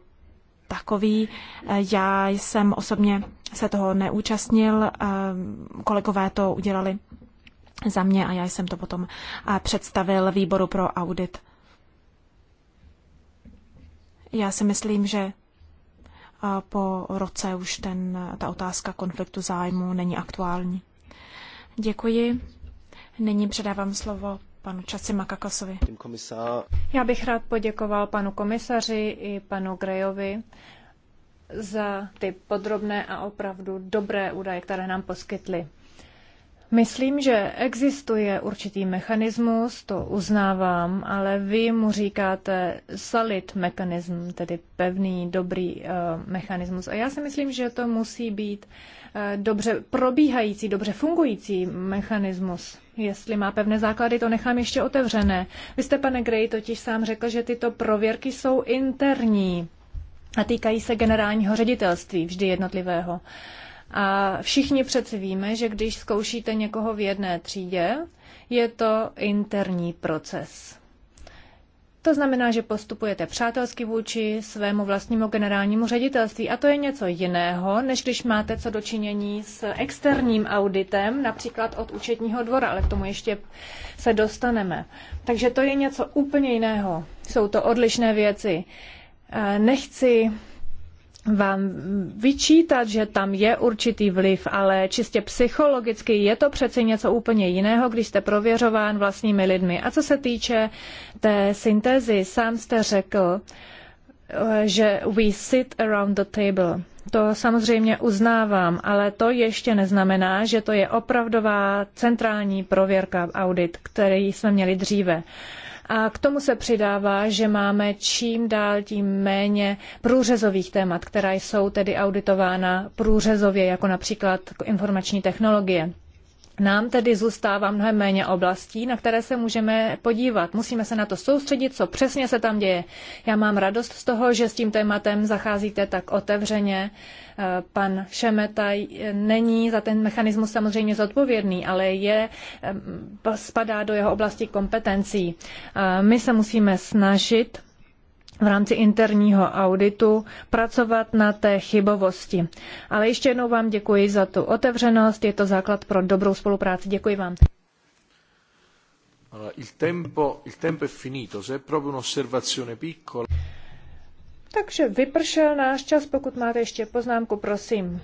takový. Eh, já jsem osobně se toho neúčastnil, eh, kolegové to udělali za mě a já jsem to potom eh, představil výboru pro audit. Já si myslím, že po roce už ten, ta otázka konfliktu zájmu není aktuální. Děkuji. Nyní předávám slovo panu Časi Makakasovi. Já bych rád poděkoval panu komisaři i panu Grejovi za ty podrobné a opravdu dobré údaje, které nám poskytli. Myslím, že existuje určitý mechanismus, to uznávám, ale vy mu říkáte solid mechanism, tedy pevný, dobrý uh, mechanismus. A já si myslím, že to musí být uh, dobře probíhající, dobře fungující mechanismus. Jestli má pevné základy, to nechám ještě otevřené. Vy jste, pane Gray, totiž sám řekl, že tyto prověrky jsou interní a týkají se generálního ředitelství, vždy jednotlivého. Uh, a všichni přeci víme, že když zkoušíte někoho v jedné třídě, je to interní proces. To znamená, že postupujete přátelsky vůči svému vlastnímu generálnímu ředitelství a to je něco jiného, než když máte co dočinění s externím auditem, například od účetního dvora, ale k tomu ještě se dostaneme. Takže to je něco úplně jiného. Jsou to odlišné věci. Eh, nechci vám vyčítat, že tam je určitý vliv, ale čistě psychologicky je to přece něco úplně jiného, když jste prověřován vlastními lidmi. A co se týče té syntézy, sám jste řekl, že we sit around the table. To samozřejmě uznávám, ale to ještě neznamená, že to je opravdová centrální prověrka audit, který jsme měli dříve. A k tomu se přidává, že máme čím dál tím méně průřezových témat, která jsou tedy auditována průřezově, jako například informační technologie nám tedy zůstává mnohem méně oblastí, na které se můžeme podívat. Musíme se na to soustředit, co přesně se tam děje. Já mám radost z toho, že s tím tématem zacházíte tak otevřeně. Eh, pan Šemeta eh, není za ten mechanismus samozřejmě zodpovědný, ale je, eh, spadá do jeho oblasti kompetencí. My se musíme snažit v rámci interního auditu pracovat na té chybovosti. Ale ještě jednou vám děkuji za tu otevřenost, je to základ pro dobrou spolupráci. Děkuji vám. Il tempo, il tempo è finito, se è proprio un'osservazione piccola. Takže vypršel náš čas, pokud máte ještě poznámku, prosím.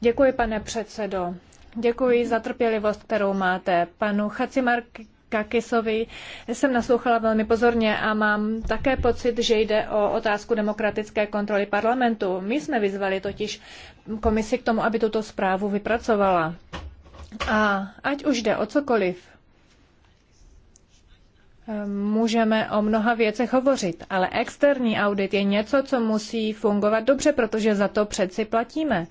Děkuji, pane předsedo. Děkuji za trpělivost, kterou máte. Panu Chacimark Kakisovi jsem naslouchala velmi pozorně a mám také pocit, že jde o otázku demokratické kontroly parlamentu. My jsme vyzvali totiž komisi k tomu, aby tuto zprávu vypracovala. A ať už jde o cokoliv, Můžeme o mnoha věcech hovořit, ale externí audit je něco, co musí fungovat dobře, protože za to přeci platíme.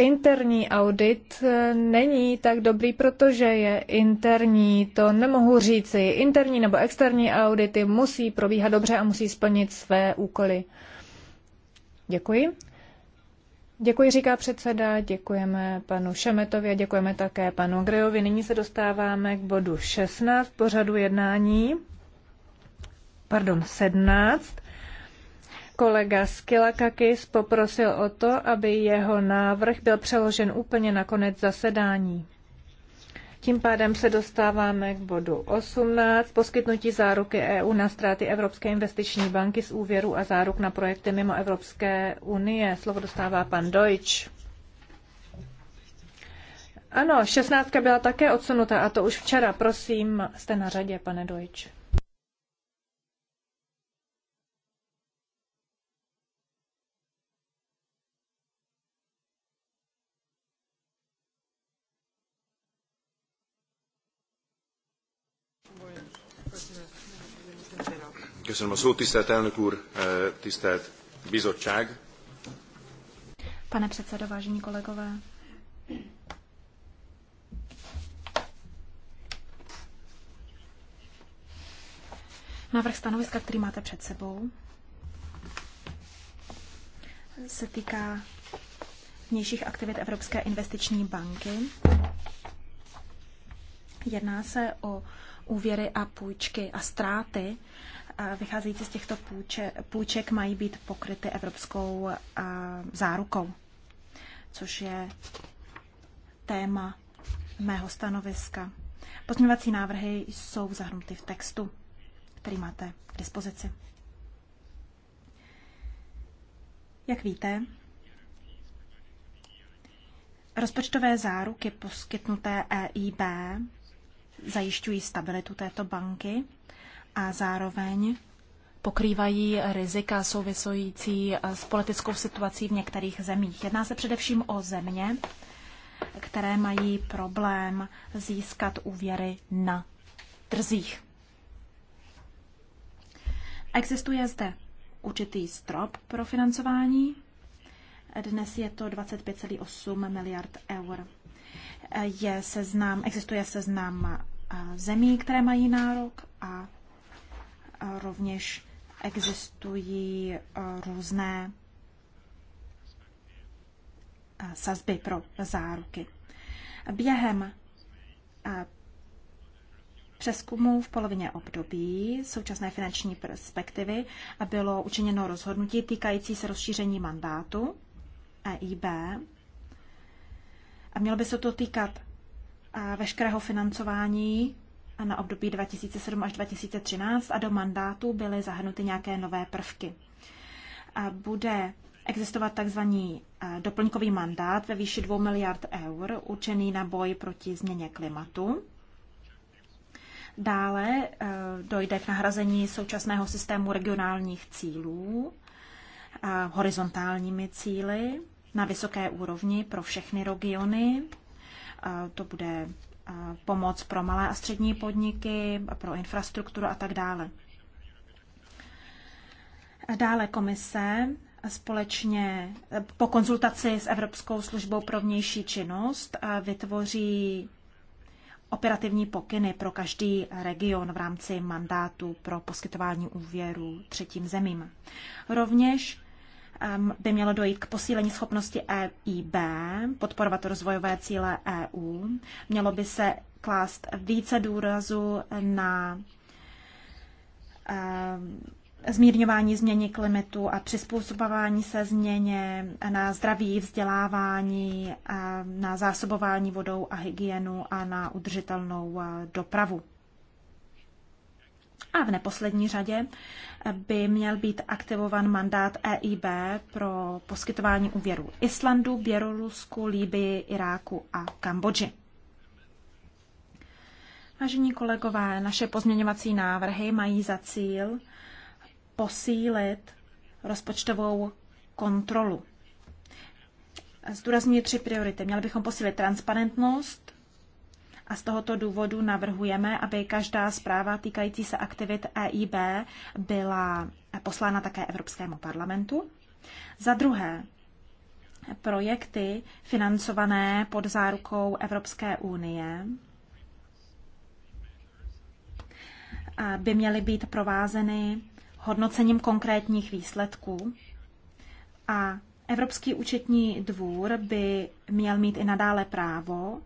interní audit eh, není tak dobrý, protože je interní, to nemohu říci. Interní nebo externí audity musí probíhat dobře a musí splnit své úkoly. Děkuji. Děkuji, říká předseda, děkujeme panu Šemetovi a děkujeme také panu Grejovi. Nyní se dostáváme k bodu 16 pořadu jednání, pardon, 17. Kolega Skilakakis poprosil o to, aby jeho návrh byl přeložen úplně na konec zasedání. Tím pádem se dostáváme k bodu 18. Poskytnutí záruky EU na ztráty Evropské investiční banky z úvěru a záruk na projekty mimo Evropské unie. Slovo dostává pan Deutsch. Ano, šestnáctka byla také odsunuta a to už včera. Prosím, jste na řadě, pane Deutsch. Köszönöm a szót, tisztelt elnök úr, eh, tisztelt bizottság. Pane předsedo, vážení kolegové. Návrh stanoviska, který máte před sebou, se týká vnějších aktivit Evropské investiční banky. Jedná se o úvěry a půjčky a ztráty vycházející z těchto půjček mají být pokryty evropskou zárukou, což je téma mého stanoviska. Pozměňovací návrhy jsou zahrnuty v textu, který máte k dispozici. Jak víte, rozpočtové záruky poskytnuté EIB zajišťují stabilitu této banky a zároveň pokrývají rizika souvisující eh, s politickou situací v některých zemích. Jedná se především o země, které mají problém získat úvěry na trzích. Existuje zde určitý strop pro financování. Dnes je to 25,8 miliard eur. Eh, je seznam, existuje seznam eh, zemí, které mají nárok a rovněž existují eh, různé eh, sazby pro záruky. Během eh, přeskumu v polovině období současné finanční perspektivy bylo učiněno rozhodnutí týkající se rozšíření mandátu EIB. A mělo by se to týkat veškerého financování na období 2007 až 2013 a do mandátu byly zahrnuty nějaké nové prvky. A bude existovat takzvaný doplňkový mandát ve výši 2 miliard eur určený na boj proti změně klimatu. Dále e, dojde k nahrazení současného systému regionálních cílů horizontálními cíly na vysoké úrovni pro všechny regiony. To bude pomoc pro malé a střední podniky, pro infrastrukturu a tak dále. Dále komise společně po konzultaci s Evropskou službou pro vnější činnost vytvoří operativní pokyny pro každý region v rámci mandátu pro poskytování úvěru třetím zemím. Rovněž by mělo dojít k posílení schopnosti EIB, podporovat rozvojové cíle EU. Mělo by se klást více důrazu na zmírňování změny klimatu a přizpůsobování se změně, na zdraví, vzdělávání, na zásobování vodou a hygienu a na udržitelnou eh, dopravu. A v neposlední řadě by měl být aktivovan mandát EIB pro poskytování úvěru Islandu, Bělorusku, Líbii, Iráku a Kambodži. Vážení kolegové, naše pozměňovací návrhy mají za cíl posílit rozpočtovou kontrolu. Zdůrazňuji tři priority. Měli bychom posílit transparentnost, a z tohoto důvodu navrhujeme, aby každá zpráva týkající se aktivit EIB byla poslána také Evropskému parlamentu. Za druhé, projekty financované pod zárukou Evropské unie by měly být provázeny hodnocením konkrétních výsledků a Evropský účetní dvůr by měl mít i nadále právo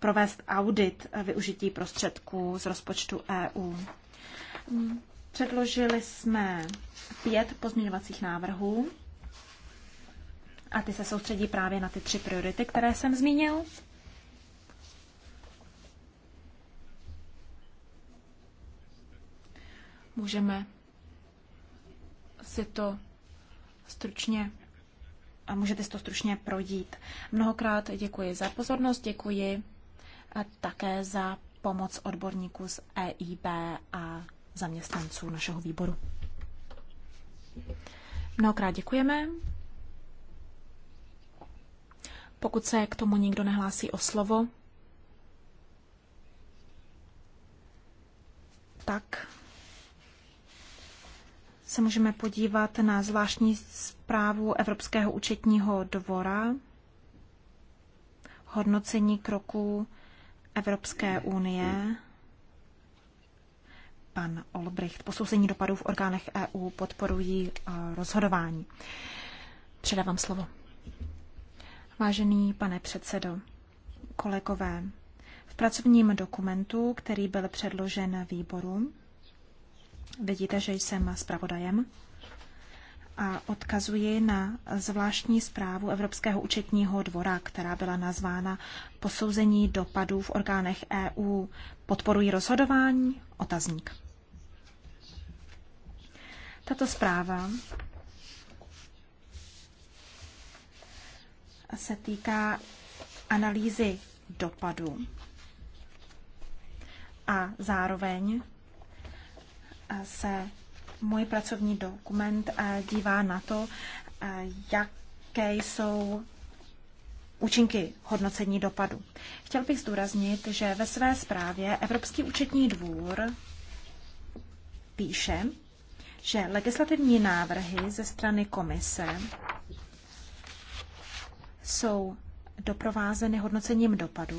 provést audit využití prostředků z rozpočtu EU. Předložili jsme pět pozměňovacích návrhů a ty se soustředí právě na ty tři priority, které jsem zmínil. Můžeme si to stručně a můžete si to stručně projít. Mnohokrát děkuji za pozornost, děkuji také za pomoc odborníků z EIB a zaměstnanců našeho výboru. Mnohokrát děkujeme. Pokud se k tomu nikdo nehlásí o slovo, tak se můžeme podívat na zvláštní zprávu Evropského účetního dvora, hodnocení kroků Evropské unie, pan Olbricht. Posouzení dopadů v orgánech EU podporují eh, rozhodování. Předávám slovo. Vážený pane předsedo, kolegové, v pracovním dokumentu, který byl předložen výboru, vidíte, že jsem zpravodajem a odkazuji na zvláštní zprávu Evropského účetního dvora, která byla nazvána Posouzení dopadů v orgánech EU. Podporují rozhodování? Otazník. Tato zpráva se týká analýzy dopadů a zároveň se můj pracovní dokument eh, dívá na to, eh, jaké jsou účinky hodnocení dopadu. Chtěl bych zdůraznit, že ve své zprávě Evropský účetní dvůr píše, že legislativní návrhy ze strany komise jsou doprovázeny hodnocením dopadu,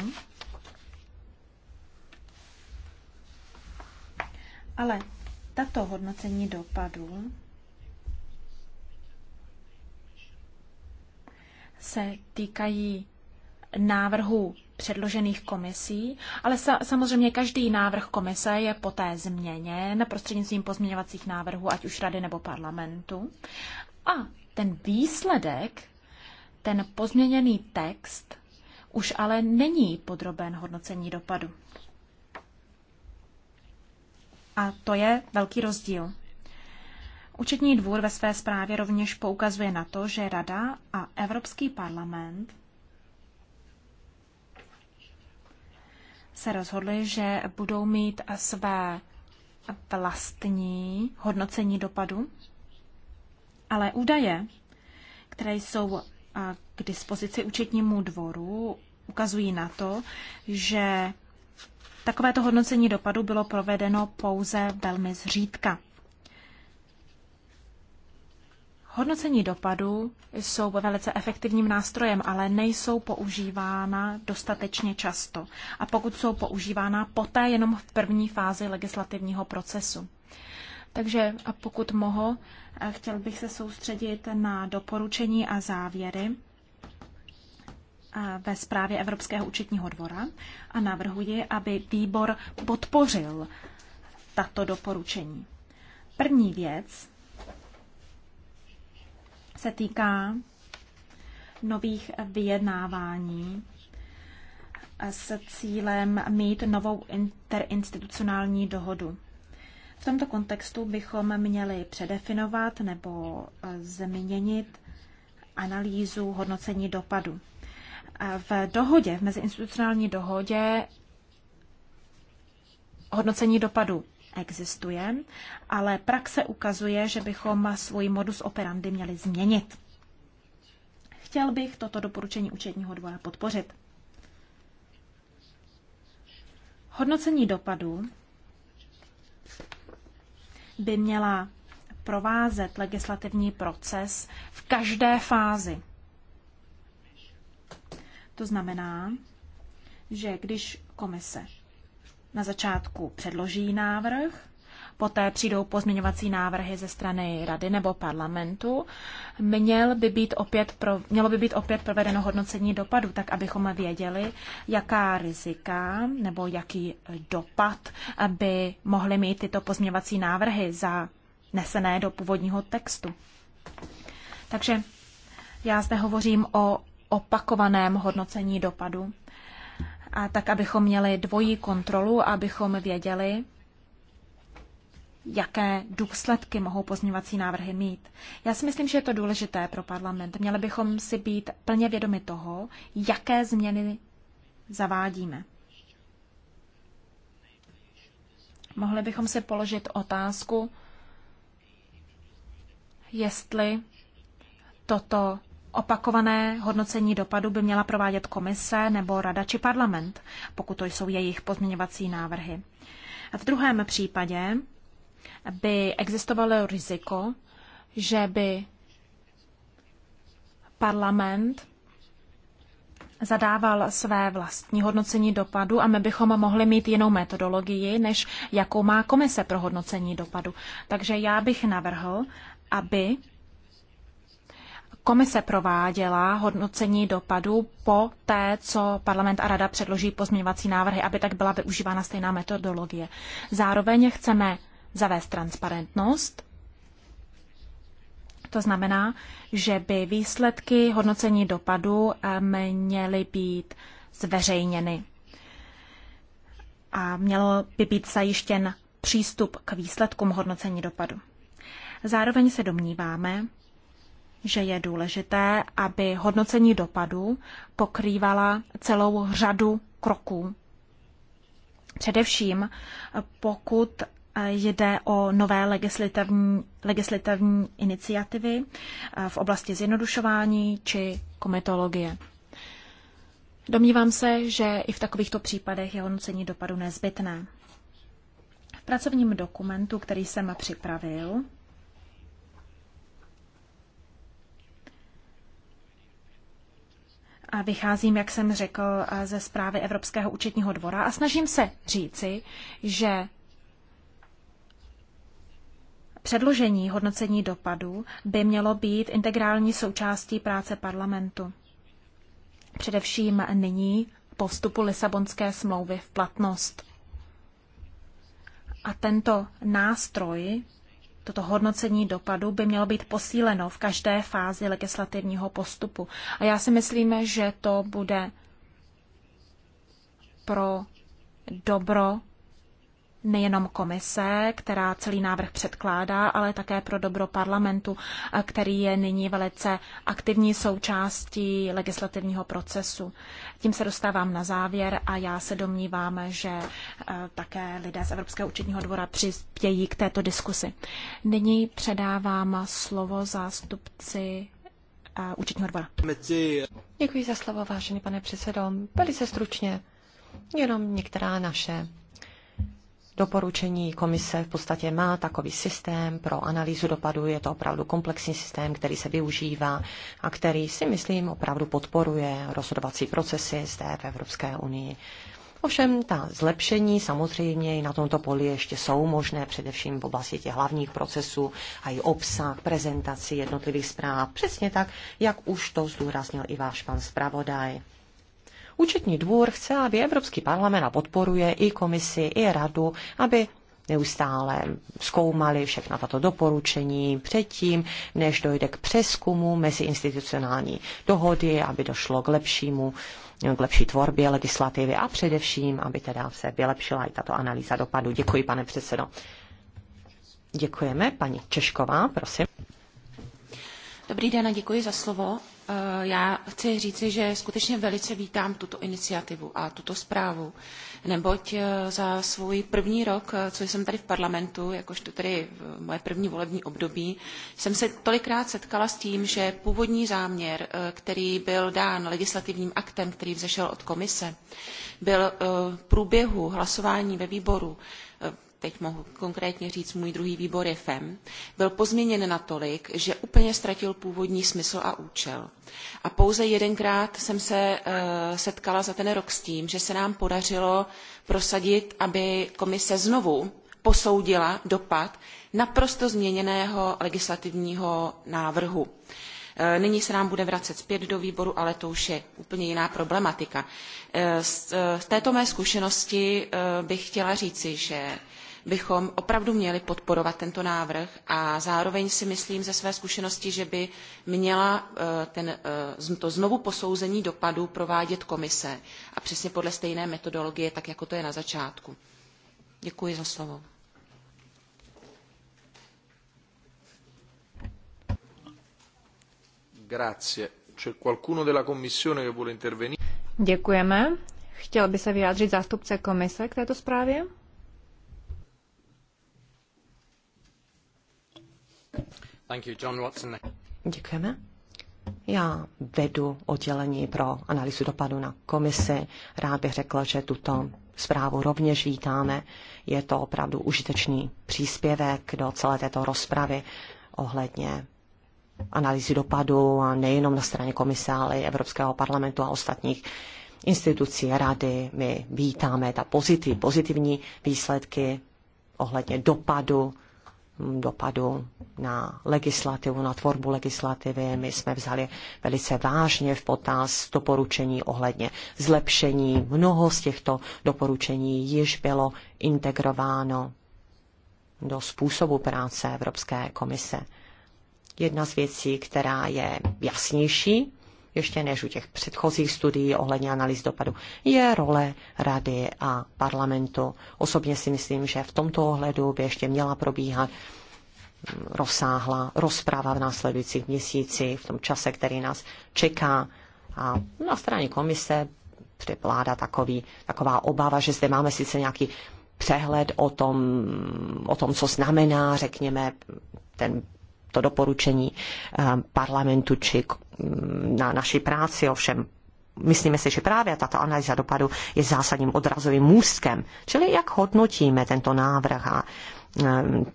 ale tato hodnocení dopadů se týkají návrhů předložených komisí, ale sa, samozřejmě každý návrh komise je poté změněn prostřednictvím pozměňovacích návrhů, ať už rady nebo parlamentu. A ten výsledek, ten pozměněný text, už ale není podroben hodnocení dopadu. A to je velký rozdíl. Účetní dvůr ve své zprávě rovněž poukazuje na to, že Rada a Evropský parlament se rozhodli, že budou mít své vlastní hodnocení dopadu, ale údaje, které jsou k dispozici účetnímu dvoru, ukazují na to, že Takovéto hodnocení dopadu bylo provedeno pouze velmi zřídka. Hodnocení dopadu jsou velice efektivním nástrojem, ale nejsou používána dostatečně často. A pokud jsou používána poté jenom v první fázi legislativního procesu. Takže a pokud mohu, eh, chtěl bych se soustředit na doporučení a závěry ve zprávě Evropského účetního dvora a navrhuji, aby výbor podpořil tato doporučení. První věc se týká nových vyjednávání s cílem mít novou interinstitucionální dohodu. V tomto kontextu bychom měli předefinovat nebo změnit analýzu hodnocení dopadu. V dohodě, v meziinstitucionální dohodě hodnocení dopadu existuje, ale praxe ukazuje, že bychom svůj modus operandi měli změnit. Chtěl bych toto doporučení účetního dvora podpořit. Hodnocení dopadu by měla provázet legislativní proces v každé fázi to znamená, že když komise na začátku předloží návrh, poté přijdou pozměňovací návrhy ze strany rady nebo parlamentu, měl by být opět pro, mělo by být opět provedeno hodnocení dopadu, tak abychom věděli, jaká rizika nebo jaký dopad by mohly mít tyto pozměňovací návrhy nesené do původního textu. Takže já zde hovořím o opakovaném hodnocení dopadu, a tak abychom měli dvojí kontrolu, abychom věděli, jaké důsledky mohou pozměňovací návrhy mít. Já si myslím, že je to důležité pro parlament. Měli bychom si být plně vědomi toho, jaké změny zavádíme. Mohli bychom si položit otázku, jestli toto Opakované hodnocení dopadu by měla provádět komise nebo rada či parlament, pokud to jsou jejich pozměňovací návrhy. A v druhém případě by existovalo riziko, že by parlament zadával své vlastní hodnocení dopadu a my bychom mohli mít jinou metodologii, než jakou má komise pro hodnocení dopadu. Takže já bych navrhl, aby Komise prováděla hodnocení dopadu po té, co parlament a rada předloží pozměňovací návrhy, aby tak byla využívána stejná metodologie. Zároveň chceme zavést transparentnost. To znamená, že by výsledky hodnocení dopadu eh, měly být zveřejněny. A měl by být zajištěn přístup k výsledkům hodnocení dopadu. Zároveň se domníváme, že je důležité, aby hodnocení dopadu pokrývala celou řadu kroků. Především pokud jde o nové legislativní, legislativní iniciativy eh, v oblasti zjednodušování či komitologie. Domnívám se, že i v takovýchto případech je hodnocení dopadu nezbytné. V pracovním dokumentu, který jsem připravil, Vycházím, jak jsem řekl, ze zprávy Evropského účetního dvora a snažím se říci, že předložení hodnocení dopadů by mělo být integrální součástí práce parlamentu. Především nyní po vstupu Lisabonské smlouvy v platnost. A tento nástroj toto hodnocení dopadu by mělo být posíleno v každé fázi legislativního postupu. A já si myslím, že to bude pro dobro nejenom komise, která celý návrh předkládá, ale také pro dobro parlamentu, který je nyní velice aktivní součástí legislativního procesu. Tím se dostávám na závěr a já se domnívám, že e, také lidé z Evropského účetního dvora přispějí k této diskusi. Nyní předávám slovo zástupci e, účetního dvora. Děkuji za slovo, vážený pane předsedo. Velice stručně. Jenom některá naše doporučení komise v podstatě má takový systém pro analýzu dopadu. Je to opravdu komplexní systém, který se využívá a který si myslím opravdu podporuje rozhodovací procesy zde v Evropské unii. Ovšem ta zlepšení samozřejmě i na tomto poli ještě jsou možné, především v oblasti těch hlavních procesů a i obsah, prezentaci jednotlivých zpráv, přesně tak, jak už to zdůraznil i váš pan zpravodaj. Účetní dvůr chce, aby Evropský parlament a podporuje i komisi, i radu, aby neustále zkoumali všechna tato doporučení předtím, než dojde k přeskumu mezi institucionální dohody, aby došlo k lepšímu k lepší tvorbě legislativy a především, aby teda se vylepšila i tato analýza dopadu. Děkuji, pane předsedo. Děkujeme. Paní Češková, prosím. Dobrý den a děkuji za slovo. Eh, já chci říci, že skutečně velice vítám tuto iniciativu a tuto zprávu, neboť eh, za svůj první rok, eh, co jsem tady v parlamentu, jakožto tedy moje první volební období, jsem se tolikrát setkala s tím, že původní záměr, který byl dán legislativním aktem, který vzešel od komise, byl v průběhu hlasování ve výboru teď mohu konkrétně říct, můj druhý výbor je FEM, byl pozměněn natolik, že úplně ztratil původní smysl a účel. A pouze jedenkrát jsem se uh, setkala za ten rok s tím, že se nám podařilo prosadit, aby komise znovu posoudila dopad naprosto změněného legislativního návrhu. Eh, nyní se nám bude vracet zpět do výboru, ale to už je úplně jiná problematika. Eh, z této mé zkušenosti bych chtěla říci, že bychom opravdu měli podporovat tento návrh a zároveň si myslím ze své zkušenosti, že by měla eh, ten, eh, to znovu posouzení dopadů provádět komise a přesně podle stejné metodologie, tak jako to je na začátku. Děkuji za slovo. Grazie. C'è qualcuno della Commissione che vuole intervenire? Děkujeme. Chtěl by se vyjádřit zástupce komise k této zprávě? Děkujeme. Já vedu oddělení pro analýzu dopadu na komisi. Rád bych řekl, že tuto zprávu rovněž vítáme. Je to opravdu užitečný příspěvek do celé této rozpravy ohledně analýzy dopadu a nejenom na straně komise, ale i Evropského parlamentu a ostatních institucí rady. My vítáme ta pozitiv, pozitivní výsledky ohledně dopadu dopadu na legislativu, na tvorbu legislativy. My jsme vzali velice vážně v potaz doporučení ohledně zlepšení. Mnoho z těchto doporučení již bylo integrováno do způsobu práce Evropské komise. Jedna z věcí, která je jasnější, ještě než u těch předchozích studií ohledně analýz dopadu, je role rady a parlamentu. Osobně si myslím, že v tomto ohledu by ještě měla probíhat rozsáhla rozprava v následujících měsících, v tom čase, který nás čeká. A na straně komise převládá takový, taková obava, že zde máme sice nějaký přehled o tom, o tom co znamená, řekněme, ten, to doporučení eh, parlamentu či na naší práci, ovšem myslíme si, že právě tato analýza dopadu je zásadním odrazovým můstkem. Čili jak hodnotíme tento návrh a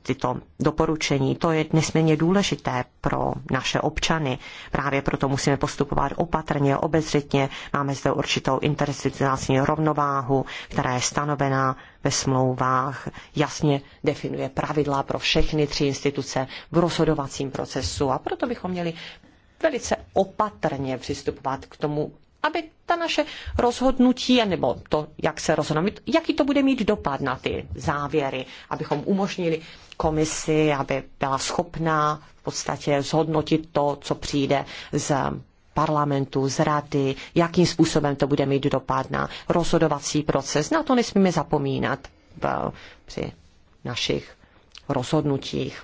tyto doporučení. To je nesmírně důležité pro naše občany. Právě proto musíme postupovat opatrně, obezřetně. Máme zde určitou interstitucionální rovnováhu, která je stanovená ve smlouvách, jasně definuje pravidla pro všechny tři instituce v rozhodovacím procesu a proto bychom měli velice opatrně přistupovat k tomu, aby ta naše rozhodnutí, nebo to, jak se rozhodneme, jaký to bude mít dopad na ty závěry, abychom umožnili komisi, aby byla schopná v podstatě zhodnotit to, co přijde z parlamentu, z rady, jakým způsobem to bude mít dopad na rozhodovací proces. Na to nesmíme zapomínat při našich rozhodnutích.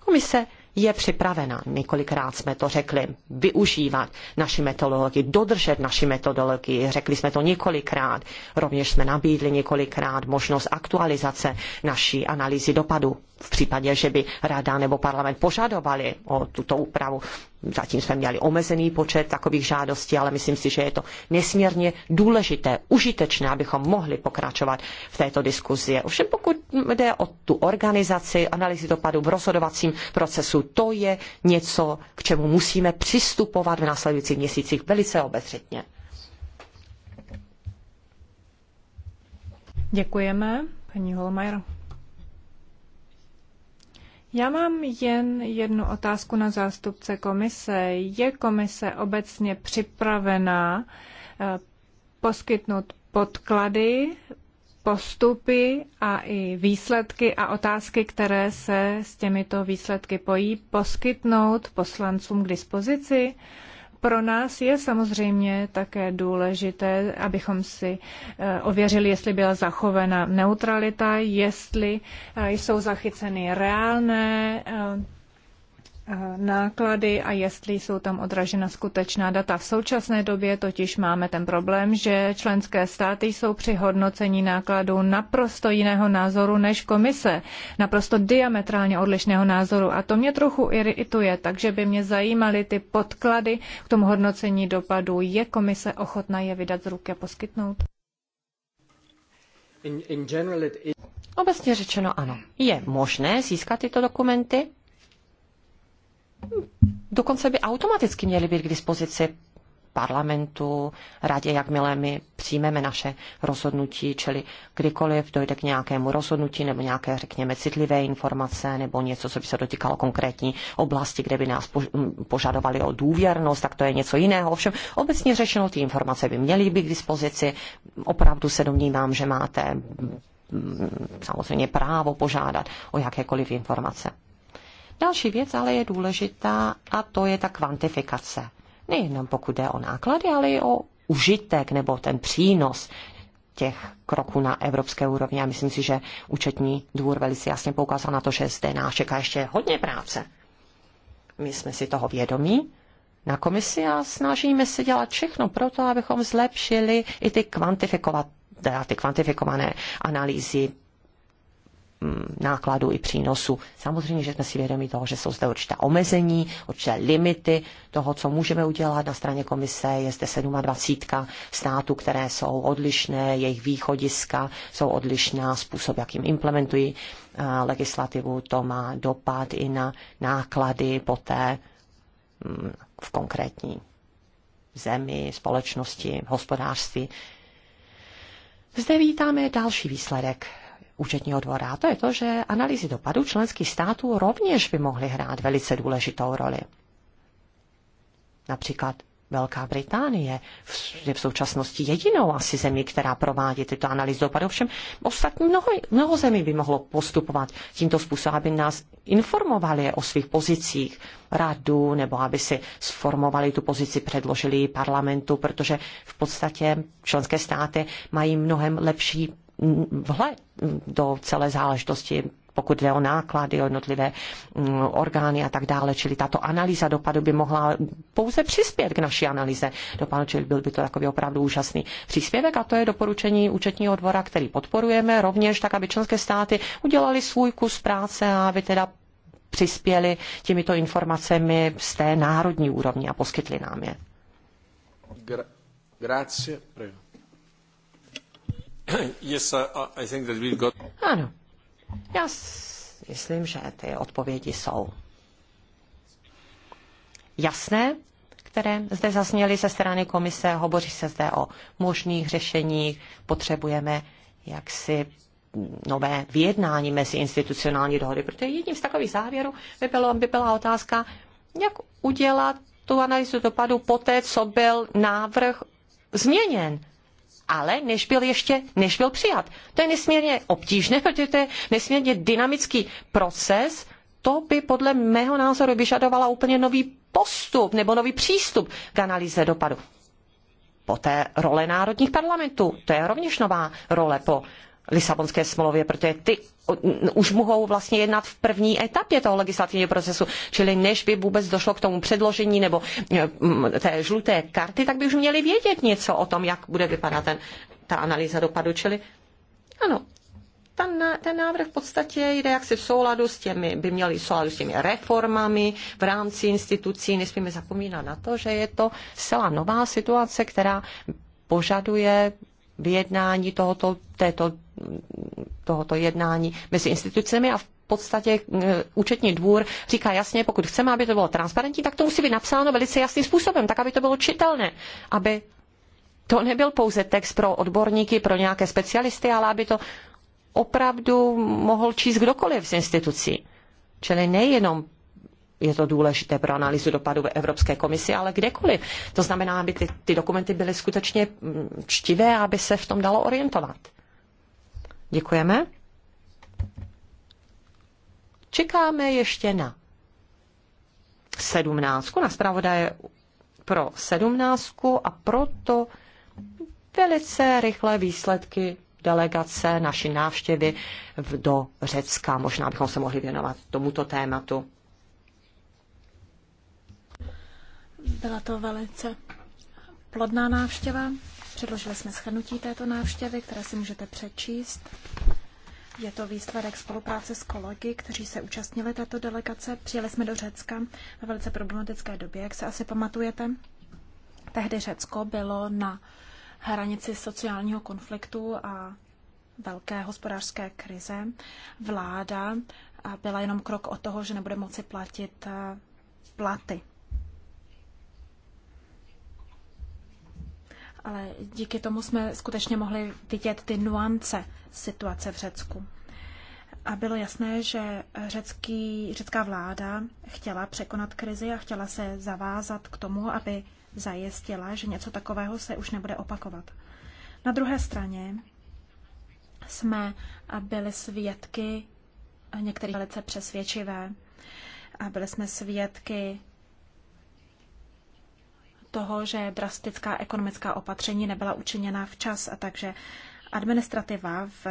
Komise je připravena, několikrát jsme to řekli, využívat naši metodologii, dodržet naši metodologii, řekli jsme to několikrát, rovněž jsme nabídli několikrát možnost aktualizace naší analýzy dopadu v případě, že by rada nebo parlament požadovali o tuto úpravu. Zatím jsme měli omezený počet takových žádostí, ale myslím si, že je to nesmírně důležité, užitečné, abychom mohli pokračovat v této diskuzi. Ovšem pokud jde o tu organizaci, analýzy dopadu v rozhodovacím procesu, to je něco, k čemu musíme přistupovat v následujících měsících velice obezřetně. Děkujeme, paní Holmajer. Já mám jen jednu otázku na zástupce komise. Je komise obecně připravená eh, poskytnout podklady, postupy a i výsledky a otázky, které se s těmito výsledky pojí, poskytnout poslancům k dispozici? pro nás je samozřejmě také důležité, abychom si eh, ověřili, jestli byla zachovena neutralita, jestli eh, jsou zachyceny reálné eh, Eh, náklady a jestli jsou tam odražena skutečná data. V současné době totiž máme ten problém, že členské státy jsou při hodnocení nákladů naprosto jiného názoru než komise, naprosto diametrálně odlišného názoru a to mě trochu irituje, takže by mě zajímaly ty podklady k tomu hodnocení dopadů. Je komise ochotná je vydat z ruky a poskytnout? Obecně řečeno ano. Je možné získat tyto dokumenty, dokonce by automaticky měly být k dispozici parlamentu, radě, jakmile my přijmeme naše rozhodnutí, čili kdykoliv dojde k nějakému rozhodnutí nebo nějaké, řekněme, citlivé informace nebo něco, co by se dotýkalo konkrétní oblasti, kde by nás mm, požadovali o důvěrnost, tak to je něco jiného. Ovšem, obecně řešeno, ty informace by měly být k dispozici. Opravdu se domnívám, že máte mm, mm, samozřejmě právo požádat o jakékoliv informace. Další věc ale je důležitá a to je ta kvantifikace. Nejenom pokud jde o náklady, ale i o užitek nebo ten přínos těch kroků na evropské úrovni. A myslím si, že účetní dvůr velice jasně poukázal na to, že zde nás čeká ještě hodně práce. My jsme si toho vědomí na komisi a snažíme se dělat všechno pro to, abychom zlepšili i ty kvantifikovat ty kvantifikované analýzy Mm, nákladů i přínosů. Samozřejmě, že jsme si vědomi toho, že jsou zde určitá omezení, určité limity toho, co můžeme udělat. Na straně komise je zde 27 států, které jsou odlišné, jejich východiska jsou odlišná, způsob, jakým implementují eh, legislativu, to má dopad i na náklady poté mm, v konkrétní zemi, společnosti, hospodářství. Zde vítáme další výsledek účetního dvora, a to je to, že analýzy dopadů členských států rovněž by mohly hrát velice důležitou roli. Například Velká Británie je v současnosti jedinou asi zemí, která provádí tyto analýzy dopadu. Ovšem ostatní mnoho, mnoho zemí by mohlo postupovat tímto způsobem, aby nás informovali o svých pozicích radu nebo aby si sformovali tu pozici, předložili parlamentu, protože v podstatě členské státy mají mnohem lepší vhled do celé záležitosti pokud jde o náklady, o jednotlivé mm, orgány a tak dále. Čili tato analýza dopadu by mohla pouze přispět k naší analýze dopadu, čili byl by to takový opravdu úžasný příspěvek a to je doporučení účetního dvora, který podporujeme rovněž tak, aby členské státy udělali svůj kus práce a aby teda přispěli těmito informacemi z té národní úrovně a poskytli nám je. Gra- grazie. Prego. *clears throat* Uh, ano. Já myslím, že ty odpovědi jsou jasné, které zde zazněly ze strany komise. Hovoří se zde o možných řešeních. Potřebujeme jaksi nové vyjednání mezi institucionální dohody, protože jedním z takových závěrů by, bylo, by byla otázka, jak udělat tu analýzu dopadu poté, co byl návrh změněn ale než byl ještě, než byl přijat. To je nesmírně obtížné, *laughs* protože to je nesmírně dynamický proces, to by podle mého názoru vyžadovala úplně nový postup nebo nový přístup k analýze dopadu. Poté role národních parlamentů, to je rovněž nová role po Lisabonské smlouvě, protože ty už mohou vlastně jednat v první etapě toho legislativního procesu, čili než by vůbec došlo k tomu předložení nebo mm, té žluté karty, tak by už měli vědět něco o tom, jak bude vypadat ten, ta analýza dopadu, čili ano, ten, ten návrh v podstatě jde jaksi v souladu s těmi, by měl jít v souladu s těmi reformami v rámci institucí. Nesmíme zapomínat na to, že je to celá nová situace, která požaduje vyjednání tohoto, této tohoto jednání mezi institucemi a v podstatě eh, účetní dvůr říká jasně, pokud chceme, aby to bylo transparentní, tak to musí být napsáno velice jasným způsobem, tak aby to bylo čitelné, aby to nebyl pouze text pro odborníky, pro nějaké specialisty, ale aby to opravdu mohl číst kdokoliv z institucí. Čili nejenom je to důležité pro analýzu dopadu ve Evropské komisi, ale kdekoliv. To znamená, aby ty, ty dokumenty byly skutečně mm, čtivé, aby se v tom dalo orientovat. Děkujeme. Čekáme ještě na sedmnáctku, na zpravodaje pro sedmnáctku a proto velice rychlé výsledky delegace naší návštěvy do Řecka. Možná bychom se mohli věnovat tomuto tématu. Byla to velice plodná návštěva. Předložili jsme schrnutí této návštěvy, které si můžete přečíst. Je to výsledek spolupráce s kolegy, kteří se účastnili této delegace. Přijeli jsme do Řecka ve velice problematické době, jak se asi pamatujete. Tehdy Řecko bylo na hranici sociálního konfliktu a velké hospodářské krize. Vláda byla jenom krok od toho, že nebude moci platit eh, platy. ale díky tomu jsme skutečně mohli vidět ty nuance situace v Řecku. A bylo jasné, že řecký, řecká vláda chtěla překonat krizi a chtěla se zavázat k tomu, aby zajistila, že něco takového se už nebude opakovat. Na druhé straně jsme byli svědky některých velice přesvědčivé. A byli jsme svědky toho, že drastická ekonomická opatření nebyla učiněna včas a takže administrativa v,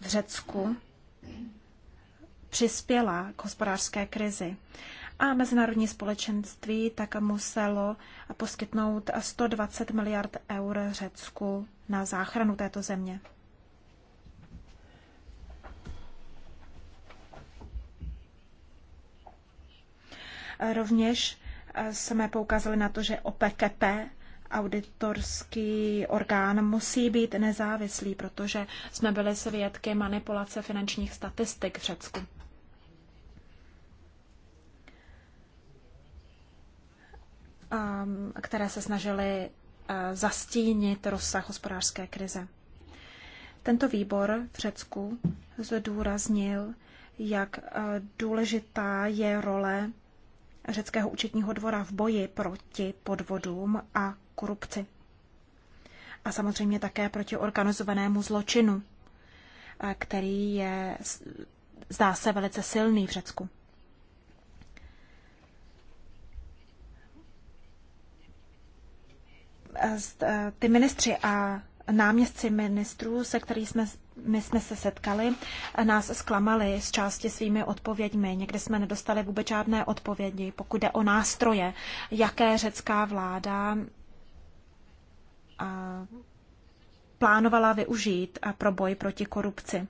v Řecku přispěla k hospodářské krizi. A mezinárodní společenství tak muselo poskytnout 120 miliard eur Řecku na záchranu této země. Rovněž jsme poukázali na to, že OPKP, auditorský orgán, musí být nezávislý, protože jsme byli svědky manipulace finančních statistik v Řecku. které se snažily eh, zastínit rozsah hospodářské krize. Tento výbor v Řecku zdůraznil, jak eh, důležitá je role řeckého účetního dvora v boji proti podvodům a korupci. A samozřejmě také proti organizovanému zločinu, který je, zdá se, velice silný v Řecku. Ty ministři a náměstci ministrů, se kterými jsme, my jsme se setkali, nás zklamali s části svými odpověďmi. Někdy jsme nedostali vůbec žádné odpovědi, pokud jde o nástroje, jaké řecká vláda plánovala využít a pro boj proti korupci.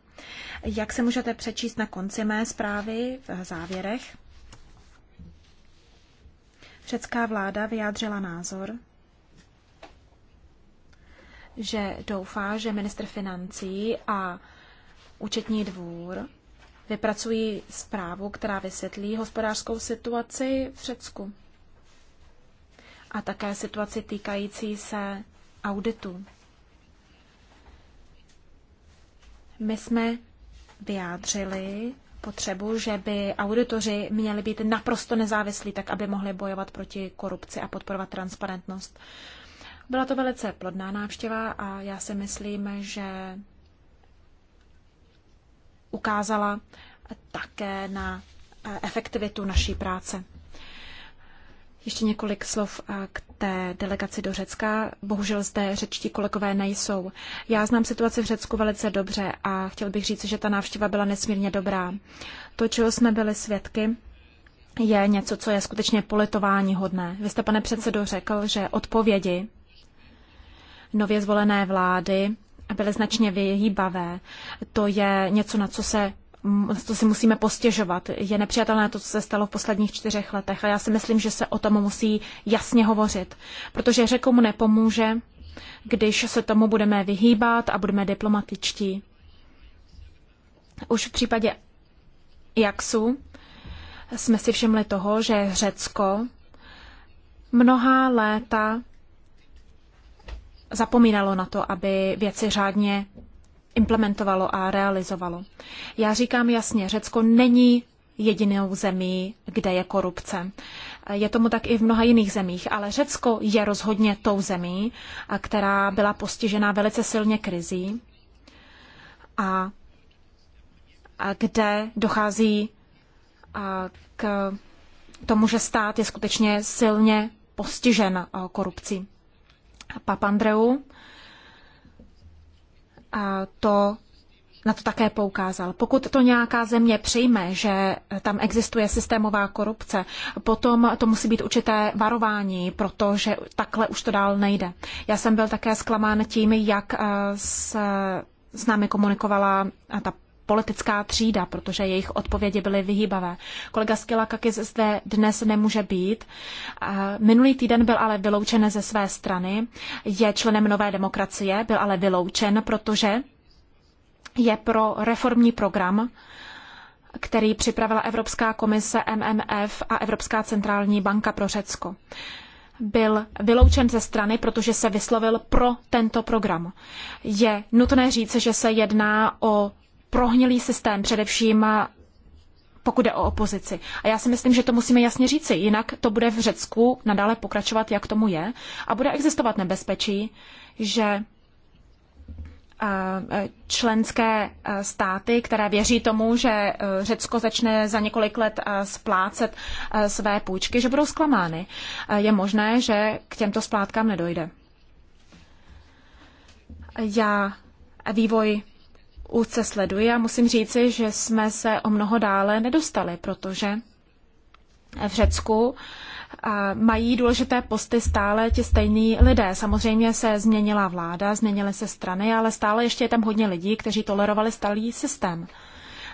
Jak se můžete přečíst na konci mé zprávy v závěrech? Řecká vláda vyjádřila názor, že doufá, že ministr financí a účetní dvůr vypracují zprávu, která vysvětlí hospodářskou situaci v Řecku a také situaci týkající se auditu. My jsme vyjádřili potřebu, že by auditoři měli být naprosto nezávislí, tak aby mohli bojovat proti korupci a podporovat transparentnost. Byla to velice plodná návštěva a já si myslím, že ukázala také na eh, efektivitu naší práce. Ještě několik slov eh, k té delegaci do Řecka. Bohužel zde řečtí kolegové nejsou. Já znám situaci v Řecku velice dobře a chtěl bych říct, že ta návštěva byla nesmírně dobrá. To, čeho jsme byli svědky, je něco, co je skutečně politování hodné. Vy jste, pane předsedo, řekl, že odpovědi nově zvolené vlády byly značně vyhýbavé. To je něco, na co se to si musíme postěžovat. Je nepřijatelné to, co se stalo v posledních čtyřech letech a já si myslím, že se o tom musí jasně hovořit, protože řekomu nepomůže, když se tomu budeme vyhýbat a budeme diplomatičtí. Už v případě Jaksu jsme si všimli toho, že Řecko mnoha léta zapomínalo na to, aby věci řádně implementovalo a realizovalo. Já říkám jasně, Řecko není jedinou zemí, kde je korupce. Je tomu tak i v mnoha jiných zemích, ale Řecko je rozhodně tou zemí, která byla postižena velice silně krizí a kde dochází k tomu, že stát je skutečně silně postižen korupcí. Papandreu. A to na to také poukázal. Pokud to nějaká země přijme, že tam existuje systémová korupce, potom to musí být určité varování, protože takhle už to dál nejde. Já jsem byl také zklamán tím, jak eh, s, s námi komunikovala ta politická třída, protože jejich odpovědi byly vyhýbavé. Kolega Kakis zde dnes nemůže být. Minulý týden byl ale vyloučen ze své strany, je členem Nové demokracie, byl ale vyloučen, protože je pro reformní program, který připravila Evropská komise MMF a Evropská centrální banka pro Řecko. Byl vyloučen ze strany, protože se vyslovil pro tento program. Je nutné říct, že se jedná o prohnilý systém, především eh, pokud jde o opozici. A já si myslím, že to musíme jasně říci, jinak to bude v Řecku nadále pokračovat, jak tomu je, a bude existovat nebezpečí, že eh, členské eh, státy, které věří tomu, že Řecko začne za několik let splácet své půjčky, že budou zklamány. Je možné, že k těmto splátkám nedojde. Já vývoj úce sleduji a musím říci, že jsme se o mnoho dále nedostali, protože v Řecku mají důležité posty stále ti stejní lidé. Samozřejmě se změnila vláda, změnily se strany, ale stále ještě je tam hodně lidí, kteří tolerovali starý systém.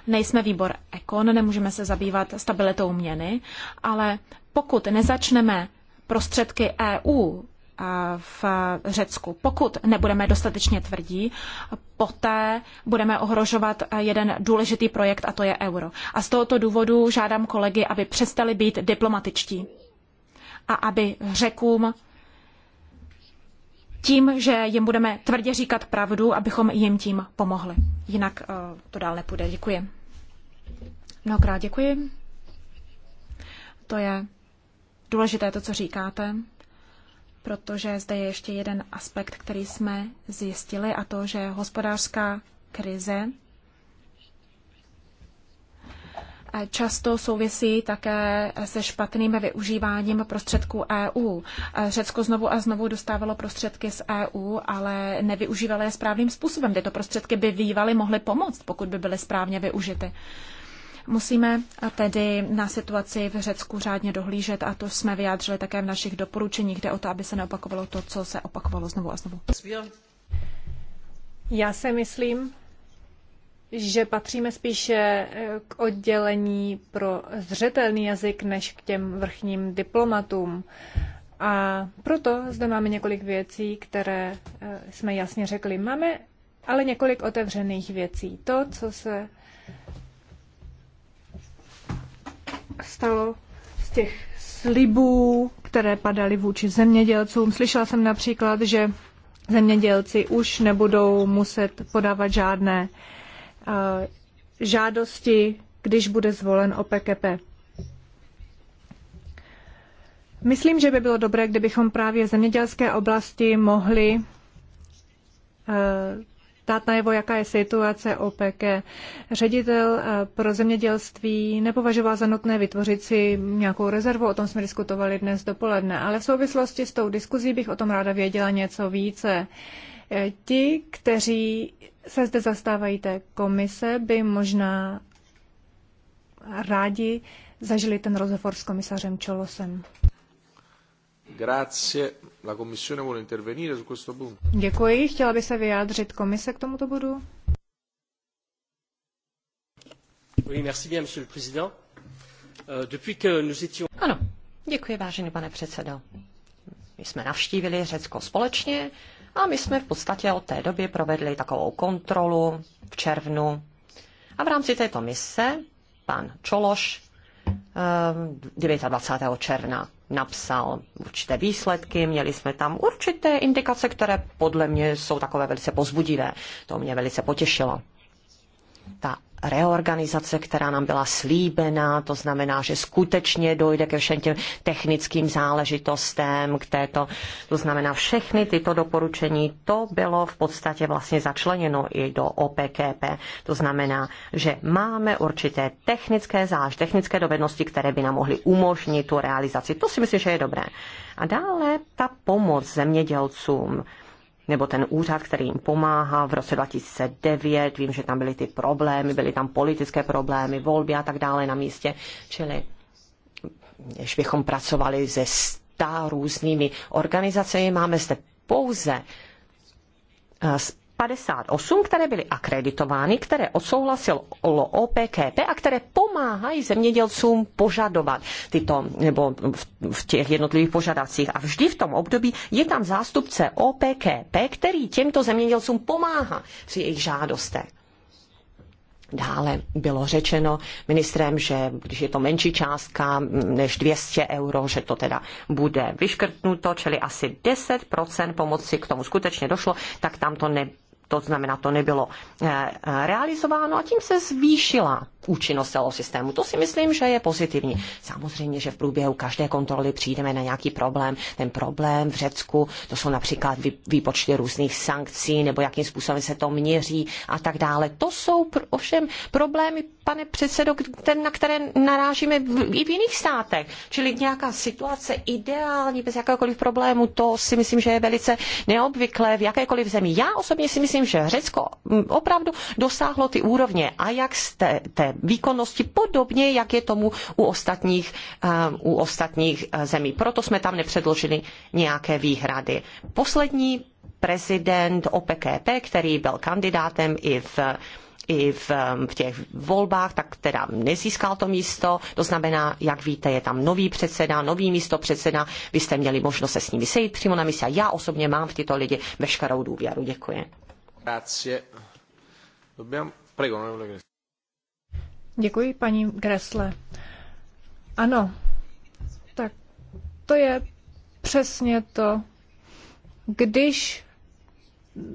Nejsme výbor ekon, nemůžeme se zabývat stabilitou měny, ale pokud nezačneme prostředky EU v Řecku. Pokud nebudeme dostatečně tvrdí, poté budeme ohrožovat jeden důležitý projekt a to je euro. A z tohoto důvodu žádám kolegy, aby přestali být diplomatičtí a aby Řekům tím, že jim budeme tvrdě říkat pravdu, abychom jim tím pomohli. Jinak eh, to dál nepůjde. Děkuji. Mnohokrát děkuji. To je důležité to, co říkáte protože zde je ještě jeden aspekt, který jsme zjistili, a to, že hospodářská krize často souvisí také se špatným využíváním prostředků EU. Řecko znovu a znovu dostávalo prostředky z EU, ale nevyužívalo je správným způsobem. Tyto prostředky by bývaly mohly pomoct, pokud by byly správně využity. Musíme tedy na situaci v Řecku řádně dohlížet a to jsme vyjádřili také v našich doporučeních, kde o to, aby se neopakovalo to, co se opakovalo znovu a znovu. Já si myslím, že patříme spíše eh, k oddělení pro zřetelný jazyk než k těm vrchním diplomatům. A proto zde máme několik věcí, které eh, jsme jasně řekli. Máme ale několik otevřených věcí. To, co se stalo z těch slibů, které padaly vůči zemědělcům. Slyšela jsem například, že zemědělci už nebudou muset podávat žádné uh, žádosti, když bude zvolen OPKP. Myslím, že by bylo dobré, kdybychom právě v zemědělské oblasti mohli uh, dát najevo, jaká je situace OPK. Ředitel eh, pro zemědělství nepovažoval za nutné vytvořit si nějakou rezervu, o tom jsme diskutovali dnes dopoledne, ale v souvislosti s tou diskuzí bych o tom ráda věděla něco více. Eh, ti, kteří se zde zastávají té komise, by možná rádi zažili ten rozhovor s komisařem Čolosem. Grazie. La Commissione vuole intervenire su questo punto. Děkuji. Chtěla by se vyjádřit komise k tomuto bodu? Oui, merci bien, monsieur le président. Euh, depuis que nous étions... Ano, děkuji, vážený pane předsedo. My jsme navštívili Řecko společně a my jsme v podstatě od té doby provedli takovou kontrolu v červnu. A v rámci této mise pan Čološ 29. Eh, června napsal určité výsledky, měli jsme tam určité indikace, které podle mě jsou takové velice pozbudivé. To mě velice potěšilo ta reorganizace, která nám byla slíbená, to znamená, že skutečně dojde ke všem těm technickým záležitostem, k této, to znamená všechny tyto doporučení, to bylo v podstatě vlastně začleněno i do OPKP. To znamená, že máme určité technické záž, technické dovednosti, které by nám mohly umožnit tu realizaci. To si myslím, že je dobré. A dále ta pomoc zemědělcům, nebo ten úřad, který jim pomáhá v roce 2009. Vím, že tam byly ty problémy, byly tam politické problémy, volby a tak dále na místě. Čili, když bychom pracovali se sta různými organizacemi, máme zde pouze eh, 58, které byly akreditovány, které odsouhlasil OPKP a které pomáhají zemědělcům požadovat tyto, nebo v, v těch jednotlivých požadavcích. A vždy v tom období je tam zástupce OPKP, který těmto zemědělcům pomáhá při jejich žádostech. Dále bylo řečeno ministrem, že když je to menší částka než 200 euro, že to teda bude vyškrtnuto, čili asi 10% pomoci k tomu skutečně došlo, tak tam to ne, to znamená, to nebylo eh, eh, realizováno a tím se zvýšila účinnost celého systému. To si myslím, že je pozitivní. Samozřejmě, že v průběhu každé kontroly přijdeme na nějaký problém. Ten problém v Řecku, to jsou například výpočty různých sankcí nebo jakým způsobem se to měří a tak dále. To jsou ovšem problémy, pane předsedo, ten, na které narážíme i v jiných státech. Čili nějaká situace ideální, bez jakéhokoliv problému, to si myslím, že je velice neobvyklé v jakékoliv zemi. Já osobně si myslím, myslím, že Řecko mm, opravdu dosáhlo ty úrovně a jak z té, té výkonnosti podobně, jak je tomu u ostatních, eh, u ostatních eh, zemí. Proto jsme tam nepředložili nějaké výhrady. Poslední prezident OPKP, který byl kandidátem i v i v, eh, v těch volbách, tak teda nezískal to místo. To znamená, jak víte, je tam nový předseda, nový místo předseda. Vy jste měli možnost se s nimi sejít přímo na místě. Já osobně mám v tyto lidi veškerou důvěru. Děkuji. Děkuji, paní Gressle. Ano, tak to je přesně to. Když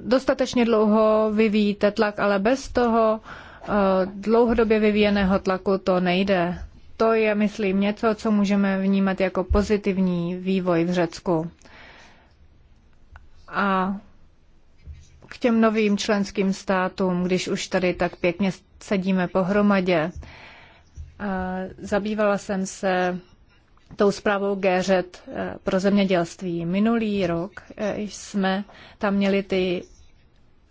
dostatečně dlouho vyvíjíte tlak, ale bez toho eh, dlouhodobě vyvíjeného tlaku to nejde. To je, myslím, něco, co můžeme vnímat jako pozitivní vývoj v Řecku. A k těm novým členským státům, když už tady tak pěkně sedíme pohromadě. Zabývala jsem se tou zprávou Géřet eh, pro zemědělství. Minulý rok eh, jsme tam měli ty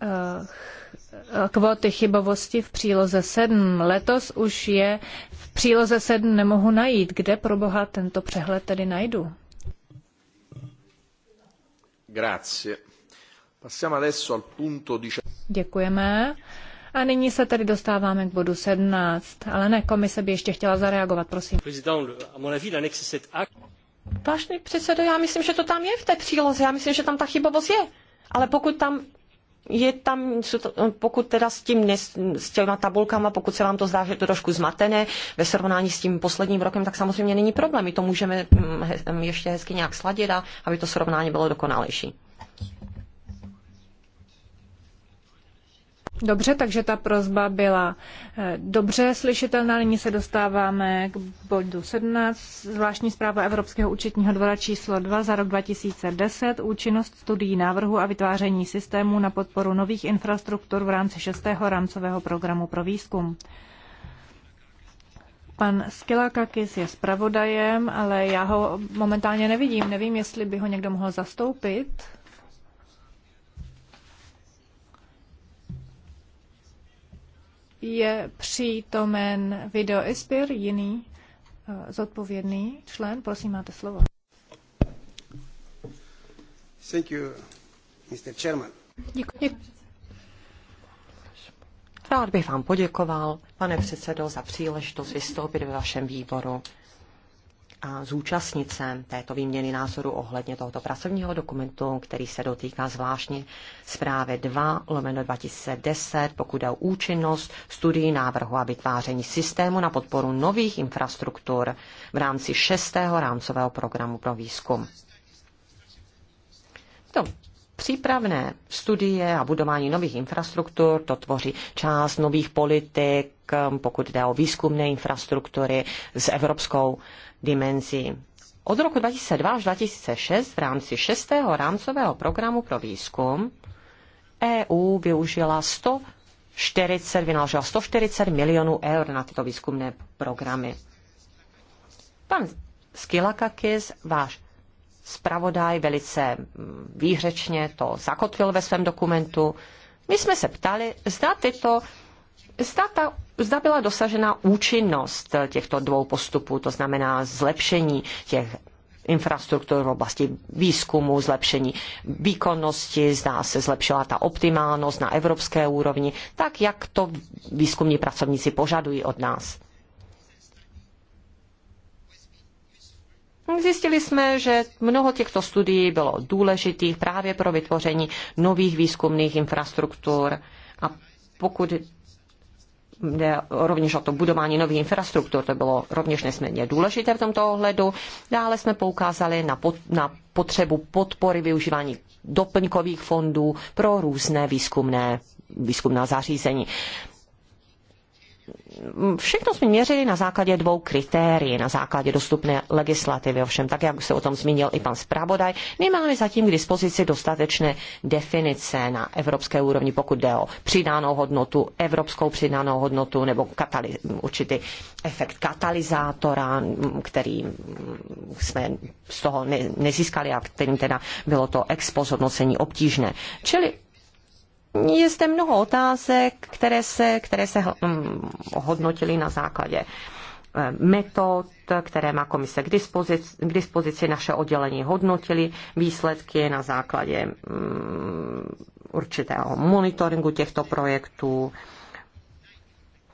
eh, kvóty chybovosti v příloze 7. Letos už je v příloze 7 nemohu najít. Kde pro boha tento přehled tedy najdu? Grazie. Děkujeme. A nyní se tedy dostáváme k bodu 17. Ale ne, komise by ještě chtěla zareagovat, prosím. Vážný předsedo, já myslím, že to tam je v té příloze. Já myslím, že tam ta chybovost je. Ale pokud tam je tam, pokud teda s, tím, s těma tabulkama, pokud se vám to zdá, že je to trošku zmatené ve srovnání s tím posledním rokem, tak samozřejmě není problém. My to můžeme hm, ještě hezky nějak sladit a aby to srovnání bylo dokonalejší. Dobře, takže ta prozba byla eh, dobře slyšitelná. Nyní se dostáváme k bodu 17, zvláštní zpráva Evropského účetního dvora číslo 2 za rok 2010, účinnost studií návrhu a vytváření systému na podporu nových infrastruktur v rámci 6. rámcového programu pro výzkum. Pan Skilakakis je zpravodajem, ale já ho momentálně nevidím. Nevím, jestli by ho někdo mohl zastoupit. je přítomen Video Ispir, jiný eh, zodpovědný člen. Prosím, máte slovo. Thank you, Mr. Chairman. Děkuji. Rád bych vám poděkoval, pane předsedo, za příležitost vystoupit ve vašem výboru a zúčastnit se této výměny názoru ohledně tohoto pracovního dokumentu, který se dotýká zvláštně zprávy 2 lomeno 2010, pokud je o účinnost studií návrhu a vytváření systému na podporu nových infrastruktur v rámci šestého rámcového programu pro výzkum. To přípravné studie a budování nových infrastruktur, to tvoří část nových politik, pokud jde o výzkumné infrastruktury s Evropskou dimenzí. Od roku 2002 až 2006 v rámci šestého rámcového programu pro výzkum EU využila 140, vynaložila 140 milionů eur na tyto výzkumné programy. Pan Skilakakis, váš zpravodaj, velice mm, výhřečně to zakotvil ve svém dokumentu. My jsme se ptali, zda tyto Zda, ta, zda byla dosažena účinnost těchto dvou postupů, to znamená zlepšení těch infrastruktur v oblasti výzkumu, zlepšení výkonnosti, zdá se zlepšila ta optimálnost na evropské úrovni, tak jak to výzkumní pracovníci požadují od nás. Zjistili jsme, že mnoho těchto studií bylo důležitých právě pro vytvoření nových výzkumných infrastruktur a pokud jde rovněž o to budování nových infrastruktur, to bylo rovněž nesmírně důležité v tomto ohledu. Dále jsme poukázali na, pot, na potřebu podpory využívání doplňkových fondů pro různé výzkumné výzkumná zařízení všechno jsme měřili na základě dvou kritérií, na základě dostupné legislativy. Ovšem, tak jak se o tom zmínil i pan zpravodaj, nemáme zatím k dispozici dostatečné definice na evropské úrovni, pokud jde o přidanou hodnotu, evropskou přidanou hodnotu nebo katali- určitý efekt katalyzátora, který jsme z toho ne- nezískali a kterým teda bylo to expozornocení obtížné. Čili je zde mnoho otázek, které se, které se mm, hodnotily na základě eh, metod, které má komise k dispozici, k dispozici naše oddělení hodnotili výsledky na základě mm, určitého monitoringu těchto projektů.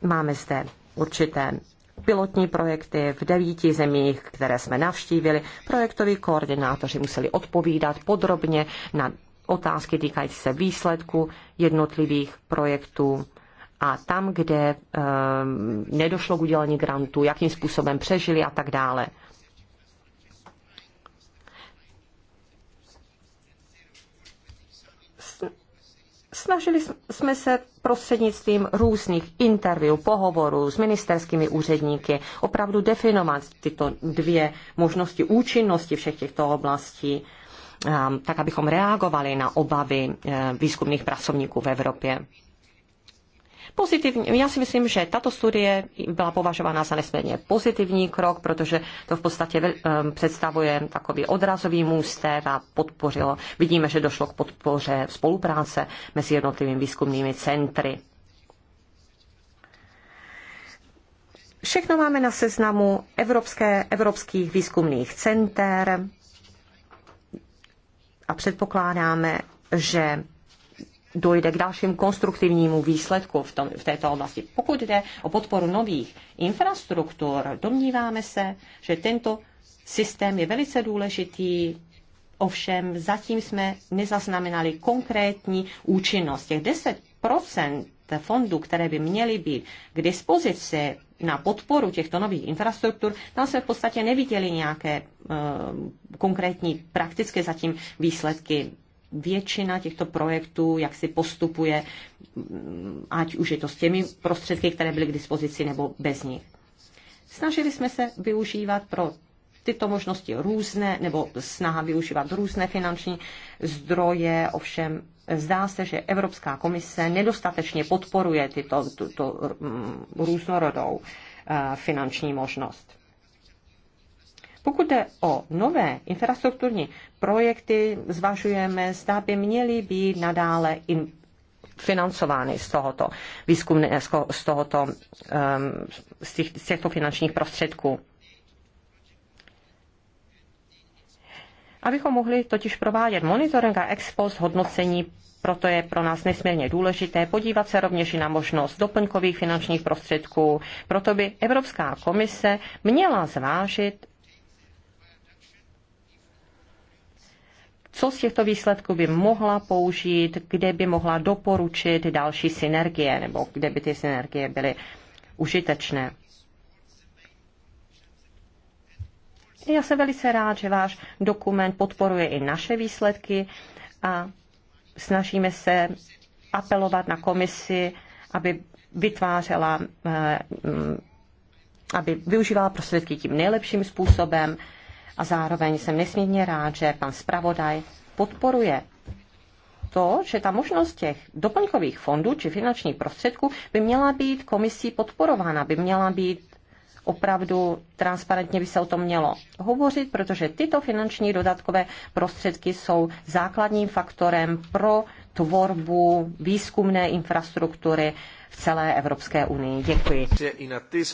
Máme zde určité pilotní projekty v devíti zemích, které jsme navštívili. Projektoví koordinátoři museli odpovídat podrobně na otázky týkající se výsledku jednotlivých projektů a tam, kde um, nedošlo k udělení grantu, jakým způsobem přežili a tak dále. Snažili jsme se prostřednictvím různých interview, pohovorů s ministerskými úředníky opravdu definovat tyto dvě možnosti účinnosti všech těchto oblastí Ehm, tak abychom reagovali na obavy eh, výzkumných pracovníků v Evropě. Pozitivní. Já si myslím, že tato studie byla považována za nesmírně pozitivní krok, protože to v podstatě eh, představuje takový odrazový můstek a podpořilo. Vidíme, že došlo k podpoře spolupráce mezi jednotlivými výzkumnými centry. Všechno máme na seznamu Evropské, evropských výzkumných center, a předpokládáme, že dojde k dalším konstruktivnímu výsledku v, tom, v této oblasti. Pokud jde o podporu nových infrastruktur, domníváme se, že tento systém je velice důležitý, ovšem zatím jsme nezaznamenali konkrétní účinnost. Těch 10 fondů, které by měly být k dispozici na podporu těchto nových infrastruktur, tam jsme v podstatě neviděli nějaké eh, konkrétní praktické zatím výsledky většina těchto projektů, jak si postupuje, mm, ať už je to s těmi prostředky, které byly k dispozici, nebo bez nich. Snažili jsme se využívat pro tyto možnosti různé, nebo snaha využívat různé finanční zdroje, ovšem zdá se, že Evropská komise nedostatečně podporuje tyto, tuto mm, různorodou eh, finanční možnost. Pokud jde o nové infrastrukturní projekty, zvažujeme, zda by měly být nadále in, financovány z tohoto výzkumné, z, tohoto, ehm, z, těch, z těchto finančních prostředků. Abychom mohli totiž provádět monitoring a ex post hodnocení, proto je pro nás nesmírně důležité podívat se rovněž i na možnost doplňkových finančních prostředků. Proto by Evropská komise měla zvážit co z těchto výsledků by mohla použít, kde by mohla doporučit další synergie, nebo kde by ty synergie byly užitečné. Já jsem velice rád, že váš dokument podporuje i naše výsledky a snažíme se apelovat na komisi, aby vytvářela, eh, mm, aby využívala prostředky tím nejlepším způsobem a zároveň jsem nesmírně rád, že pan zpravodaj podporuje to, že ta možnost těch doplňkových fondů či finančních prostředků by měla být komisí podporována, by měla být opravdu transparentně by se o tom mělo hovořit, protože tyto finanční dodatkové prostředky jsou základním faktorem pro tvorbu výzkumné infrastruktury v celé Evropské unii. Děkuji. Eh,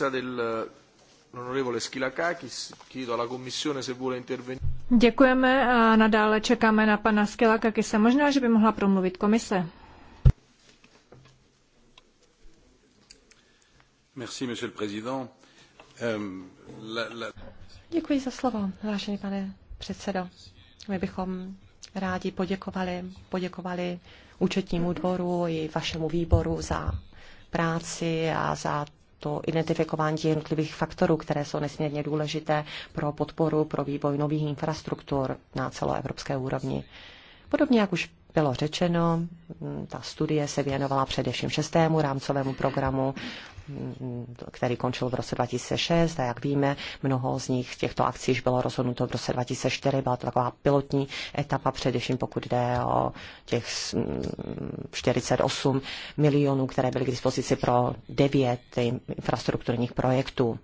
Děkujeme a nadále čekáme na pana Skilakakise. Možná, že by mohla promluvit komise. Merci, monsieur le président. Um, Děkuji za slovo, vážený pane předsedo. My bychom rádi poděkovali, poděkovali účetnímu dvoru i vašemu výboru za práci a za to identifikování těch jednotlivých faktorů, které jsou nesmírně důležité pro podporu, pro vývoj nových infrastruktur na celoevropské úrovni. Podobně, jak už bylo řečeno, ta studie se věnovala především šestému rámcovému programu který končil v roce 2006 a jak víme, mnoho z nich těchto akcí už bylo rozhodnuto v roce 2004, byla to taková pilotní etapa, především pokud jde o těch 48 mm, milionů, které byly k dispozici pro devět infrastrukturních projektů.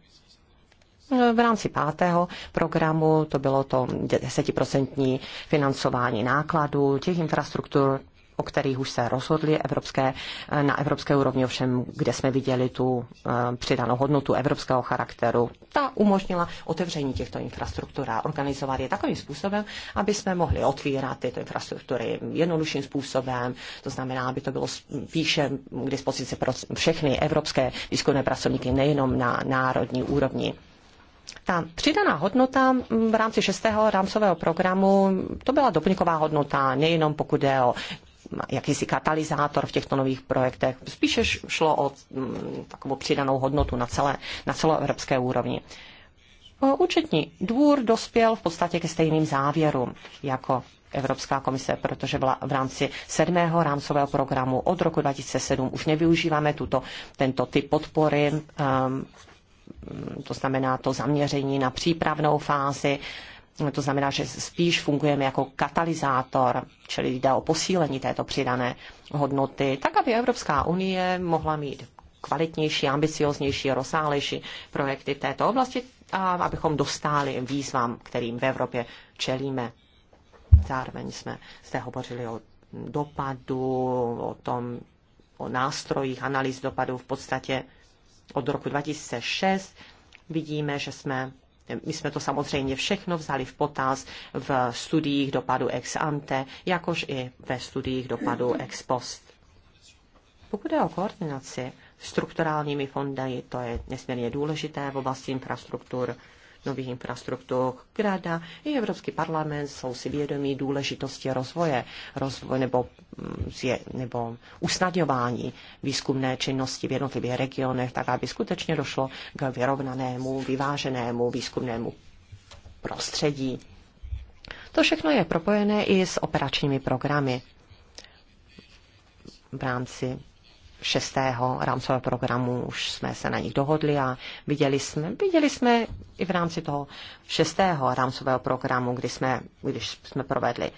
V rámci pátého programu to bylo to desetiprocentní financování nákladů těch infrastruktur, o kterých už se rozhodli evropské, eh, na evropské úrovni, ovšem, kde jsme viděli tu eh, přidanou hodnotu evropského charakteru. Ta umožnila otevření těchto infrastruktur a organizovat je takovým způsobem, aby jsme mohli otvírat tyto infrastruktury jednodušším způsobem, to znamená, aby to bylo spíše k dispozici pro všechny evropské výzkumné pracovníky, nejenom na národní úrovni. Ta přidaná hodnota mm, v rámci šestého rámcového programu, to byla doplňková hodnota, nejenom pokud jde o jakýsi katalyzátor v těchto nových projektech. Spíše šlo o mm, takovou přidanou hodnotu na, celé, na celoevropské úrovni. Účetní dvůr dospěl v podstatě ke stejným závěrům jako Evropská komise, protože byla v rámci sedmého rámcového programu od roku 2007 už nevyužíváme tuto, tento typ podpory, um, to znamená to zaměření na přípravnou fázi to znamená, že spíš fungujeme jako katalyzátor, čili jde o posílení této přidané hodnoty, tak aby Evropská unie mohla mít kvalitnější, ambicioznější, rozsáhlejší projekty této oblasti a abychom dostali výzvám, kterým v Evropě čelíme. Zároveň jsme zde hovořili o dopadu, o tom, o nástrojích analýz dopadu v podstatě od roku 2006 vidíme, že jsme my jsme to samozřejmě všechno vzali v potaz v studiích dopadu ex ante, jakož i ve studiích dopadu ex post. Pokud je o koordinaci strukturálními fondy, to je nesmírně důležité v oblasti infrastruktur, nových infrastruktur. grada, i Evropský parlament jsou si vědomí důležitosti rozvoje, rozvoje nebo, mm, nebo usnadňování výzkumné činnosti v jednotlivých regionech, tak aby skutečně došlo k vyrovnanému, vyváženému výzkumnému prostředí. To všechno je propojené i s operačními programy v rámci šestého rámcového programu už jsme se na nich dohodli a viděli jsme, viděli jsme i v rámci toho šestého rámcového programu, kdy jsme, když jsme provedli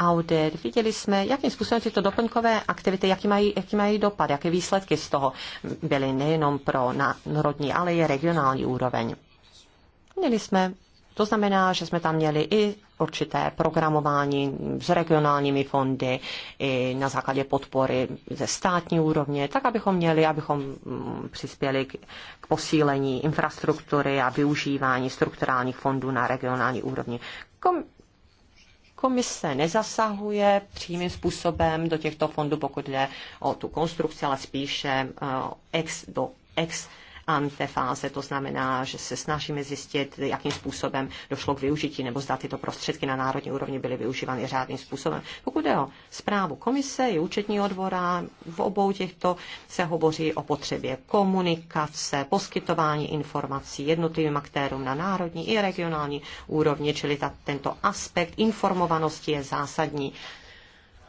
audit, viděli jsme, jakým způsobem tyto doplňkové aktivity, jaký mají, jaký mají dopad, jaké výsledky z toho byly nejenom pro národní, ale i regionální úroveň. Měli jsme to znamená, že jsme tam měli i určité programování s regionálními fondy, i na základě podpory ze státní úrovně, tak abychom měli, abychom mm, přispěli k, k posílení infrastruktury a využívání strukturálních fondů na regionální úrovni. Kom- komise nezasahuje přímým způsobem do těchto fondů, pokud jde o tu konstrukci, ale spíše eh, ex do ex antefáze, to znamená, že se snažíme zjistit, jakým způsobem došlo k využití nebo zda tyto prostředky na národní úrovni byly využívány řádným způsobem. Pokud jde o zprávu komise i účetního dvora, v obou těchto se hovoří o potřebě komunikace, poskytování informací jednotlivým aktérům na národní i regionální úrovni, čili ta, tento aspekt informovanosti je zásadní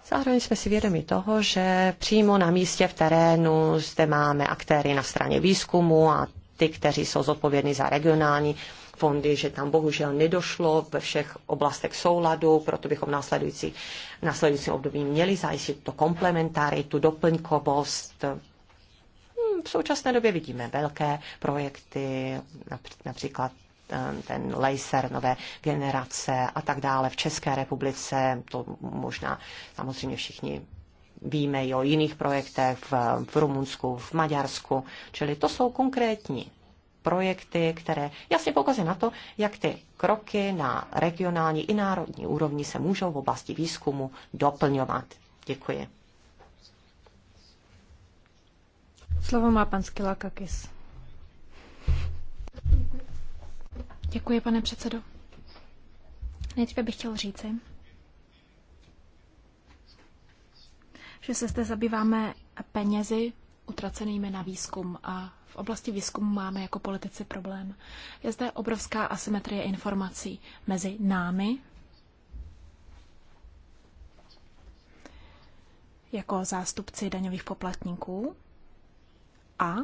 Zároveň jsme si vědomi toho, že přímo na místě v terénu zde máme aktéry na straně výzkumu a ty, kteří jsou zodpovědní za regionální fondy, že tam bohužel nedošlo ve všech oblastech souladu, proto bychom v následující, následujícím období měli zajistit to komplementaritu, doplňkovost. Hm, v současné době vidíme velké projekty, například Eh, ten laser nové generace a tak dále v České republice. To možná samozřejmě všichni víme i o jiných projektech v, v Rumunsku, v Maďarsku. Čili to jsou konkrétní projekty, které jasně poukazují na to, jak ty kroky na regionální i národní úrovni se můžou v oblasti výzkumu doplňovat. Děkuji. Slovo má pan Skilakakis. Děkuji, pane předsedo. Nejdříve bych chtěl říci, že se zde zabýváme penězi utracenými na výzkum a v oblasti výzkumu máme jako politici problém. Je zde obrovská asymetrie informací mezi námi, jako zástupci daňových poplatníků, a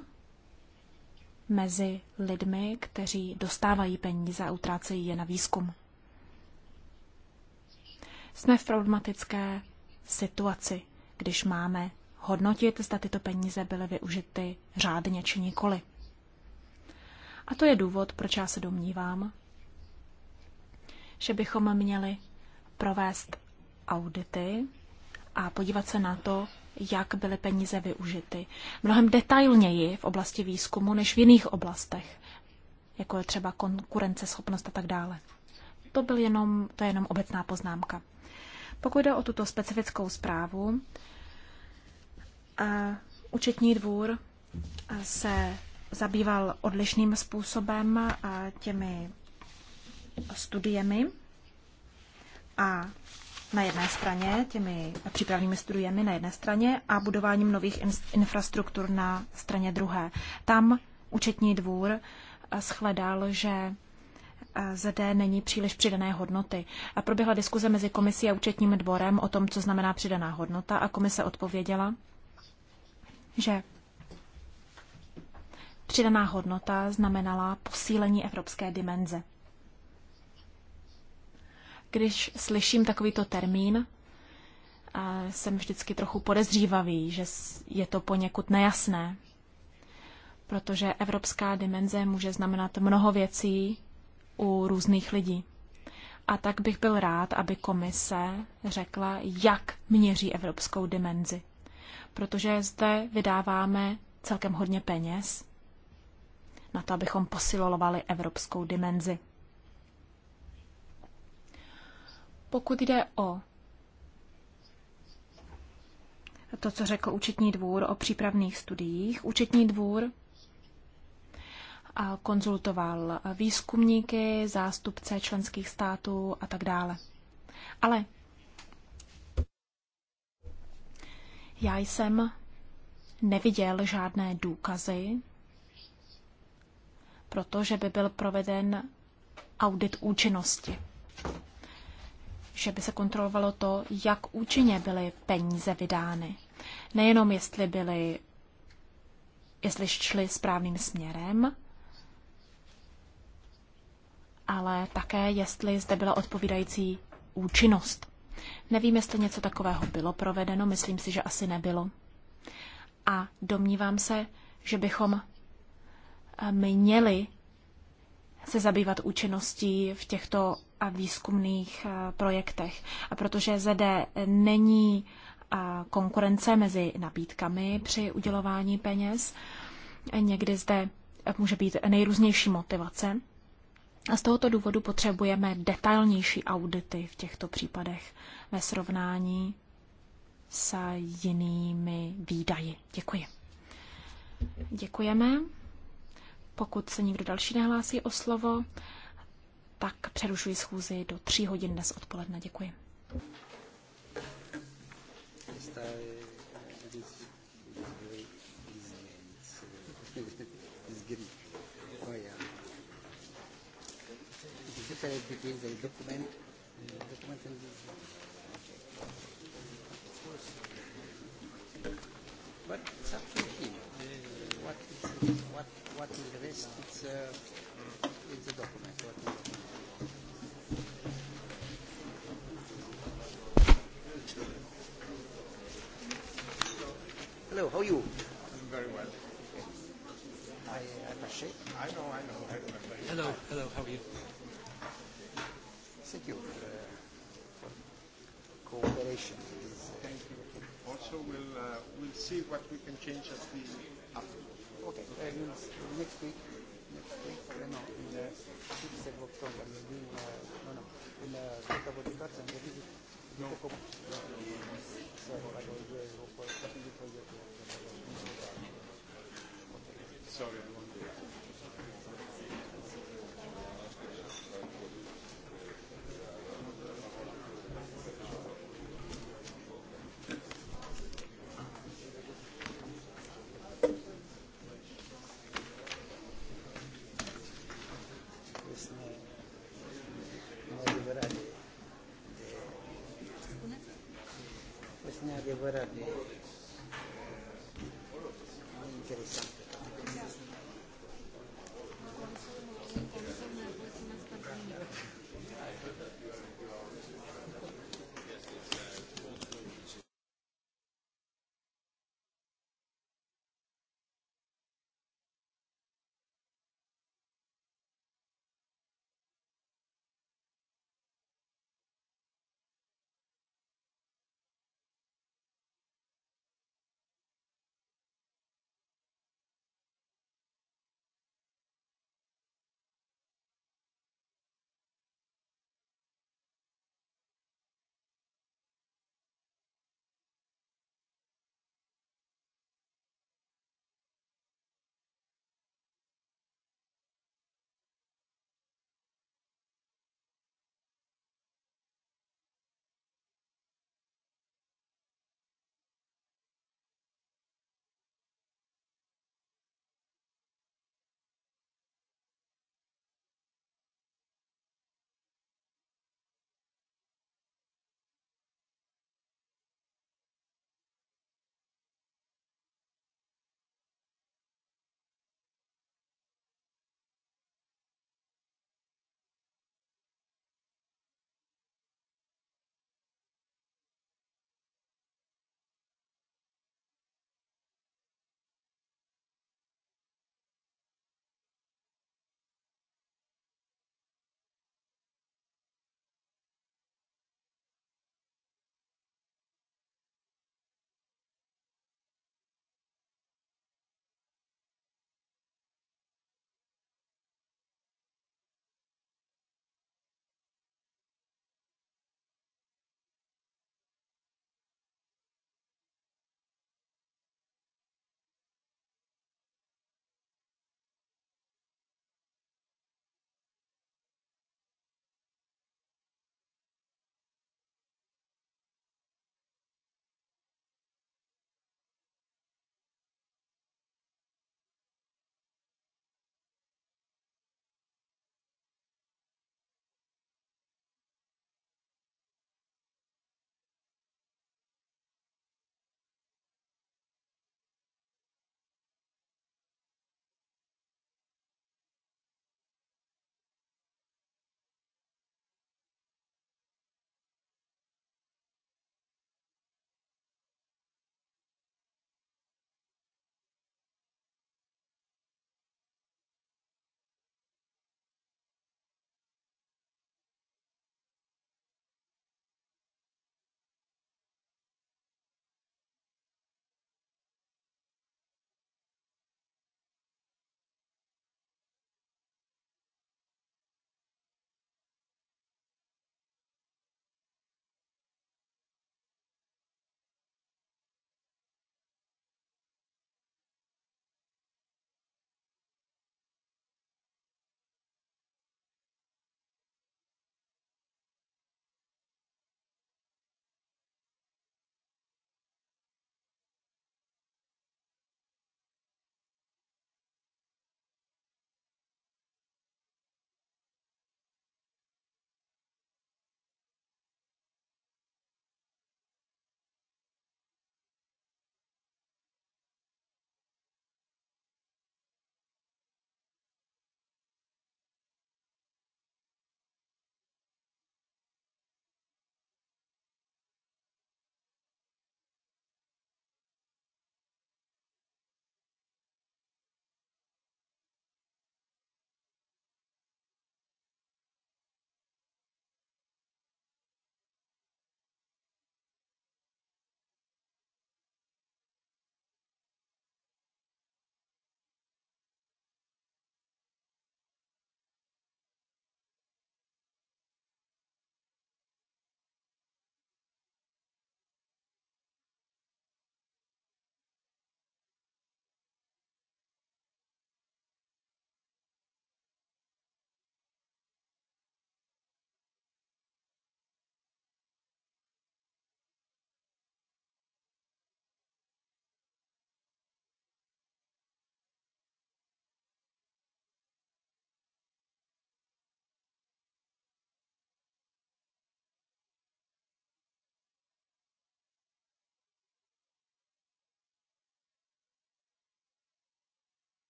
mezi lidmi, kteří dostávají peníze a utrácejí je na výzkum. Jsme v problematické situaci, když máme hodnotit, zda tyto peníze byly využity řádně či nikoli. A to je důvod, proč já se domnívám, že bychom měli provést audity a podívat se na to, jak byly peníze využity. Mnohem detailněji v oblasti výzkumu než v jiných oblastech, jako je třeba konkurenceschopnost a tak dále. To, byl jenom, to je jenom obecná poznámka. Pokud jde o tuto specifickou zprávu, účetní dvůr se zabýval odlišným způsobem a těmi studiemi a na jedné straně, těmi přípravnými studiemi na jedné straně a budováním nových infrastruktur na straně druhé. Tam účetní dvůr eh, shledal, že eh, zde není příliš přidané hodnoty. A proběhla diskuze mezi komisí a účetním dvorem o tom, co znamená přidaná hodnota a komise odpověděla, že přidaná hodnota znamenala posílení evropské dimenze. Když slyším takovýto termín, jsem vždycky trochu podezřívavý, že je to poněkud nejasné, protože evropská dimenze může znamenat mnoho věcí u různých lidí. A tak bych byl rád, aby komise řekla, jak měří evropskou dimenzi. Protože zde vydáváme celkem hodně peněz na to, abychom posilovali evropskou dimenzi. Pokud jde o to, co řekl účetní dvůr o přípravných studiích, účetní dvůr konzultoval výzkumníky, zástupce členských států a tak dále. Ale já jsem neviděl žádné důkazy, protože by byl proveden audit účinnosti že by se kontrolovalo to, jak účinně byly peníze vydány. Nejenom jestli byly, jestli šly správným směrem, ale také jestli zde byla odpovídající účinnost. Nevím, jestli něco takového bylo provedeno, myslím si, že asi nebylo. A domnívám se, že bychom eh, měli se zabývat účinností v těchto a výzkumných eh, projektech. A protože zde není eh, konkurence mezi nabídkami při udělování peněz, eh, někdy zde může být nejrůznější motivace. A z tohoto důvodu potřebujeme detailnější audity v těchto případech ve srovnání s jinými výdaji. Děkuji. Děkujeme. Pokud se nikdo další nehlásí o slovo, tak přerušuji schůzi do tří hodin dnes odpoledne. Děkuji. But it's up to him. What is what what is the rest? It's uh, it's a document. What is it? Hello, how are you? I'm very well. I, I appreciate. I know, I know. I Hello, hello, how are you? Thank you uh, for cooperation. Thank you. Also, we'll, uh, we'll see what we can change at the afterwards. Okay, uh, next week. Next week, uh, no, in the 6th of October, we'll be in, uh, no, no, in the Capo di Carta and the visit tipo no. como se racoglie o qualcosa di progetto. Sorry,